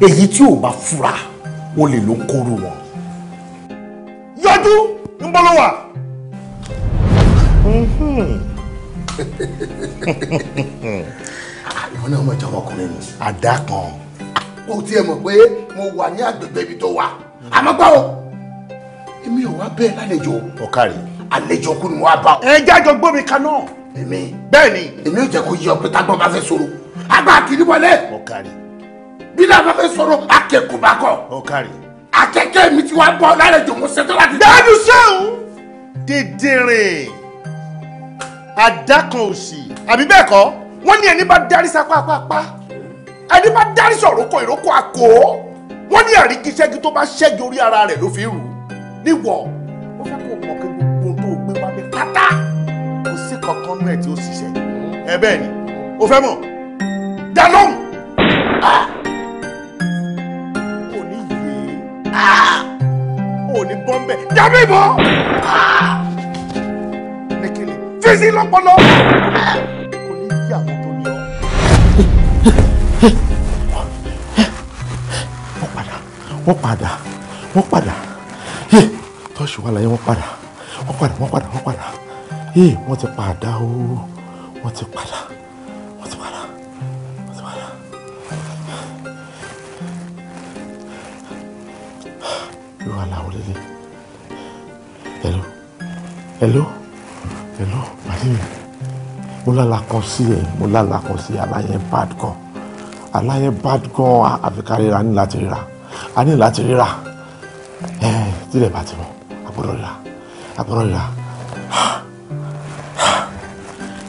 èyí tí ò bá fura ó lè ló ń kóró wọn. yọjú ń bọ́ lọ́wọ́. ìwọ náà mọ̀ jẹ́ ọmọkùnrin ni. àdá kan. o tiẹ̀ mọ̀ pé mo wà ní àgbègbè ibi tó wà àmọ́ gbà o èmi ò wá bẹ́ẹ̀ lálejò. ọ̀kàrí. àlejò kú ni wọ́n á bá o. ẹ jájọ gbọ́ mi kaná. èmi. bẹ́ẹ̀ ni èmi ò jẹ́ kó yí ọ pé tágbọ́n bá fẹ́ sọ̀rọ̀ àgbà kìíní wọlé. ó kárí. bí làwọn fẹ́ sọ̀rọ̀ akẹ́kùbákọ̀. ó kárí. akẹ́kẹ́ mi ti wá bọ́ lálejò mo ṣetán láti. dájú sẹ́wọ̀n dèdèrè àdákan òsì àbí bẹ́ẹ̀ kọ́ wọ́n ní ẹni bá darí sapá pápá ẹni bá darí sọ̀rọ̀kọ ìrókò àkó wọ́n ní àríkíṣẹ́gi tó bá ṣẹ́gi orí ara rẹ̀ ló fi rù níwọ̀ ó fẹ́ kó mọ̀ kí gbogbo ohun tó o gbé wá bẹ́ẹ̀ pátá kò sí kankan náà tí ó ṣiṣẹ́ ẹ bẹ́ẹ̀ ni o fẹ́ mọ̀ dá lóhùn. kò ní yé ah. ò ní bọ́m̀bẹ̀ jábí bọ́ nìkìlì ah. fíìsì lọ́pọ̀lọ́ kò ní yé àwọn tó ní ọ. wọ́n padà wọ́n padà wọ́n padà tọ́ṣù wà láyé wọ́n padà wọ́n padà wọ́n padà wọ́n padà wọ́n ti padà o wọ́n ti padà. hello hello hello pàdé mi mo lálà kan sí ẹ mo lálà kan sí aláyẹn bad gan aláyẹn bad gan àfikà ríra ní láti ríra a ní láti ríra ẹ tílẹ̀ bá ti mọ̀ àgbọ̀dọ̀ ríra àgbọ̀dọ̀ ríra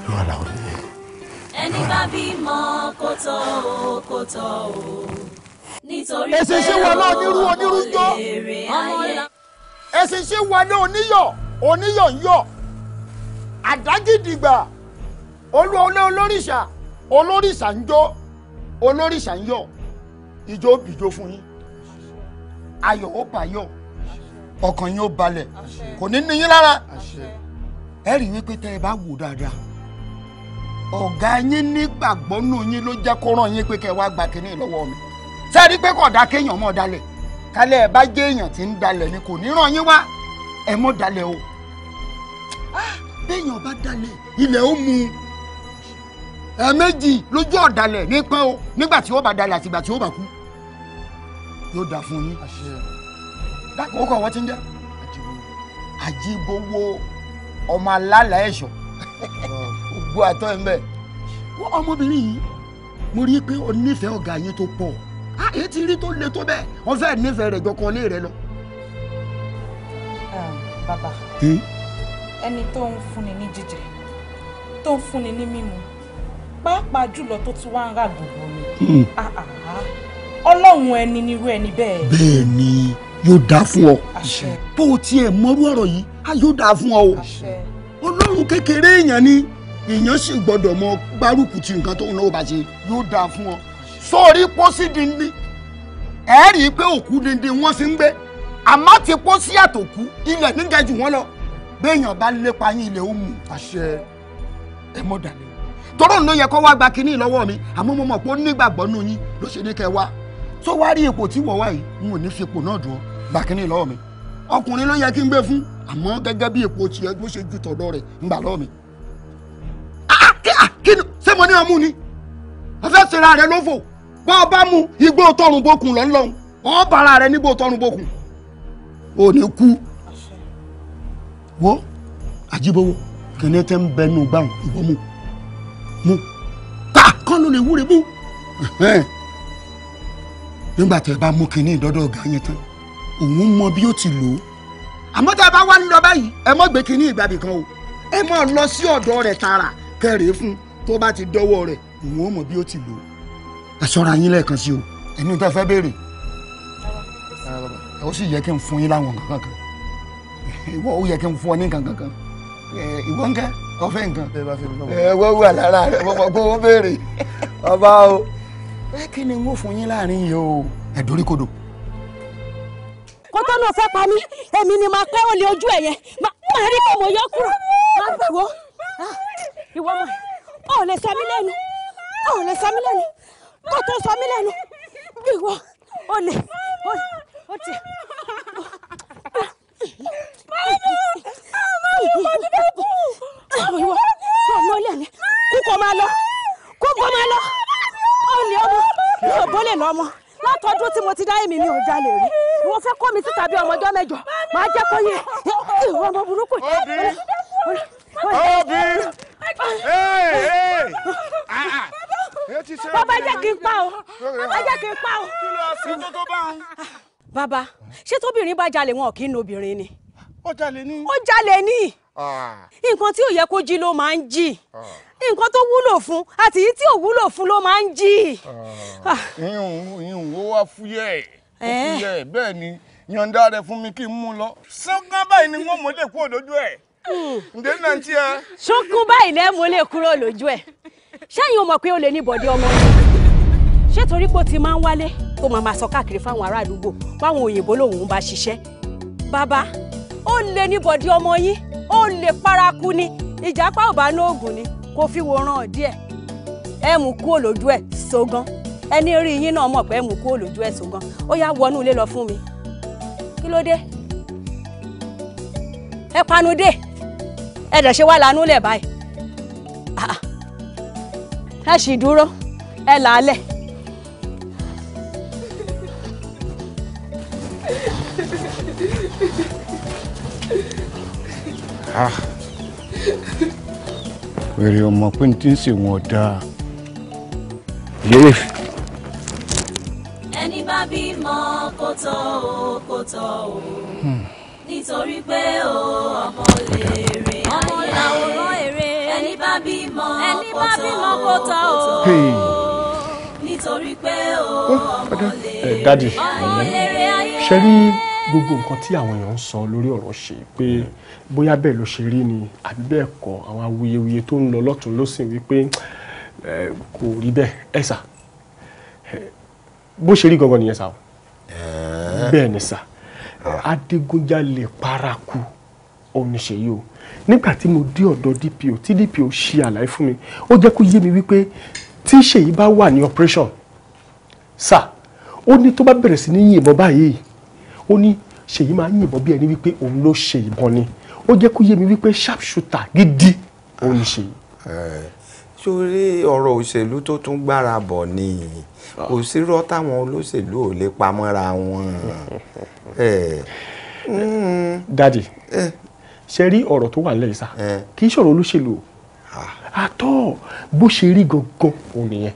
irú àlàó ni. ẹni bá bímọ kótó kótó o nítorí pé ó lè rè ayé ẹ̀sìn ṣe wà ní oníyọ̀ oníyọ̀ ń olu àdágídìgbà olú olórìṣà olórìṣà ń jó olórìṣà ń yọ̀ ìjó bìjó fún yín ayọ̀ ó bàyọ̀ ọkàn yín ó balẹ̀ kò ní níyín lára ẹ rí wípé tẹ́ ẹ bá wò dáadáa ọ̀gá yín nígbàgbọ́ nù yín ló jẹ́ kó ràn yín pé kẹ́ wá gba kínní lọ́wọ́ mi sẹ́ẹ̀rí pé kọ̀ọ̀dá kéèyàn mọ̀ dalẹ̀ kálẹ̀ ẹ bá jẹ́ èèyàn tí ń dalẹ̀ ni kò ní ràn yín wá ẹ mọ́ dalẹ̀ o ah, béèyàn bá dalẹ̀ ilẹ̀ ó mu ẹ̀ẹ̀mejì lójú ọ̀dàlẹ̀ nípẹ́ o nígbà tí ó bá dalẹ̀ àtìgbà tí ó bá kú yóò dà fún yín dákọ̀ ó kọ̀ wọ́n ti ń jẹ́ àjíbówó ọmọ alálà ẹ̀ṣọ́ ògbó àtọ́ ẹ̀ ń bẹ̀ wọ́n ọmọbìnrin yìí mo rí i pé o nífẹ̀ẹ́ ọ̀gá yín tó pọ̀ a ah, èyí ti rí tó le tó bẹ́ẹ̀ wọ́n fẹ́ẹ́ nífẹ̀ẹ́ rẹ̀ jọkan lé rẹ lọ. bàbá ẹni tó ń fúnni ní jíjẹ tó ń fúnni ní mímu pàápàá jùlọ tó tún wá ń rà gbogbo mi hmm. ah, ah, ọlọ́run ẹni nírú ẹni bẹ́ẹ̀. bẹ́ẹ̀ ni yóò dáa fún ọ bó o tiẹ̀ mọrú ọ̀rọ̀ yìí a yóò dáa fún ọ o ọlọ́run kékeré èèyàn ni èèyàn sì gbọ́dọ̀ mọ gbárùkù ti nǹkan tó ń náwó bá ṣe yóò dáa fún ọ sórí pósí dindi ẹ rí i pé òkú dindi wọ́n sì ń gbé àmọ́ ti pósí àtòkú ilẹ̀ nígbà jù wọ́n lọ béèyàn bá lépa yín ilẹ̀ ó mú àṣẹ ẹ mọ̀ dàní. tọ́rọ̀ ló yẹ kó wá gba kinní lọ́wọ́ mi àmọ́ mo mọ̀ pé ó nígbàgbọ́ nù yín ló ṣe ní kẹ́ wá tó wá rí ipò tí wọ́n wá yìí n ò ní fi ipò náà dùn ọ́ gba kinní lọ́wọ́ mi ọkùnrin ló yẹ kí n gbé fún àmọ́ gẹ́gẹ́ bí ipò tiẹ̀ bó ṣe ju tọ̀dọ̀ rẹ̀ ń gbà lọ́wọ́ mi. Ah, ah, ah, ṣé mo ní ọmú ni ẹ fẹ́ ṣe ra rẹ bá a bá mu igbó tọrùn bókun lọ́nlọ́n ọ bára rẹ nígbó tọrùn bókun ò ní kú wo àjíbọwọ kìnìún tẹ ń bẹnu báwọn ìwọ mu mu ká kọ́ ló lè wúre mú nígbà tẹ bá mú kìnìún dọ́dọ̀ ọ̀gá yẹn tán òun mọ bí ó ti lò ó àmọ́ tá a bá wá ń lọ báyìí ẹ mọ́ gbé kìnìún ìgbàbí kan o ẹ mọ́ lọ sí ọ̀dọ̀ rẹ̀ tààrà kẹrìí fún tó bá ti dọ́wọ́ rẹ̀ òun ó mọ bí ó ti lò ó ẹ ṣọ́ra yín lẹ́ẹ̀kan sí o ẹni tó fẹ́ béèrè ó sì yẹ kí n fún yín láwọn nǹkan kan ìwọ ó yẹ kí n fún ọ ní nǹkan kan kan ìwọ nǹkan ọfẹ nǹkan ẹ wọ́n wà lára rẹ wọ́n kó wọ́n béèrè ọba o bẹ́ẹ̀ kí ni n ó fún yín láàrin yìí o ẹ dorí kodò. kótó náà pa mí èmi ni màá pẹ́ olè ojú ẹ̀ yẹn màá rí pé mo yọ kúrò màá gbàgbọ́ ah, ìwọ mọ̀ ọ̀ lè sẹ́mi lẹ́nu ọ̀ lè sẹ́mi lẹ́nu kó tó sọ mí lẹ́nu ìwọ olè ó ti. báyọ̀ àmọ́ ìwọ ti fẹ́ kú. ìwọ ọ̀nà olè ni kúkọ máa lọ kúkọ máa lọ olè ọmọ mi ò bọ́lẹ̀ lọ́mọ látọdún tí mo ti dá èmi mi ò jalè rí ìwọ fẹ́ kó mi síta bí ọmọdé mẹ́jọ máa jẹ́ kó yẹ ìwọ ọmọ burúkú. obì obì ee ee bàbá jẹ́ kí n pa o bàbá jẹ́ kí n pa o. kí ló ṣe tó tó bá ń. bàbá ṣé tóbìnrin bá jalè wọn kì í na obìnrin ni. ó jalè ní. ó jalè ní. Ah. nǹkan tí ò yẹ kó jí ló máa ń jí ah. nǹkan tó wúlò fún àti èyí tí ò wúlò fún ló máa ń jí. Ah. ìhùn ìhùn ó wá fúyẹ́ ẹ̀ fúyẹ́ ẹ̀ bẹ́ẹ̀ ni yọ̀ǹda rẹ̀ fún mi kí n mú lọ. sọ́kàn báyìí ni wọ́n mọ̀ lè kú òdodo ẹ̀ ǹdẹ́ náà ti ẹ. ṣókùn báyìí lẹ́ mo lè kúrò lójú ẹ̀ hmm ṣẹ́yìn o mọ̀ pé o lè ní bọ̀dé ọmọ ṣé torí pé o ti máa ń wálé tó máa máa sọ káàkiri fáwọn ará àdúgbò fáwọn òyìnbó lòun ń bá ṣiṣẹ́ bàbá ó lè ní bọ̀dé ọmọ yín ó lè paraku ni ìjàpá ò bá ní oògùn ni kò fi wòran díẹ̀ ẹ mú kúrò lójú ẹ̀ sógan ẹni rí yín náà mọ̀ pé ẹ mú kúrò lójú ẹ̀ sógan ó yá wọnú ilé lọ fún mi kí ló dé ẹ panu dé ẹ dẹ̀ ṣe wá lanú lẹ̀ báyìí. Ah, ah ẹ sì dúró ẹ làálẹ̀. Ah. wèrè ọmọ pé ní tí ń sèwọn ọ̀dà yéèfì. ẹni bá bímọ kó tọ́ o kó tọ́ o hmm. nítorí pé o ọmọ lè rìn ayé bá bímọ kó tọ́ o nítorí pé oh, o eh, ọmọ lè dádì ṣe rí gbogbo nǹkan tí àwọn èèyàn ń sọ lórí ọ̀rọ̀ ṣe pé hmm. bóyá bẹ́ẹ̀ ló ṣe rí ni àbí bẹ́ẹ̀ kọ́ àwọn awuyewuye tó ń lọ lọ́tún lọ́sìn wípé eh, kò rí bẹ́ẹ̀ ẹ sà eh, bó ṣe rí gangan nìyẹn sà bẹ́ẹ̀ ni sà ah. Adigunjalè paraku òun ni ṣèyí o nígbà tí mo dé ọ̀dọ̀ DPO tí DPO ṣe àlàyé fún mi ó jẹ́ kó yé mi wípé tí ṣèyí bá wà ní operation Sa, ó ní tó bá bẹ̀rẹ̀ sí ní yìnbọn báyìí ó ní ṣèyí máa ń yìnbọn bí ẹni wípé òun ló ṣe ìbọn ni ó jẹ́ kó yé mi wípé sharp shooter gidi òun ni ṣèyí. sórí ọ̀rọ̀ òṣèlú tó tún gbára bọ̀ ni kò sí rọ́ táwọn olóṣèlú ò lè pamọ́ra wọn. Hmm. dadi. Eh ṣe rí ọ̀rọ̀ tó wà nílẹ̀ sá kì í ṣọ̀rọ̀ olóṣèlú àtọ́ bó ṣe rí gangan òun nìyẹn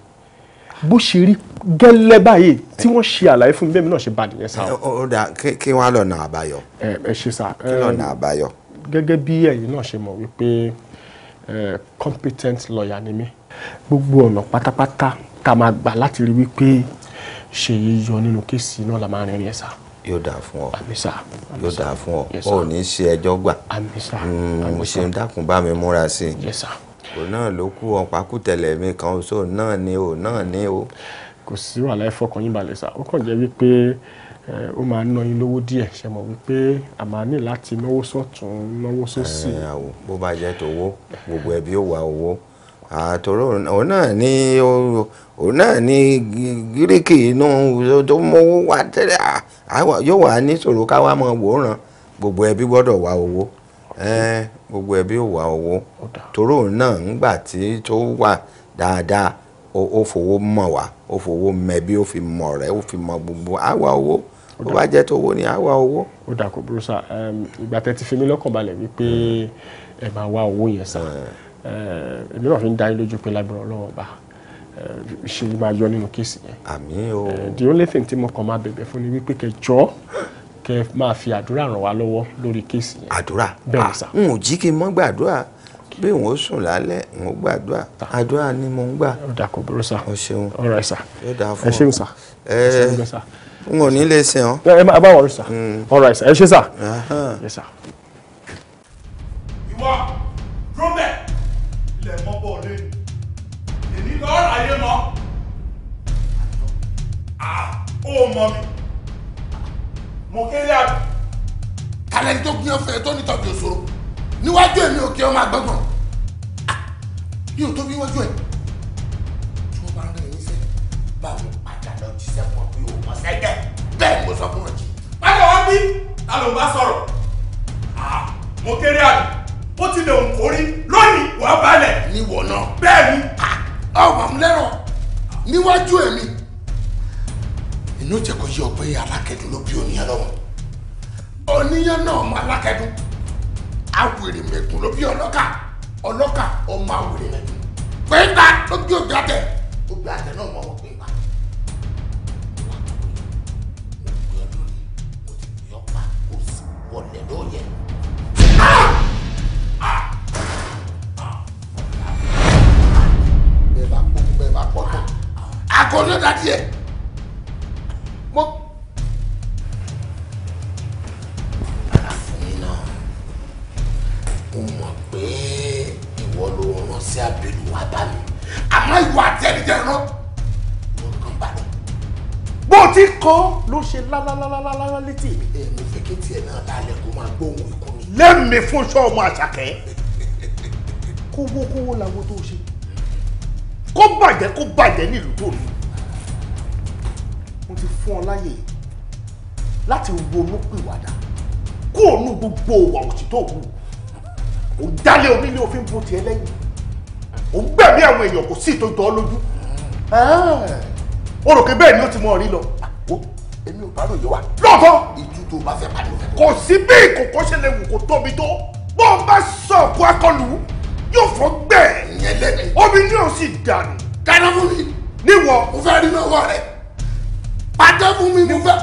bó ṣe rí gẹ́lẹ́ báyìí tí wọ́n ṣe àlàyé fún mi bẹ́ẹ̀ mi náà ṣe bá nìyẹn sá. ó dà kí wọ́n á lọ nà àbáyọ. ẹ ẹ ṣe sá. kí lọ nà àbáyọ. gẹ́gẹ́ bí ẹ̀yin náà ṣe mọ̀ wípé competent lawyer ni mí gbogbo ọ̀nà pátápátá tá a máa gbà láti rí wípé ṣèyí yọ nínú kéèsì náà la máa rìnrìn ẹ̀ sá yóò dáa fún ọ yóò dáa fún ọ ọ ò ní ṣe ẹjọ́ gbà hmm, mo ṣe ń dákun bá mi múra sí i òun náà ló kú ọ̀pákùtẹ̀lẹ̀ mi kan ṣó náà ni o náà ni o. kò sí wàhálà ẹ fọkàn yín balẹ̀ sá ó kàn jẹ́ wípé ó máa ń ná yín lówó díẹ̀ ṣe mọ̀ wípé a máa ní láti náwó sọ̀tún náwó sósì. bó bá jẹ́ tówó gbogbo ẹbí ó wá owó àtòrò òun náà ní òun náà ni gíríkì inú tó mówó wá tẹ́lẹ̀ yóò wá níṣòro káwá mọ̀ wòran gbogbo ẹbí gbọ́dọ̀ wá owó gbogbo ẹbí ò wá owó toró náà ńgbà tí tó wà dáadáa ó fowó mọ̀ wá ó fowó mẹ́bí ó fi mọ̀ rẹ̀ ó fi mọ̀ gbogbo àwa owó ó bá jẹ́ tówó ni àwa owó. ó dà kó burú sá ìgbà tẹ́ ti fi mí lọ́kàn balẹ̀ wípé hmm. ẹ máa wá owó yẹn sá hmm. èmi náà fi ń dá yín lójú pé lágbára ọlọ́wọ́ bá Eh, ṣe máa yọ nínú kéèsì yẹn. àmín o. Eh, the only thing tí mo kàn máa bẹ̀bẹ̀ fún ni wípé kẹjọ kẹ máa fi àdúrà ràn wá lọ́wọ́ lórí kéèsì yẹn. àdúrà bẹ́ẹ̀ ah, sà. n ò jí kí n mọ́ gbàdúrà bí n ò sùn lálẹ́ n ò gbàdúrà àdúrà ni mo ń gbà. ó dà kò burú sà. o ṣeun all right sà. yóò dáa fún ọ ẹ ṣeun sà. ẹ ẹ n ò ní lè sìn ẹ má bá wọlé sà. Hmm. all right ṣe sà. yes ó mọ mi mo kéré àbí. kàlẹ́ni tó gbìyànjú fẹ́ tó ní tọ́jú òṣòro níwájú èmi ò kí ọmọ àgbọ̀ngàn yóò tó bí wájú ẹ̀ tí wọ́n bá ń rìn níṣẹ́ bá mi padà lọ jíṣẹ́ pọ̀ pé o mọ̀ sẹ́gẹ̀ bẹ́ẹ̀ mo sọ fún ọ̀jì. padà wá bí ta ló bá sọ̀rọ̀ mo kéré àbí bó tilẹ̀ òǹkórí lónìí wàá balẹ̀. níwọ̀ náà. bẹ́ẹ̀ ni. ọmọ mi lẹ́rọ̀ níwájú èmi èmi ò jẹ́ kó yé ọ pé alákẹ́dùn ló bí oníyàn lọ́wọ́ oníyàn náà ọmọ alákẹ́dùn awèrè mẹ̀kùn ló bí ọlọ́kà ọlọ́kà ọmọ awèrè mẹ̀kùn pẹ́ńtà ló bí òbí àtẹ òbí àtẹ náà mọ̀ wọ́n pẹ́ńtà. wọlé ló yẹ. bẹ́ẹ̀ bá pọ̀ bẹ́ẹ̀ bá pọ̀ tó. àkọ́jọ́ dá tiẹ̀ mo. ara fún mi náà mo mọ̀ pé ìwọ ló rán sí abẹ́lú wa bá mi àmọ́ ìwọ àti ẹni jẹ́ rán mo kàn bá lọ. bó ti kọ́ ló ṣe lálálálálá létí mi. ẹ mo fẹ́ kí tiẹ̀ náà lálẹ́ kó máa gbóhùn ikú mi. lẹ́mìí fún sọ́ọ̀mù àṣàkẹ́ kówókówó làwọn tó ṣe kó bàjẹ́ kó bàjẹ́ nílùú tó lù ti fún ọ láyè láti ronú pìwàdà kó o nu gbogbo ìwà òtítọ́ òwú ò dálé onílé òfin bó tiẹ̀ lẹ́yìn ò ń gbẹ̀mí àwọn èèyàn kò sí ìtọ́jú ọ lójú o rò pé bẹ́ẹ̀ ni ó ti mọ rí lọ èmi ò bá rò yẹ wa lọ́tọ̀ ìjú tó bá fẹ́ pàdé òfin. kò sí bí ìkòkò ṣe lè wù kó tóbi tó bó o bá sọ̀kú akọlù yóò fọ́ gbẹ̀ẹ́. ìyẹn lẹ́nu. omi ni o sì dànù. dáná fún mi. níwọ̀. mo fẹ́ rí náà rẹ̀ pàtẹ́ fún mi mo fẹ́.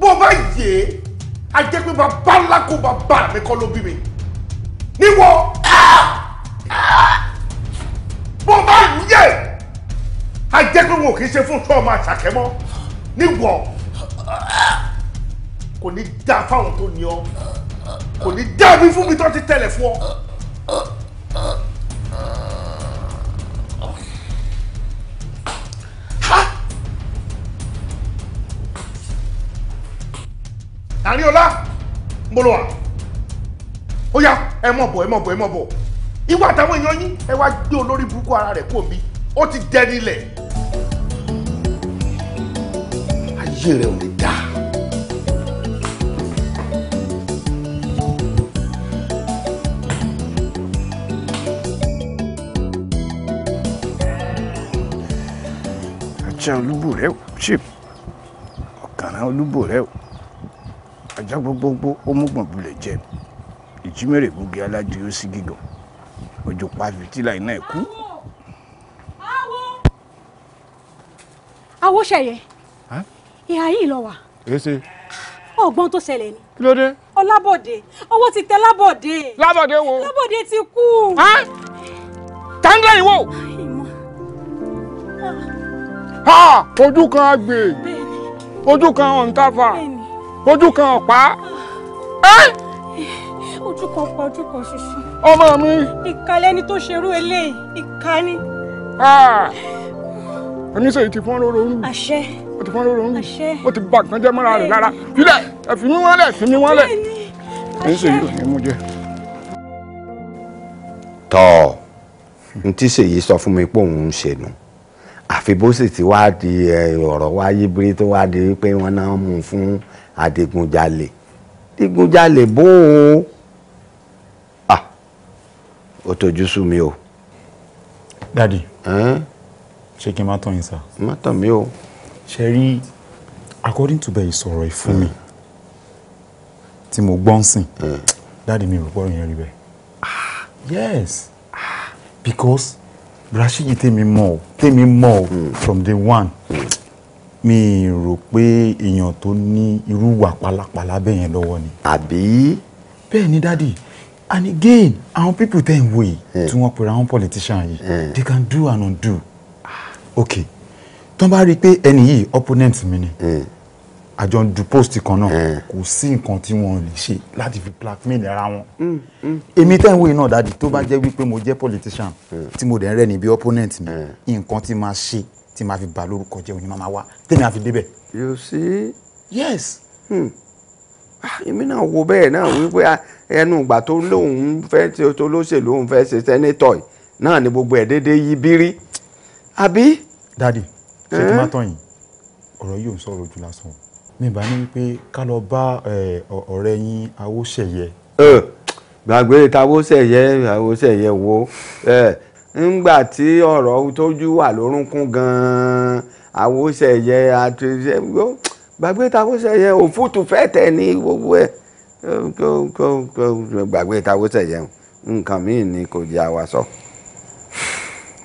bó o bá yè é a jẹ́ pé bàbá ńlá kó bàbá mi kọ́ ló bí mi níwọ bó o bá yè a jẹ́ pé wọn ò kì í ṣe fún sọ́ọ̀mù àṣàkẹ́ mọ́ níwọ kò ní dá fáwọn tó ní ọ kò ní dá mi fún mi tó ti tẹ̀lé fún ọ. Àríọlá mbolo wa ó yá ẹ mọ̀ bọ̀ ẹ mọ̀ bọ̀ ẹ mọ̀ bọ̀ ìwà àtàwọn èèyàn yín ẹ wá gbé olórí burúkú ara rẹ̀ kúrò bí ó ti dẹni ilẹ̀. ayé rẹ ò lè dá. ajá olúbò rẹ ò ṣe ọ̀kàrà olúbò rẹ ò ajá gbogbogbo ó múgbọ̀n gbilẹ̀ jẹ ìjímèrè gbogbo aládìí ó sì gígàn òjò pa fìtílà iná ẹ̀ kú. awóṣẹyẹ ìhà yìí lọ wà. èsè. ọgbọ́n tó ṣẹlẹ̀ ni. kí ló dé. ọlábọ̀dé owó ti tẹ lábọ̀dé. lábọ̀dé wo. lábọ̀dé ti kú. tàǹgà ìwò. Ah. ojú kan àgbè ojú kan ọ̀ǹtàfà. bẹ́ẹ̀ni ojú kan ọ̀pá. ojú kan ọ̀pá ojú kan ṣoṣo. ọmọ mi. ìkà lẹni tó ṣerú eléyìí ìkà ni. oníṣèyí ti fọ́n lóró orun. àṣẹ. ó ti fọ́n lóró orun. àṣẹ. ó ti bà kan jẹ́ mọ́ra rẹ̀ lára. fílẹ̀ ẹ̀fí mi wọ́n lẹ̀ sí mi wọ́n lẹ̀. oníṣèyí ò ní mú jẹ. tọ́ n tí ṣèyí sọ fún mi pé òun ń ṣe nù àfi bó sì ti wá di ọ̀rọ̀ wáyé bírí tó wá di pé wọ́n náà mú un fún adigunjalè adigunjalè bó o ah ó tójú sú mi o. dadi ṣé kí n má tàn yín sá. má tàn mí o. ṣe rí according to bẹ́ẹ̀ ìsọ̀rọ̀ ìfún mi tí mo gbọ́n sìn dadi mi rò pọ́rọ̀ yẹn rí bẹ́ẹ̀. Ah. yes because Rashidi tèmi mọ̀ tèmi mọ̀ hmm. from day one. Mm mi rò pé èèyàn tó ní irú wà pálapàla bẹ́ẹ̀ yẹn lọ́wọ́ ni. àbí. bẹ́ẹ̀ ni dádì and again àwọn people tẹ̀ ń wò yìí eh. tí wọ́n pèrè àwọn politician yìí eh. they can do and undo. Ah, ok tó ń bá rí i pé ẹni yìí opponent mi ni àjọ eh. ń du post kan náà kò sí nǹkan tí wọ́n lè ṣe láti fi blackmail ara wọn. Mm, mm. èmi tẹ̀ ń wò yìí náà dádì tó bá mm. jẹ́ wípé mo jẹ́ politician tí mo dẹ̀ ń rẹ́ ni bí opponent mi nǹkan tí máa ṣe tí màá fi bà lórúkọ jẹ́ òní màmá wa tèmi àfi débẹ̀. you see. yes. Hmm ah, èmi náà wo bẹ́ẹ̀ náà wípé ah, ẹnu ìgbà tó lóun fẹ́ ṣe tó lóṣèlú òun fẹ́ ṣe sẹ́nẹ́tọ̀ yìí náà ni gbogbo ẹ̀ dédé yí bírí àbí. dadi ṣé kí n má tán yìí ọ̀rọ̀ yìí ò ń sọ̀rọ̀ ojú lásán mi bá ní wípé ká lọ bá ọ̀rẹ́ yín awóṣẹ̀yẹ. gbàgbé tawóṣẹ̀yẹ awóṣẹ̀yẹ wo. Eh, ńgbà tí ọ̀rọ̀ tójú wà lórúnkún gan-an àwòṣẹ̀yẹ àtúnṣe gbàgbé tàwòṣẹ̀yẹ òfútù fẹ́tẹ̀ ní gbogbo ẹ̀ gbàgbé tàwòṣẹ̀yẹ nǹkan míì ni kò jẹ́ àwa sọ.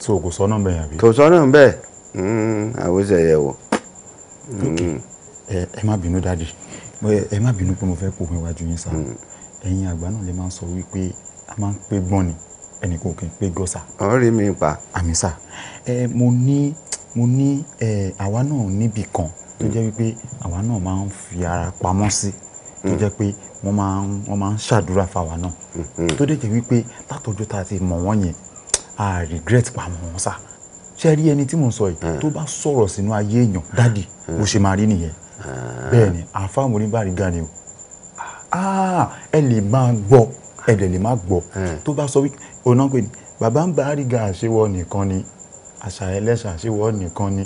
tí o kò sọ náà bẹ́ẹ̀ àbí. kò sọ náà bẹ́ẹ̀ àwòṣẹ̀yẹ hmm, wò. Hmm. ẹ má bínú dáàdì ẹ má bínú pé mo fẹ́ kó mi wájú yín sá hmm. ẹ̀yin àgbà náà lè máa sọ wípé a máa ń pé gbọ́n ni. Mm ẹnì kò kí n pé gọ́sà. ọ̀rẹ́ mi pa. àmì sà ẹ mo ní mo ní ẹ àwa náà níbì kan tó jẹ́ mm. wípé àwa náà máa ń fi ara pamọ́ sí tó jẹ́ mm. pé wọ́n máa ń wọ́n máa ń ṣàdúrà fáwa náà mm-hmm. tó dẹ̀ jẹ́ wípé látọjọ́ tá ti mọ̀ wọ́n yẹn a regret pa mọ́ wọn sà ṣe rí ẹni tí mò ń sọ yìí mm. tó bá sọ̀rọ̀ sínú ayé èèyàn dádì bó ṣe máa rí nìyẹn ah. bẹ́ẹ̀ ni àfáà mo ní bá rí gani o ah, ẹ lè máa gbọ́ ẹ dẹ̀ lè máa gbọ́ tó bá sọ wípé òun náà pè ní bàbá ń bá àríga àṣewọ nìkan ni àṣà ẹlẹ́ṣà àṣewọ nìkan ni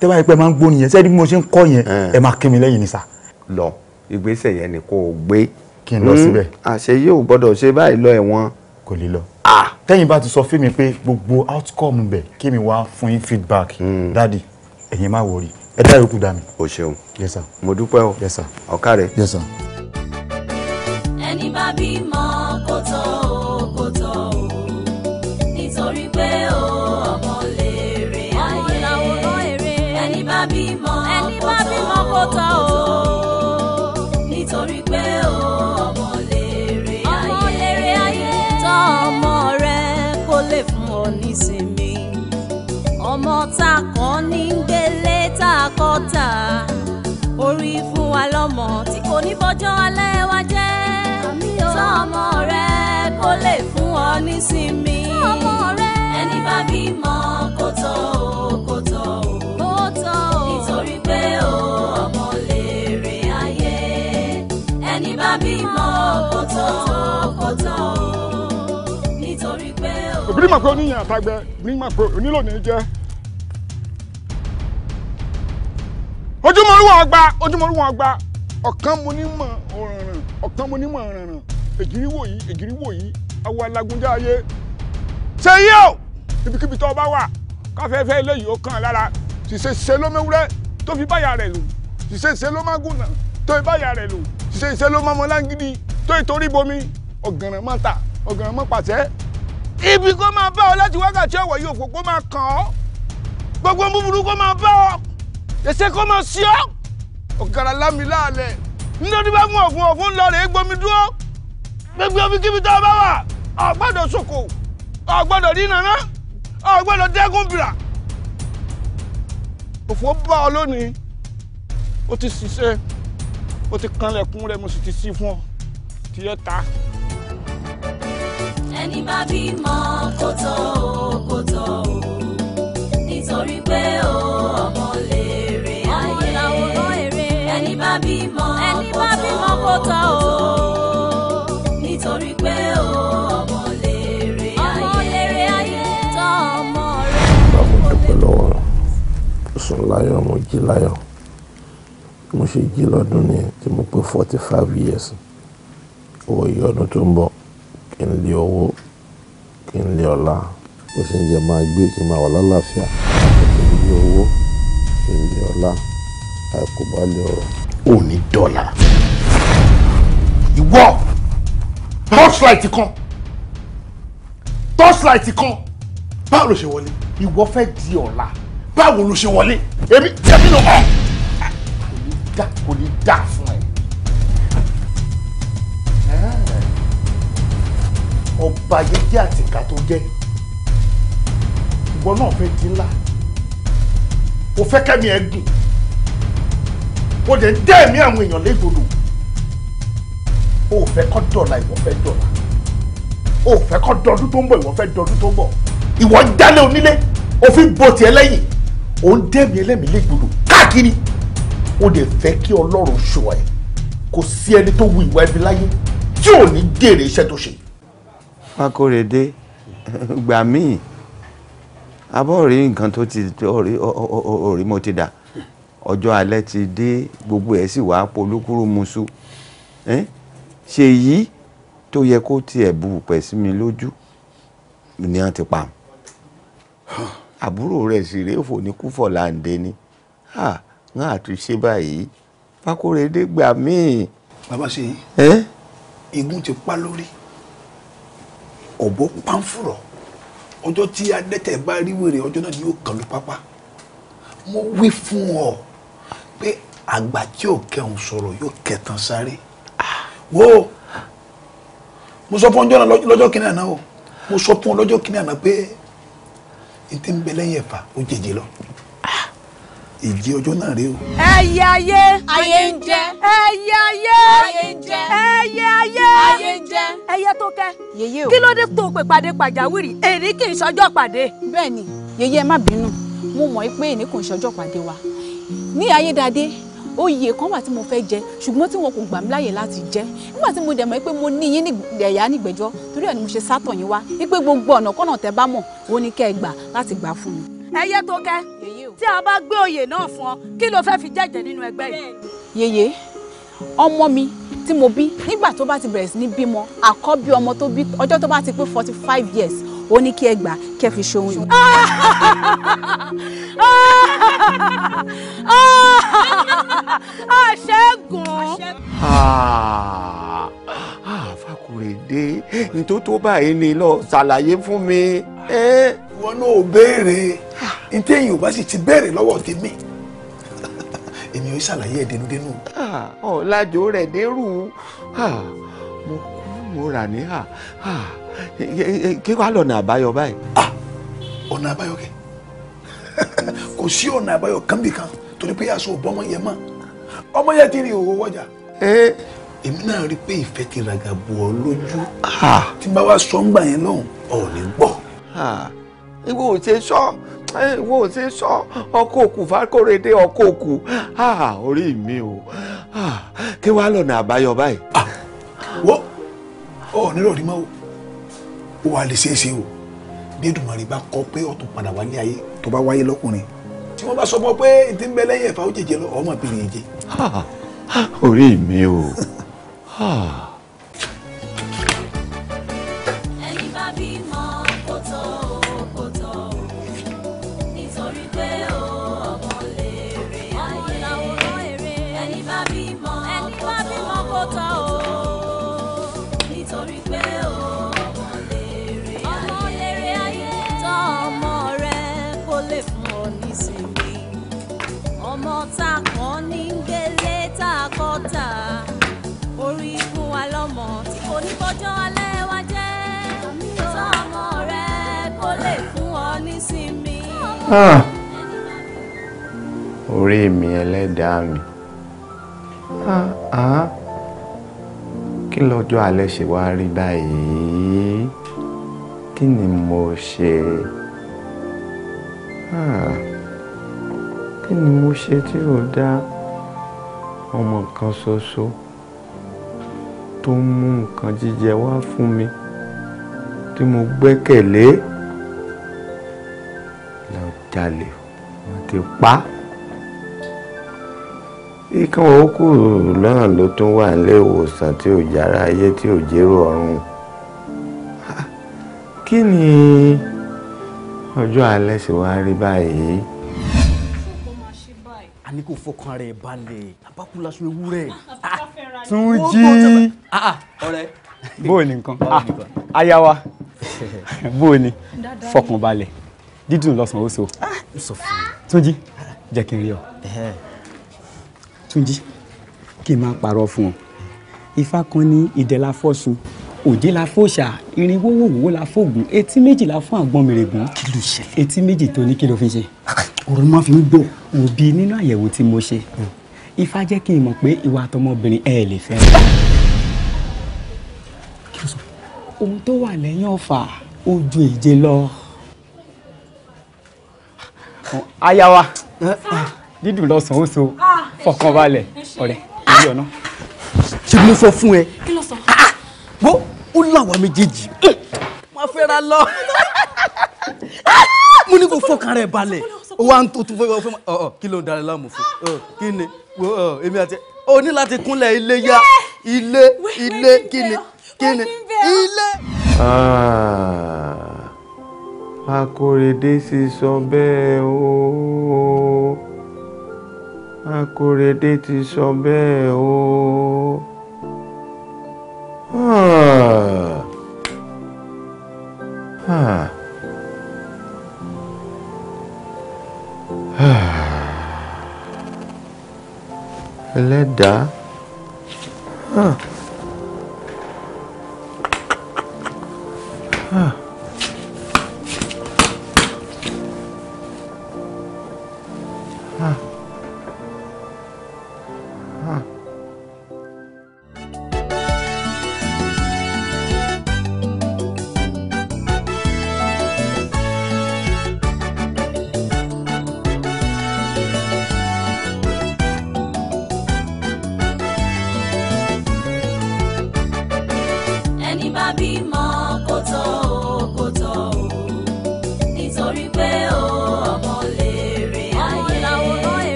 tẹ́ bá yẹ pé máa ń gbóni yẹn sẹ́ni bí mo ṣe ń kọ́ yẹn ẹ máa kí mi lẹ́yìn ni sà. lọ ìgbésẹ̀ yẹn ni kò gbé kí n lọ síbẹ̀. Hmm, àṣẹ yóò gbọ́dọ̀ ṣe báyìí lọ ẹ̀wọ̀n. kò lè lọ. tẹ́yìn bá ti sọ fún mi pé gbogbo outcome bẹ̀ kí mi wá fún yín feedback hmm. dáàdi ẹ̀yin má wọrí ẹ dá yòókù dá mi. o ṣeun yes sir. mo dúpẹ́ o yes sir. ọ̀kàrẹ̀ yes sir. ẹni orí fún wa lọ́mọ tí kò ní bọ́jọ́ alẹ́ wa jẹ́ sọ́mọ rẹ kó lè fún ọ nísinmi ẹni bá bímọ kó tọ́ o kó tọ́ o nítorí pé o ọmọ lè rè ayé ẹni bá bímọ kó tọ́ o kó tọ́ o nítorí pé o. òbí ní màpé oníyàn àtàgbẹ ní màpé onílò ní jẹ́. ojúmọ́ olúwa ọgbà ojúmọ́ olúwa ọgbà ọ̀kan mo ní mọ̀ ọ̀rànràn ọ̀kan mo ní mọ̀ ọ̀rànràn ègìrì wò yìí ègìrì wò yìí awo alágúnjá ayé ṣe yí o ibikíbi tó o bá wà káfẹ́fẹ́ eléyìí ó kàn lára ṣìṣe ló mewúrẹ́ tó fi báyà rẹ̀ lò ṣìṣe ló má gùnà tó fi báyà rẹ̀ lò ṣìṣe ló má mọ láńgídí tó ìtorí bomi ọ̀gànràn má ta ọ̀gànràn má pàṣẹ. ibi kó máa bá ọ láti wákàtí ọ̀wọ̀ yìí òfò kó máa kàn ọ́ gbogbo búburú kó máa bá ọ èsè kó mọ sí ọ ọ̀kàrà lámì láàlẹ̀ nítorí bá mú ọ̀gùn ọ̀gùn lọ rèé gbomi dúró gbégbé omi kíbi tó bá wà ọ̀gbọ́dọ̀ soko ọ̀gbọ́dọ̀ dínàná ọ̀gbọ́dọ̀ dẹ́gun bìrà òfò bá ọ lónìí ó ti ṣiṣẹ́ ó ti kanlẹ̀kùn rẹ̀ mo sì ti sí fún ọ tiẹ̀ ta. ẹni bá bímọ kó tọ́ o kó o nítorí pé o. bímọ kó tọ́ o nítorí pé o ọmọ lèrè ayé tọ́ ọmọ rẹ. báwo dúpẹ́ lọ́wọ́ sùn láyọ̀ mo jí láyọ̀ mo ṣe jí lọ́dún ni tí mo pé forty five years òye ọdún tó ń bọ̀ kí n lé owó kí n lé ọlá bó ṣe ń jẹ máa gbé kí n máa wà lálàáfíà kí n lé owó kí n lé ọlá àìkú bá lé ọrọ̀ òní dọ́là. ìwọ torchlight kan torchlight kan báwo ló ṣe wọlé ìwọ fẹ́ di ọ̀la báwo ló ṣe wọlé èmi èmi ló hàn kò ní dá kò ní dá fún ẹ. ọba jẹjẹ àtìkà tó jẹ ìwọ náà fẹ́ di ńlá o fẹ́ kẹ́mi ẹ gùn o dẹ̀ ń dẹ́ ẹ̀mí àwọn èèyàn légbodò o ò fẹ́ kọ́ dọ̀la ìwọ fẹ́ dọ̀la o ò fẹ́ kọ́ dọdún tó ń bọ̀ ìwọ fẹ́ dọdún tó ń bọ̀ ìwọ ń dálé onílé òfin bo tiẹ̀ lẹ́yìn ò ń dẹ́mi ẹlẹ́mi légbodò káàkiri o dẹ̀ fẹ́ kí ọlọ́run ṣọ ẹ kò sí ẹni tó wu ìwà ẹbí láyé tí ò ní dèrè iṣẹ́ tó ṣe. Fákòrédé gbà míì abọ́ rí nǹkan tó ti rí mo ti dà ọjọ́ alẹ́ ti dé gbogbo ẹ̀ sì wá polúkúrú musu ṣe yí tó yẹ kó tiẹ̀ bu pẹ̀ sí mi lójú ni wọ́n ti pa *sighs* àbúrò rẹ̀ sì rèé fò ní kúfọ̀láǹdé ni wọ́n àtúnṣe báyìí Fákóredé gbà míì. bàbá ṣe igun ti pa lórí ọ̀bọ pánfùrọ̀ ọjọ́ tí adẹ́tẹ̀ bá rí wèrè ọjọ́ náà ni yóò kàn lù pápá mo wí fún ọ pé àgbà tí ò kẹun sọ̀rọ̀ yóò kẹtàn sáré ah. wo mo sọ fún ọjọ́ náà lọ́jọ́ kìnìún àná o mo sọ fún ọ lọ́jọ́ kìnìún àná pé n ti ń bẹ lẹ́yìn ẹ̀fà ó jèjì lọ ah. ìjì ọjọ́ náà rèé o. ẹyẹ ayé ayé ń jẹ. ẹyẹ ayé ayé ń jẹ. ẹyẹ ayé ayé ń jẹ. ẹyẹ tó kẹ. yèyé o kí ló dé tó pè pàdé pàjáwìrì èrí kì í ṣọjọ́ pàdé. bẹ́ẹ̀ni yèyé ẹ má bínú mo mọ̀ pé èní kò ń ṣọjọ́ pàdé wa ní ayédáadé oyè kan wà tí mo fẹ́ jẹ ṣùgbọ́n tí wọn kò gbà mí láàyè láti jẹ nígbà tí mo dẹ̀ mọ́ pé mo ní yín ẹ̀yà nígbẹ̀jọ́ torí ẹ̀ ni mo ṣe sátọ̀ yín wá wípé gbogbo ọ̀nà kọ́nà tẹ́ bá mọ̀ ó ní kẹ́ ẹ gbà láti gbà fún mi. ẹyẹ tó kẹ tí a bá gbé oyè náà fún ọ kí ló fẹ́ fi jẹ́jẹ́ nínú ẹgbẹ́ yìí. yèyé ọmọ mi tí mo bí nígbà tó bá ti bẹ̀rẹ̀ sí ní bímọ forty five years ó ní kí ẹ gbà kẹ́ fi ṣe ohun yìí. ṣẹ́gun. Ah, fàkùrẹ̀dé nítorí tó báyìí ni lọ ṣàlàyé fún mi. ìwọ náà béèrè ní ò bá sì ti béèrè lọ́wọ́ tèmi èmi ò ṣàlàyé ẹ̀ dénúdénú. Ah, ọ̀làjò rẹ̀ dérú ah, mo kú mo rà níhà. kí wàá lọ́nà àbáyọ báyìí. ah ọ̀nà àbáyọ kẹ *laughs* kò sí ọ̀nà àbáyọ kánbìkan torí pé ọ òbọ̀ ọmọ yẹn mọ̀ ọmọ yẹn ti rí owó wọjà èmi náà rí i pé ìfẹ́ ti ràgà bù ọ lójú tí bá wá sọ ń gbà yẹn lọ́hùn ọ̀ gbọ́. ìwọ ò ṣe sọ ìwọ mi o kí wàá lọ́nà àbáyọ báyìí. Ah, wọ́n ọ̀ rí o. ó wà lè ṣeéṣe o bí Èdùmàrè bá kọ pé ọ̀tún padà wálé ayé tó bá wáyé lọ́kùnrin tí wọ́n bá sọ fún ọ pé ti ń bẹ lẹ́yìn ẹ̀fà ó jẹjẹ lọ ọmọ ìpìlẹ̀ yẹn jẹ. orí mi o. orí mi ẹlẹ́dàá mi kí lọ́jọ́ alẹ́ ṣe wá rí báyìí kí ni mo ṣe kí ni mo ṣe tí ò dá ọmọ kan ṣoṣo tó mú nǹkan jíjẹ wá fún mi tí mo gbẹ́kẹ̀lé jalè wọ́n ti pa á ikán òkú náà ló tún wà nílé ìwòsàn tí ò yára ayé tí ò jérò ọ̀run kí ni ọjọ́ alẹ́ sì wá rí báyìí. a ní kò fọkàn rẹ̀ balẹ̀ abákú laṣọ ewúrẹ́ tún jí bó o ní nǹkan aya wa bó o ní fọkàn balẹ̀ dídùn lọ́sàn-án ó so. Ah, sọ fún mi. túnjí jẹ́ kí n rí ọ. túnjí kí n máa parọ́ fún ọ. ifá kan ní ìdẹ̀la fọ́sun òde la fòṣà irinwó wòwò la fògùn etí méjì la fún àgbọn mèrègùn. kí ló ṣe. etí méjì tó ní kí ló fi ṣe. ọ̀rọ̀ máa fi ń gbọ́. òbí nínú àyẹ̀wò tí mo ṣe hmm. ifá jẹ́ kí n mọ̀ pé ìwà àtọmọbìnrin ẹ lè ohun tó wà lẹ́yìn ọ̀fà ó ju lọ lọ́sàn aya wa dídùn lọ́sàn ó so fọkàn balẹ̀ ọ̀rẹ́ ìlú ọ̀nà. ṣé mo sọ fún ẹ wo ó làwọn méjèèjì máa fẹ́ra lọ mo ní kó fọkàn rẹ balẹ̀ ó wá ń tó tún fẹ́ fẹ́ ọ kí ló ń darí láàmú fún kí ni wo èmi àti o ní láti kúnlẹ̀ ilé yá ilé ilé kí ni kí ni ilé. Ah akórèdé sì sọ bẹ́ẹ̀ o akórèdé ti sọ bẹ́ẹ̀ o. Ah. Huh. ẹlẹ́dàá ah. ah.